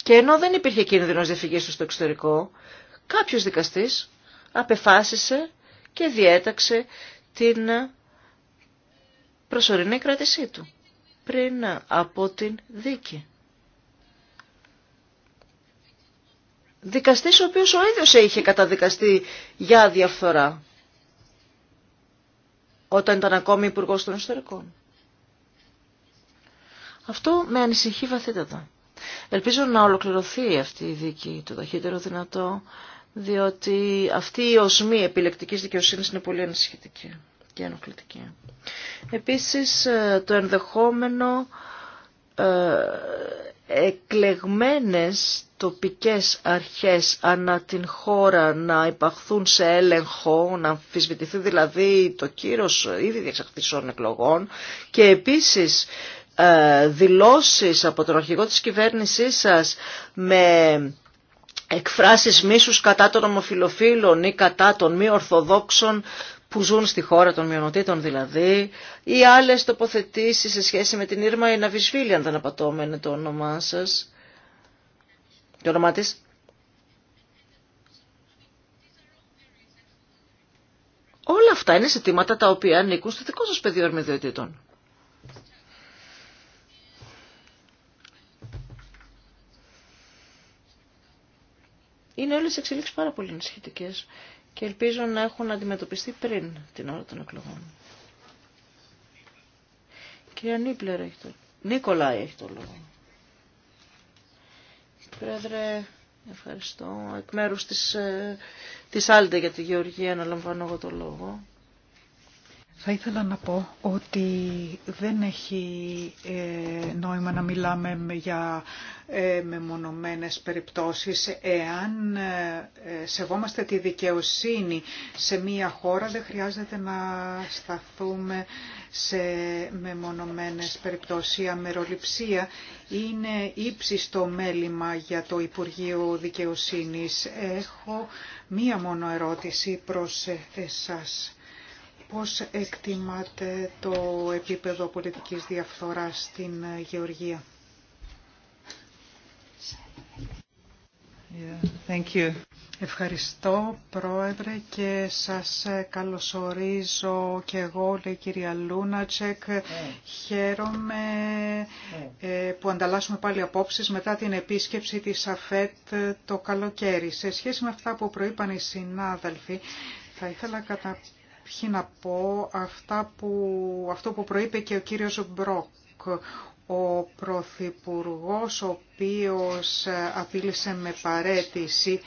Και ενώ δεν υπήρχε κίνδυνος διαφυγής του στο εξωτερικό, κάποιος δικαστής απεφάσισε και διέταξε την προσωρινή κράτησή του πριν από την δίκη. Δικαστής ο οποίος ο ίδιος είχε καταδικαστεί για διαφθορά όταν ήταν ακόμη υπουργό των εσωτερικών. Αυτό με ανησυχεί βαθύτατα. Ελπίζω να ολοκληρωθεί αυτή η δίκη το ταχύτερο δυνατό, διότι αυτή η οσμή επιλεκτικής δικαιοσύνης είναι πολύ ανησυχητική και Επίσης ε, το ενδεχόμενο ε, εκλεγμένες τοπικές αρχές ανά την χώρα να υπαχθούν σε έλεγχο, να αμφισβητηθεί δηλαδή το κύρος ήδη διεξαχθήσεων εκλογών και επίσης ε, δηλώσεις από τον αρχηγό της κυβέρνησής σας με εκφράσεις μίσους κατά των ομοφιλοφίλων ή κατά των μη ορθοδόξων που ζουν στη χώρα των μειονοτήτων δηλαδή, ή άλλες τοποθετήσεις σε σχέση με την Ήρμα η βυσβήλει αν δεν απατώμενε το όνομά σας. Το όνομά της. Όλα αυτά είναι ζητήματα τα οποία ανήκουν στο δικό σας πεδίο αρμοδιοτήτων. Είναι όλες οι εξελίξεις πάρα πολύ ενισχυτικές και ελπίζω να έχουν αντιμετωπιστεί πριν την ώρα των εκλογών. Κυρία Νίπλερ έχει το... Νίκολάη έχει το λόγο. Πρόεδρε, ευχαριστώ. Εκ μέρους της, ε, της Άλντε για τη Γεωργία αναλαμβάνω εγώ το λόγο. Θα ήθελα να πω ότι δεν έχει ε, νόημα να μιλάμε για ε, μεμονωμένες περιπτώσεις. Εάν ε, σεβόμαστε τη δικαιοσύνη σε μία χώρα, δεν χρειάζεται να σταθούμε σε μεμονωμένες περιπτώσεις. Η αμεροληψία είναι ύψιστο μέλημα για το Υπουργείο Δικαιοσύνης. Έχω μία μόνο ερώτηση προς εσάς Πώς εκτιμάτε το επίπεδο πολιτικής διαφθοράς στην ε, Γεωργία. Ευχαριστώ Πρόεδρε και σας ε, καλωσορίζω και εγώ, λέει η κυρία Λούνατσεκ. Ε. Χαίρομαι που ανταλλάσσουμε πάλι απόψεις μετά την επίσκεψη της ΑΦΕΤ το καλοκαίρι. Σε σχέση με αυτά που προείπαν οι συνάδελφοι, θα ήθελα κατά Ποιοι να πω αυτά που, αυτό που προείπε και ο κύριος Μπρόκ, ο Πρωθυπουργό ο οποίος ε, απείλησε με παρέτηση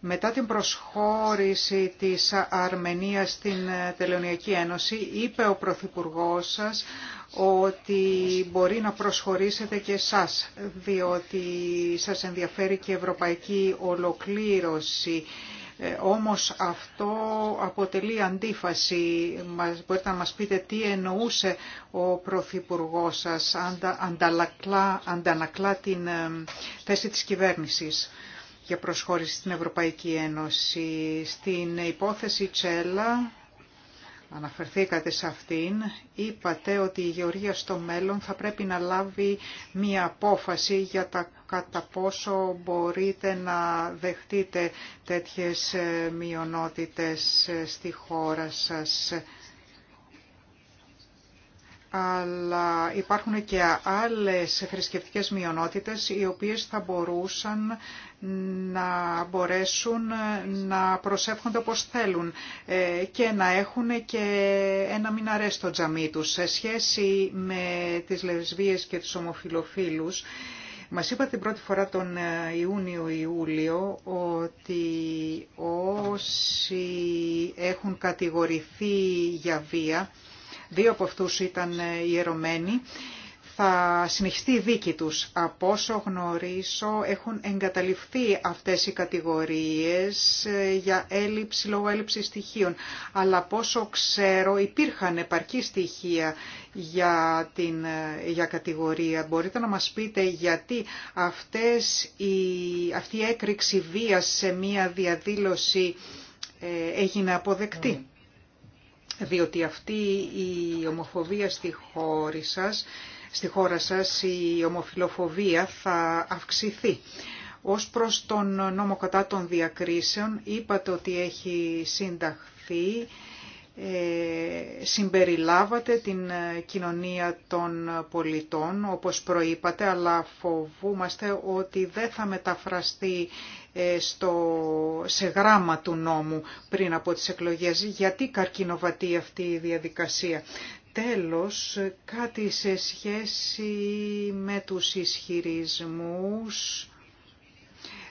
μετά την προσχώρηση της Αρμενίας στην ε, Τελωνιακή Ένωση, είπε ο Πρωθυπουργό σας ότι μπορεί να προσχωρήσετε και σας, διότι σας ενδιαφέρει και η ευρωπαϊκή ολοκλήρωση ε, όμως αυτό αποτελεί αντίφαση. Μπορείτε να μας πείτε τι εννοούσε ο Πρωθυπουργό σας, αντανακλά, την ε, θέση της κυβέρνησης για προσχώρηση στην Ευρωπαϊκή Ένωση. Στην υπόθεση Τσέλα αναφερθήκατε σε αυτήν, είπατε ότι η Γεωργία στο μέλλον θα πρέπει να λάβει μία απόφαση για τα κατά πόσο μπορείτε να δεχτείτε τέτοιες ε, μειονότητες ε, στη χώρα σας. Αλλά υπάρχουν και άλλες θρησκευτικέ μειονότητες οι οποίες θα μπορούσαν να μπορέσουν να προσεύχονται όπως θέλουν ε, και να έχουν και ένα μηναρέ στο τζαμί τους. Σε σχέση με τις λεσβίες και τους ομοφιλοφίλους, μας είπα την πρώτη φορά τον ε, Ιούνιο-Ιούλιο ότι όσοι έχουν κατηγορηθεί για βία, δύο από αυτούς ήταν ε, ιερωμένοι, θα συνεχιστεί η δίκη τους. Από όσο γνωρίζω έχουν εγκαταληφθεί αυτές οι κατηγορίες ε, για έλλειψη, λόγω έλλειψη στοιχείων. Αλλά από όσο ξέρω υπήρχαν επαρκή στοιχεία για, την, ε, για κατηγορία. Μπορείτε να μας πείτε γιατί αυτές η, αυτή η έκρηξη βίας σε μία διαδήλωση ε, έγινε αποδεκτή. Ναι. Διότι αυτή η ομοφοβία στη χώρα σας στη χώρα σας η ομοφιλοφοβία θα αυξηθεί. Ως προς τον νόμο κατά των διακρίσεων είπατε ότι έχει συνταχθεί, ε, συμπεριλάβατε την κοινωνία των πολιτών όπως προείπατε αλλά φοβούμαστε ότι δεν θα μεταφραστεί ε, στο, σε γράμμα του νόμου πριν από τις εκλογές. Γιατί καρκινοβατεί αυτή η διαδικασία τέλος κάτι σε σχέση με τους ισχυρισμούς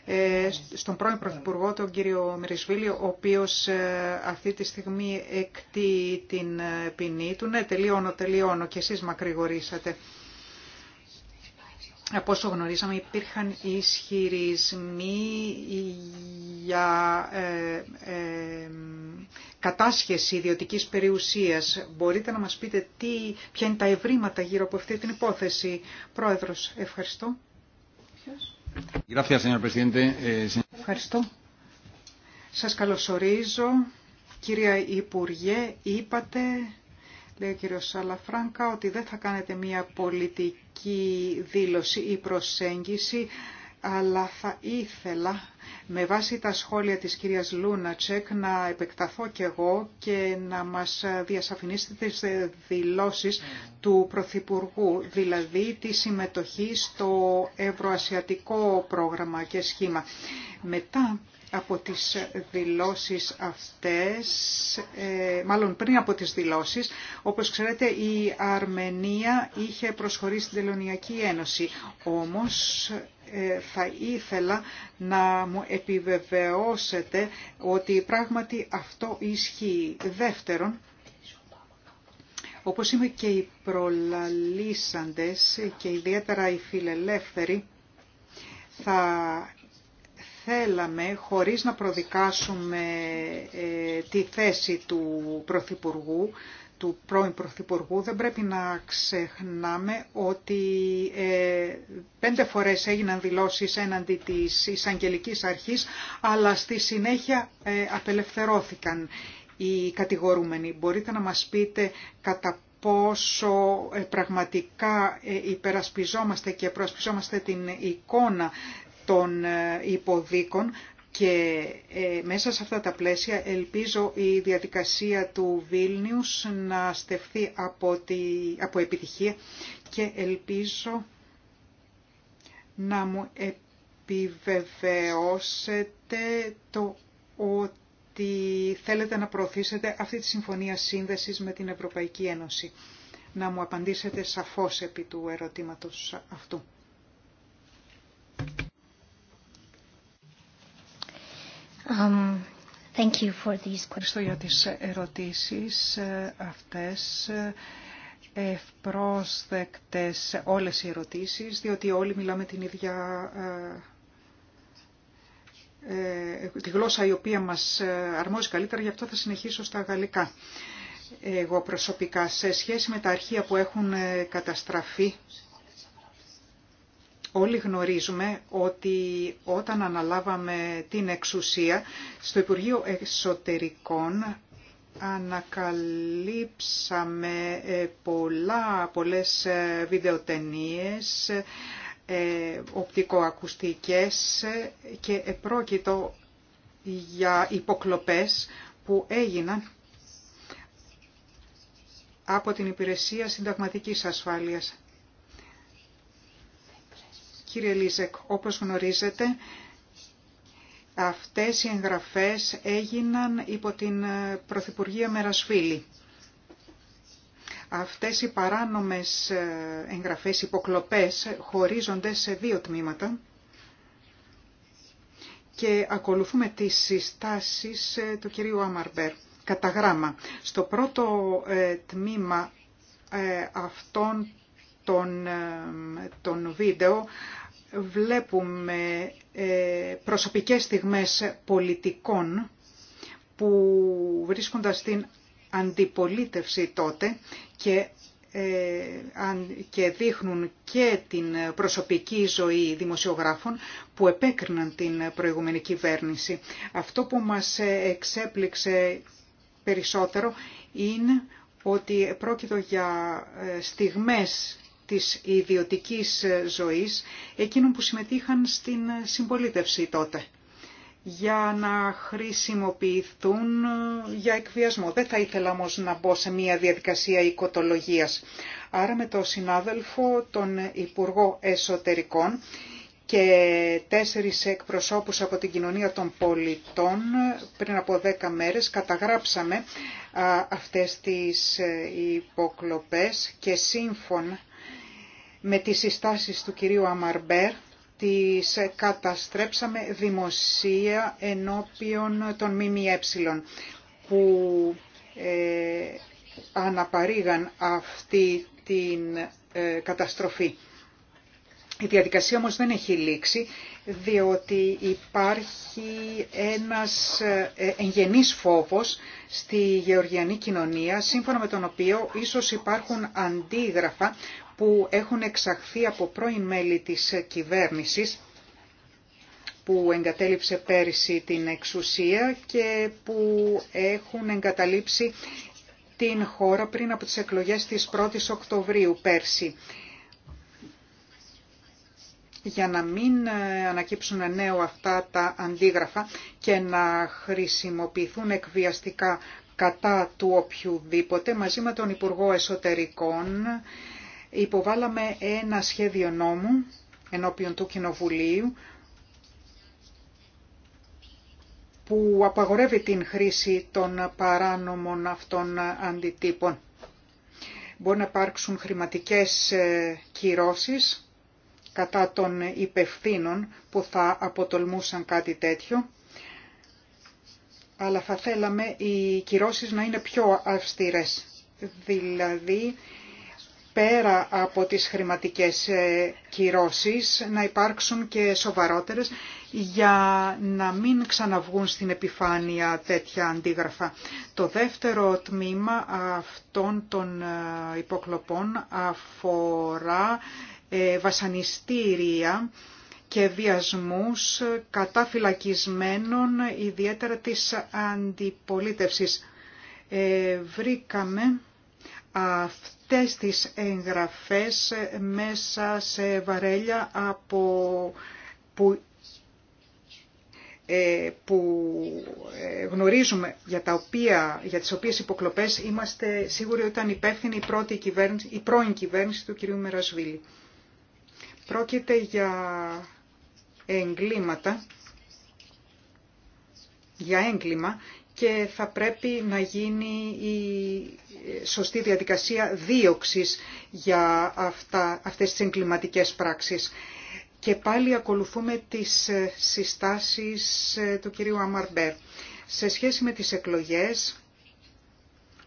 ε, στον πρώην Πρωθυπουργό, τον κύριο Μυρισβίλη, ο οποίος ε, αυτή τη στιγμή εκτεί την ε, ποινή του. Ναι, τελειώνω, τελειώνω και εσείς μακρηγορήσατε. Από όσο γνωρίζαμε υπήρχαν ισχυρισμοί για ε, ε, κατάσχεση ιδιωτικής περιουσίας. Μπορείτε να μας πείτε τι, ποια είναι τα ευρήματα γύρω από αυτή την υπόθεση. Πρόεδρος, ευχαριστώ. Ε, ευχαριστώ. Σας καλωσορίζω. Κυρία Υπουργέ, είπατε λέει ο κύριο Σαλαφράνκα, ότι δεν θα κάνετε μία πολιτική δήλωση ή προσέγγιση, αλλά θα ήθελα με βάση τα σχόλια της κυρίας Λούνατσεκ να επεκταθώ κι εγώ και να μας διασαφηνίσετε τις δηλώσεις του Πρωθυπουργού, δηλαδή τη συμμετοχή στο Ευρωασιατικό πρόγραμμα και σχήμα. Μετά από τις δηλώσεις αυτές, ε, μάλλον πριν από τις δηλώσεις, όπως ξέρετε η Αρμενία είχε προσχωρήσει στην Τελωνιακή Ένωση. Όμως ε, θα ήθελα να μου επιβεβαιώσετε ότι πράγματι αυτό ισχύει. Δεύτερον, όπως είμαι και οι προλαλήσαντες και ιδιαίτερα οι φιλελεύθεροι, θα θέλαμε, χωρίς να προδικάσουμε ε, τη θέση του Πρωθυπουργού, του πρώην Πρωθυπουργού, δεν πρέπει να ξεχνάμε ότι ε, πέντε φορές έγιναν δηλώσεις έναντι της εισαγγελικής αρχής, αλλά στη συνέχεια ε, απελευθερώθηκαν οι κατηγορούμενοι. Μπορείτε να μας πείτε κατά πόσο πραγματικά υπερασπιζόμαστε και προσπιζόμαστε την εικόνα των ε, υποδίκων και ε, μέσα σε αυτά τα πλαίσια ελπίζω η διαδικασία του Βίλνιους να στεφθεί από, τη, από επιτυχία και ελπίζω να μου επιβεβαιώσετε το ότι θέλετε να προωθήσετε αυτή τη συμφωνία σύνδεσης με την Ευρωπαϊκή Ένωση. Να μου απαντήσετε σαφώς επί του ερωτήματος αυτού. Um, Ευχαριστώ για τις ερωτήσεις ε, αυτές ευπρόσδεκτες όλες οι ερωτήσεις, διότι όλοι μιλάμε την ίδια ε, ε, τη γλώσσα η οποία μας αρμόζει καλύτερα, γι' αυτό θα συνεχίσω στα γαλλικά. Εγώ προσωπικά, σε σχέση με τα αρχεία που έχουν καταστραφεί, Όλοι γνωρίζουμε ότι όταν αναλάβαμε την εξουσία στο Υπουργείο Εξωτερικών ανακαλύψαμε ε, πολλά, πολλές ε, βιντεοτενίες, ε, οπτικοακουστικές και επρόκειτο για υποκλοπές που έγιναν από την Υπηρεσία Συνταγματικής Ασφάλειας. Κύριε Λίζεκ, όπως γνωρίζετε, αυτές οι εγγραφές έγιναν υπό την ε, Πρωθυπουργία Μερασφίλη. Αυτές οι παράνομες ε, εγγραφές, υποκλοπές, χωρίζονται σε δύο τμήματα και ακολουθούμε τις συστάσεις ε, του κυρίου Άμαρμπερ κατά γράμμα. Στο πρώτο τμήμα αυτών των, των βίντεο βλέπουμε ε, προσωπικές στιγμές πολιτικών που βρίσκοντα την αντιπολίτευση τότε και ε, και δείχνουν και την προσωπική ζωή δημοσιογράφων που επέκριναν την προηγούμενη κυβέρνηση. Αυτό που μας εξέπληξε περισσότερο είναι ότι πρόκειτο για ε, στιγμές της ιδιωτικής ζωής εκείνων που συμμετείχαν στην συμπολίτευση τότε για να χρησιμοποιηθούν για εκβιασμό. Δεν θα ήθελα όμω να μπω σε μια διαδικασία οικοτολογίας. Άρα με τον συνάδελφο, τον Υπουργό Εσωτερικών και τέσσερις εκπροσώπους από την κοινωνία των πολιτών πριν από δέκα μέρες καταγράψαμε αυτές τις ε, υποκλοπές και σύμφωνα με τις συστάσεις του κυρίου Αμαρμπέρ τις καταστρέψαμε δημοσία ενώπιον των ΜΜΕ που ε, αναπαρήγαν αυτή την ε, καταστροφή. Η διαδικασία όμως δεν έχει λήξει, διότι υπάρχει ένας ε, εγγενής φόβος στη γεωργιανή κοινωνία, σύμφωνα με τον οποίο ίσως υπάρχουν αντίγραφα που έχουν εξαχθεί από πρώην μέλη της κυβέρνησης που εγκατέλειψε πέρυσι την εξουσία και που έχουν εγκαταλείψει την χώρα πριν από τις εκλογές της 1ης Οκτωβρίου πέρσι για να μην ε, ανακύψουν νέο αυτά τα αντίγραφα και να χρησιμοποιηθούν εκβιαστικά κατά του οποιοδήποτε μαζί με τον Υπουργό Εσωτερικών υποβάλαμε ένα σχέδιο νόμου ενώπιον του Κοινοβουλίου που απαγορεύει την χρήση των παράνομων αυτών αντιτύπων. Μπορεί να υπάρξουν χρηματικές ε, κυρώσεις κατά των υπευθύνων που θα αποτολμούσαν κάτι τέτοιο, αλλά θα θέλαμε οι κυρώσεις να είναι πιο αυστηρές. Δηλαδή, πέρα από τις χρηματικές ε, κυρώσεις να υπάρξουν και σοβαρότερες για να μην ξαναβγούν στην επιφάνεια τέτοια αντίγραφα. Το δεύτερο τμήμα αυτών των ε, υποκλοπών αφορά ε, βασανιστήρια και βιασμούς κατά φυλακισμένων ιδιαίτερα της αντιπολίτευσης. βρήκαμε αυτές τις εγγραφές μέσα σε βαρέλια από που, ε, που ε, γνωρίζουμε για, τα οποία, για τις οποίες υποκλοπές είμαστε σίγουροι ότι ήταν υπεύθυνη η, πρώτη κυβέρνηση, πρώην κυβέρνηση του κυρίου Μερασβίλη. Πρόκειται για εγκλήματα για έγκλημα και θα πρέπει να γίνει η σωστή διαδικασία δίωξης για αυτά, αυτές τις εγκληματικές πράξεις. Και πάλι ακολουθούμε τις συστάσεις ε, του κυρίου Αμαρμπέρ. Σε σχέση με τις εκλογές,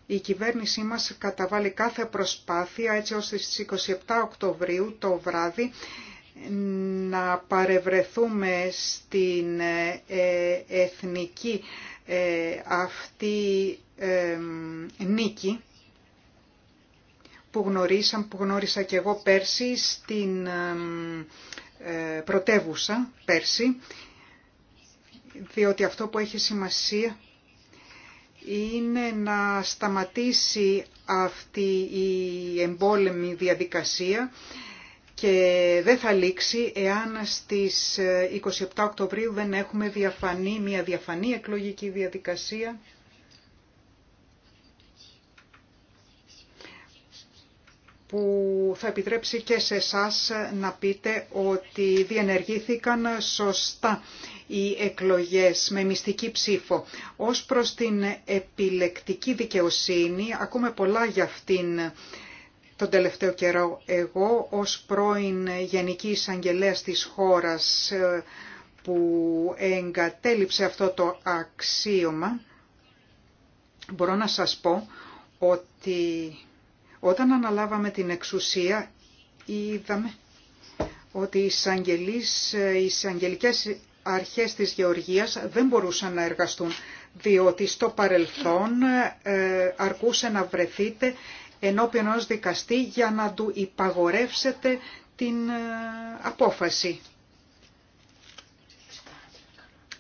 η κυβέρνησή μας καταβάλει κάθε προσπάθεια έτσι ώστε στις 27 Οκτωβρίου το βράδυ να παρευρεθούμε στην ε, Εθνική ε, αυτή η νίκη που γνωρίσαν, που γνώρισα και εγώ πέρσι στην ε, πρωτεύουσα πέρσι, διότι αυτό που έχει σημασία είναι να σταματήσει αυτή η εμπόλεμη διαδικασία και δεν θα λήξει εάν στις 27 ε, Οκτωβρίου δεν έχουμε διαφανή, μια διαφανή εκλογική διαδικασία που θα επιτρέψει και σε εσά να πείτε ότι διενεργήθηκαν σωστά οι εκλογές με μυστική ψήφο. Ως προς την επιλεκτική δικαιοσύνη, ακούμε πολλά για αυτήν τον τελευταίο καιρό. Εγώ ως πρώην Γενική Εισαγγελέα της χώρας ε, που εγκατέλειψε αυτό το αξίωμα, μπορώ να σας πω ότι όταν αναλάβαμε την εξουσία είδαμε ότι οι, ε, οι εισαγγελικές αρχές της Γεωργίας δεν μπορούσαν να εργαστούν, διότι στο παρελθόν ε, αρκούσε να βρεθείτε ενώπιον ενός δικαστή για να του υπαγορεύσετε την ε, απόφαση.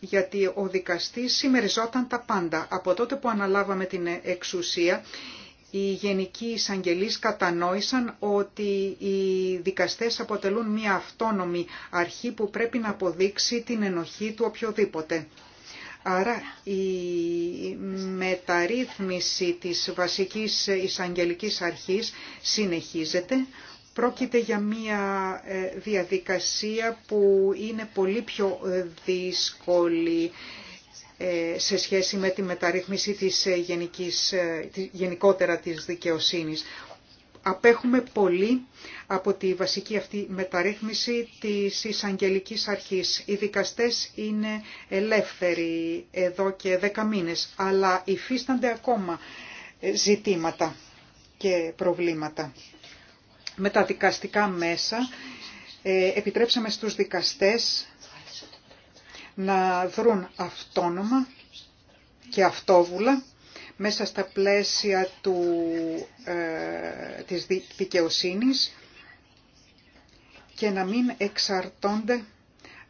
Γιατί ο δικαστής σημεριζόταν τα πάντα. Από τότε που αναλάβαμε την εξουσία, οι γενικοί εισαγγελείς κατανόησαν ότι οι δικαστές αποτελούν μια αυτόνομη αρχή που πρέπει να αποδείξει την ενοχή του οποιοδήποτε. Άρα η μεταρρύθμιση της βασικής εισαγγελικής αρχής συνεχίζεται. Πρόκειται για μια ε, διαδικασία που είναι πολύ πιο ε, δύσκολη ε, σε σχέση με τη μεταρρύθμιση της γενικής, γενικότερα της δικαιοσύνης απέχουμε πολύ από τη βασική αυτή μεταρρύθμιση της εισαγγελική αρχής. Οι δικαστές είναι ελεύθεροι εδώ και δέκα μήνες, αλλά υφίστανται ακόμα ζητήματα και προβλήματα. Με τα δικαστικά μέσα ε, επιτρέψαμε στους δικαστές να δρουν αυτόνομα και αυτόβουλα μέσα στα πλαίσια του, ε, της δικαιοσύνης και να μην εξαρτώνται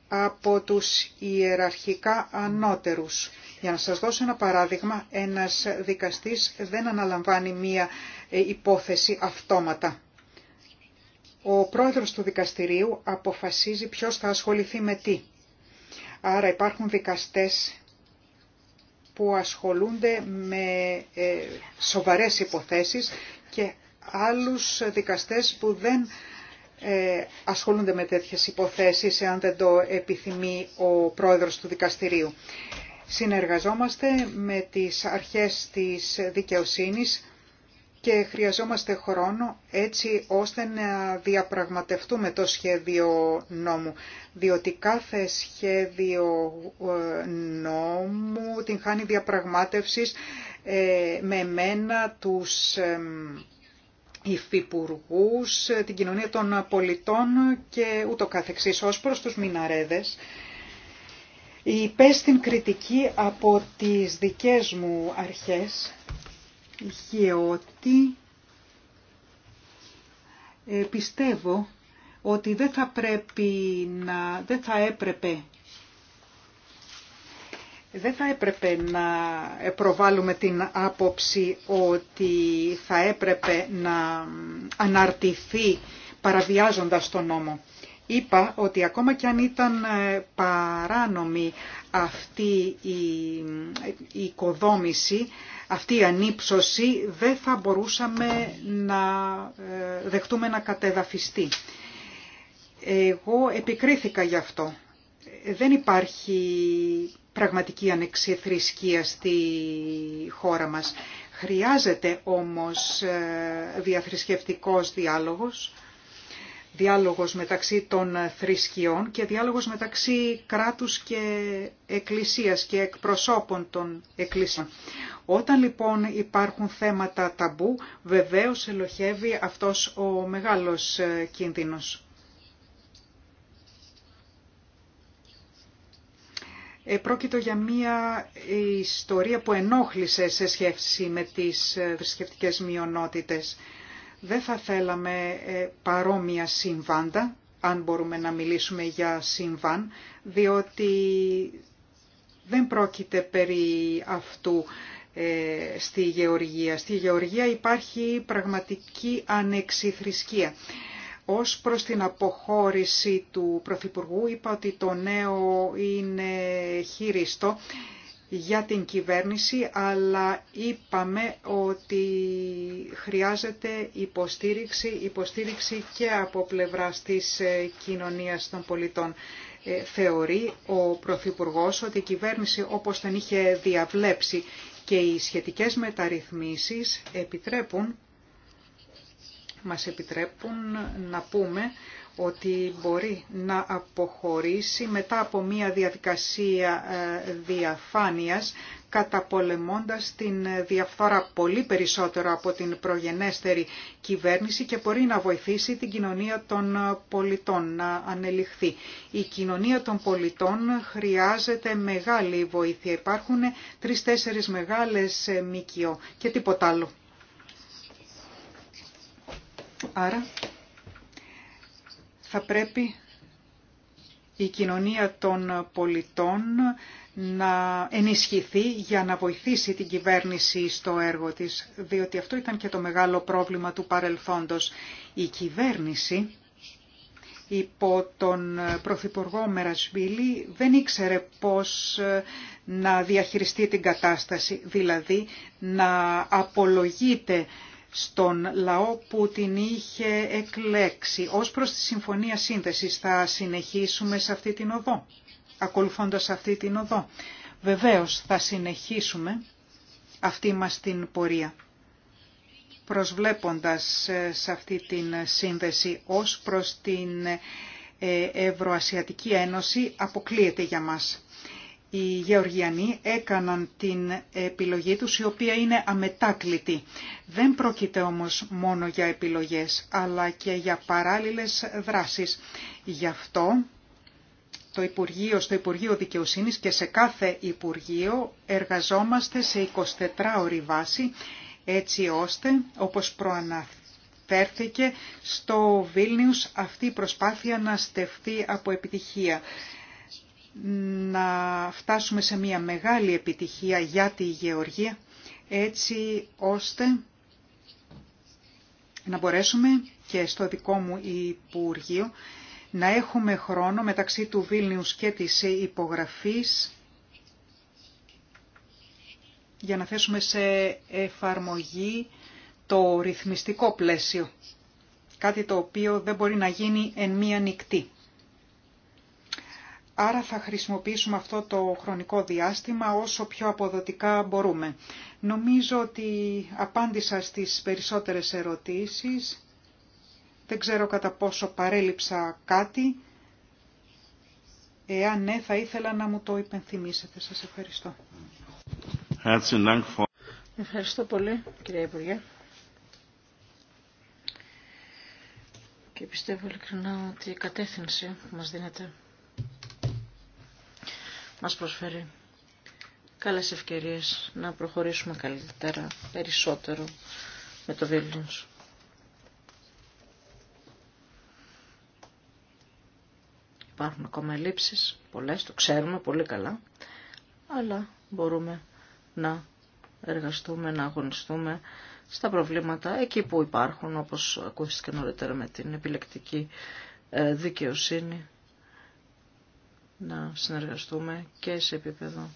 από τους ιεραρχικά ανώτερους. Για να σας δώσω ένα παράδειγμα, ένας δικαστής δεν αναλαμβάνει μία ε, υπόθεση αυτόματα. Ο πρόεδρος του δικαστηρίου αποφασίζει ποιος θα ασχοληθεί με τι. Άρα υπάρχουν δικαστές που ασχολούνται με ε, σοβαρές υποθέσεις και άλλους δικαστές που δεν ε, ασχολούνται με τέτοιες υποθέσεις εάν δεν το επιθυμεί ο πρόεδρος του δικαστηρίου. Συνεργαζόμαστε με τις αρχές της δικαιοσύνης και χρειαζόμαστε χρόνο έτσι ώστε να διαπραγματευτούμε το σχέδιο νόμου, διότι κάθε σχέδιο ε, νόμου την χάνει διαπραγμάτευσης ε, με μένα τους υφυπουργού, την κοινωνία των πολιτών και ούτω καθεξής. Ως προς τους μιναρέδες, Υπέστην κριτική από τις δικές μου αρχές ότι ε, πιστεύω ότι δεν θα πρέπει να, δεν θα έπρεπε δεν θα έπρεπε να προβάλλουμε την άποψη ότι θα έπρεπε να αναρτηθεί παραβιάζοντας τον νόμο. Είπα ότι ακόμα κι αν ήταν ε, παράνομη αυτή η οικοδόμηση, αυτή η ανύψωση δεν θα μπορούσαμε να ε, δεχτούμε να κατεδαφιστεί. Εγώ επικρίθηκα γι' αυτό. Δεν υπάρχει πραγματική ανεξιθρησκεία στη χώρα μας. Χρειάζεται όμως ε, διαθρησκευτικός διάλογος διάλογος μεταξύ των θρησκειών και διάλογος μεταξύ κράτους και εκκλησίας και εκπροσώπων των εκκλησιών. Όταν λοιπόν υπάρχουν θέματα ταμπού, βεβαίως ελοχεύει αυτός ο μεγάλος ε, κίνδυνος. Πρόκειται για μία ιστορία που ενόχλησε σε σχέση με τις ε, θρησκευτικές μειονότητες. Δεν θα θέλαμε ε, παρόμοια συμβάντα, αν μπορούμε να μιλήσουμε για συμβάν, διότι δεν πρόκειται περί αυτού ε, στη γεωργία. Στη γεωργία υπάρχει πραγματική ανεξιθρησκεία. Ως προς την αποχώρηση του Πρωθυπουργού είπα ότι το νέο είναι χειριστό για την κυβέρνηση, αλλά είπαμε ότι χρειάζεται υποστήριξη, υποστήριξη και από πλευράς της ε, κοινωνίας των πολιτών. Ε, θεωρεί ο Πρωθυπουργό ότι η κυβέρνηση όπως τον είχε διαβλέψει και οι σχετικές μεταρρυθμίσεις επιτρέπουν, μας επιτρέπουν να πούμε ότι μπορεί να αποχωρήσει μετά από μια διαδικασία ε, διαφάνειας καταπολεμώντας την ε, διαφθόρα πολύ περισσότερο από την προγενέστερη κυβέρνηση και μπορεί να βοηθήσει την κοινωνία των ε, πολιτών να ανελιχθεί. Η κοινωνία των πολιτών χρειάζεται μεγάλη βοήθεια. Υπάρχουν τρεις-τέσσερις μεγάλες μικιό και τίποτα άλλο. Άρα θα πρέπει η κοινωνία των πολιτών να ενισχυθεί για να βοηθήσει την κυβέρνηση στο έργο της, διότι αυτό ήταν και το μεγάλο πρόβλημα του παρελθόντος. Η κυβέρνηση υπό τον Πρωθυπουργό Μερασβίλη δεν ήξερε πώς να διαχειριστεί την κατάσταση, δηλαδή να απολογείται στον λαό που την είχε εκλέξει. Ως προς τη Συμφωνία Σύνθεσης θα συνεχίσουμε σε αυτή την οδό, ακολουθώντας αυτή την οδό. Βεβαίως θα συνεχίσουμε αυτή μας την πορεία προσβλέποντας ε, σε αυτή την σύνδεση ως προς την ε, Ευρωασιατική Ένωση αποκλείεται για μας οι Γεωργιανοί έκαναν την επιλογή τους η οποία είναι αμετάκλητη. Δεν πρόκειται όμως μόνο για επιλογές αλλά και για παράλληλες δράσεις. Γι' αυτό το Υπουργείο, στο Υπουργείο Δικαιοσύνης και σε κάθε Υπουργείο εργαζόμαστε σε 24 ώρη βάση έτσι ώστε όπως προαναφέρθηκε στο Βίλνιους αυτή η προσπάθεια να στεφτεί από επιτυχία να φτάσουμε σε μια μεγάλη επιτυχία για τη γεωργία έτσι ώστε να μπορέσουμε και στο δικό μου Υπουργείο να έχουμε χρόνο μεταξύ του Βίλνιους και της υπογραφής για να θέσουμε σε εφαρμογή το ρυθμιστικό πλαίσιο. Κάτι το οποίο δεν μπορεί να γίνει εν μία νυχτή. Άρα θα χρησιμοποιήσουμε αυτό το χρονικό διάστημα όσο πιο αποδοτικά μπορούμε. Νομίζω ότι απάντησα στις περισσότερες ερωτήσεις. Δεν ξέρω κατά πόσο παρέλειψα κάτι. Εάν ναι, θα ήθελα να μου το υπενθυμίσετε. Σας ευχαριστώ. Ευχαριστώ πολύ, κυρία Υπουργέ. Και πιστεύω ειλικρινά ότι η κατεύθυνση που μας δίνεται μας προσφέρει καλές ευκαιρίες να προχωρήσουμε καλύτερα, περισσότερο με το Βίλνιους. Υπάρχουν ακόμα ελλείψεις, πολλές, το ξέρουμε πολύ καλά, αλλά μπορούμε να εργαστούμε, να αγωνιστούμε στα προβλήματα εκεί που υπάρχουν, όπως ακούστηκε νωρίτερα με την επιλεκτική ε, δικαιοσύνη να συνεργαστούμε και σε επίπεδο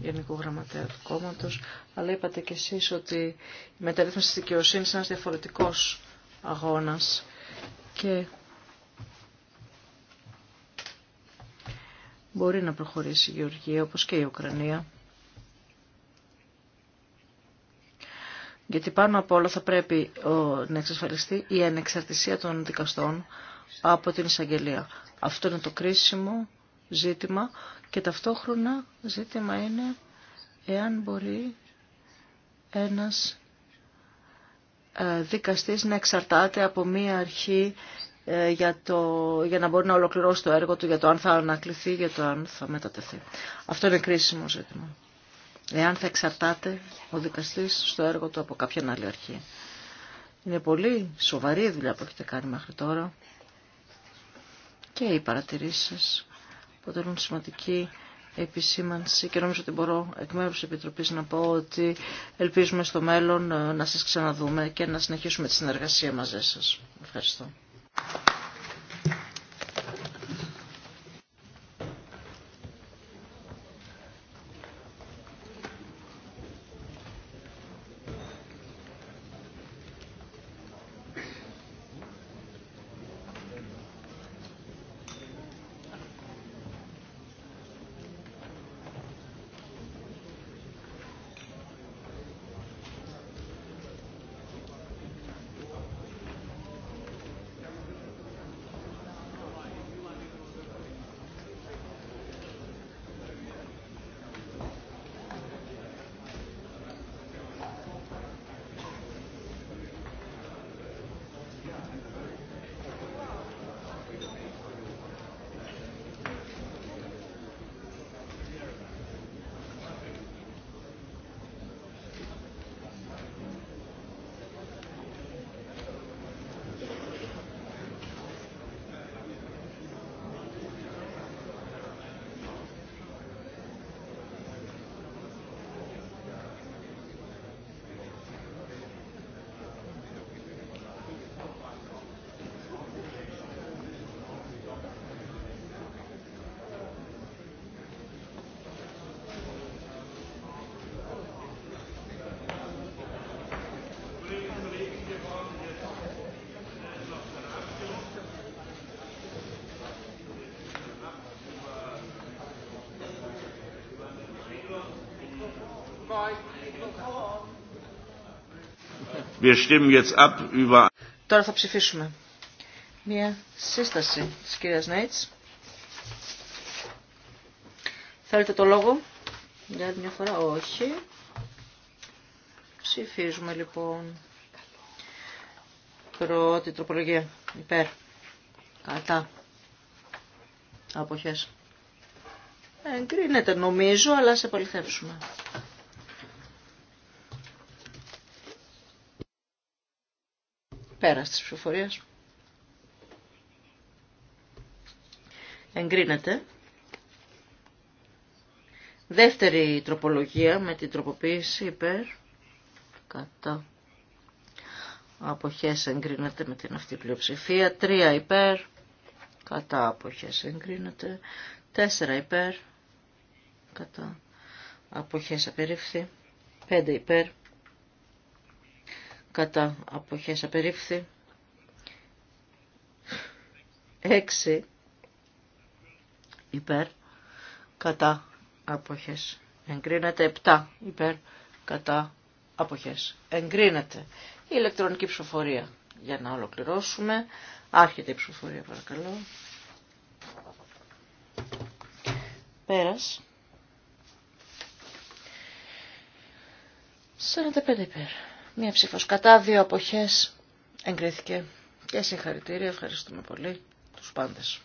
Γενικού Γραμματέα του Κόμματος, αλλά είπατε κι εσείς ότι η μεταρρύθμιση της δικαιοσύνη είναι ένας διαφορετικός αγώνας και μπορεί να προχωρήσει η Γεωργία όπως και η Ουκρανία. Γιατί πάνω απ' όλα θα πρέπει να εξασφαλιστεί η ανεξαρτησία των δικαστών από την εισαγγελία. Αυτό είναι το κρίσιμο ζήτημα και ταυτόχρονα ζήτημα είναι εάν μπορεί ένας ε, δικαστής να εξαρτάται από μία αρχή ε, για, το, για να μπορεί να ολοκληρώσει το έργο του, για το αν θα ανακληθεί, για το αν θα μετατεθεί. Αυτό είναι κρίσιμο ζήτημα. Εάν θα εξαρτάται ο δικαστής στο έργο του από κάποια άλλη αρχή. Είναι πολύ σοβαρή η δουλειά που έχετε κάνει μέχρι τώρα και οι παρατηρήσεις σας αποτελούν σημαντική επισήμανση και νομίζω ότι μπορώ εκ μέρους της Επιτροπής να πω ότι ελπίζουμε στο μέλλον ε, να σας ξαναδούμε και να συνεχίσουμε τη συνεργασία μαζί σας. Ευχαριστώ. Τώρα θα ψηφίσουμε. Μία σύσταση της κυρίας Νέιτς. Θέλετε το λόγο. Για μια φορά όχι. Ψηφίζουμε λοιπόν. Πρώτη τροπολογία. Υπέρ. Κατά. Αποχές. Εγκρίνεται νομίζω, αλλά σε πολυθεύσουμε. Πέρας της ψηφοφορίας. Εγκρίνεται. Δεύτερη τροπολογία με την τροποποίηση υπέρ. Κατά. Αποχές εγκρίνεται με την αυτή πλειοψηφία. Τρία υπέρ. Κατά αποχές εγκρίνεται. Τέσσερα υπέρ. Κατά αποχές απερίφθη. Πέντε υπέρ κατά αποχές απερίφθη 6 υπέρ κατά αποχές εγκρίνεται 7 υπέρ κατά αποχές εγκρίνεται η ηλεκτρονική ψηφοφορία για να ολοκληρώσουμε άρχεται η ψηφοφορία παρακαλώ πέρας 45 υπέρ Μία ψήφος κατά, δύο αποχές εγκρίθηκε. Και συγχαρητήρια, ευχαριστούμε πολύ τους πάντες.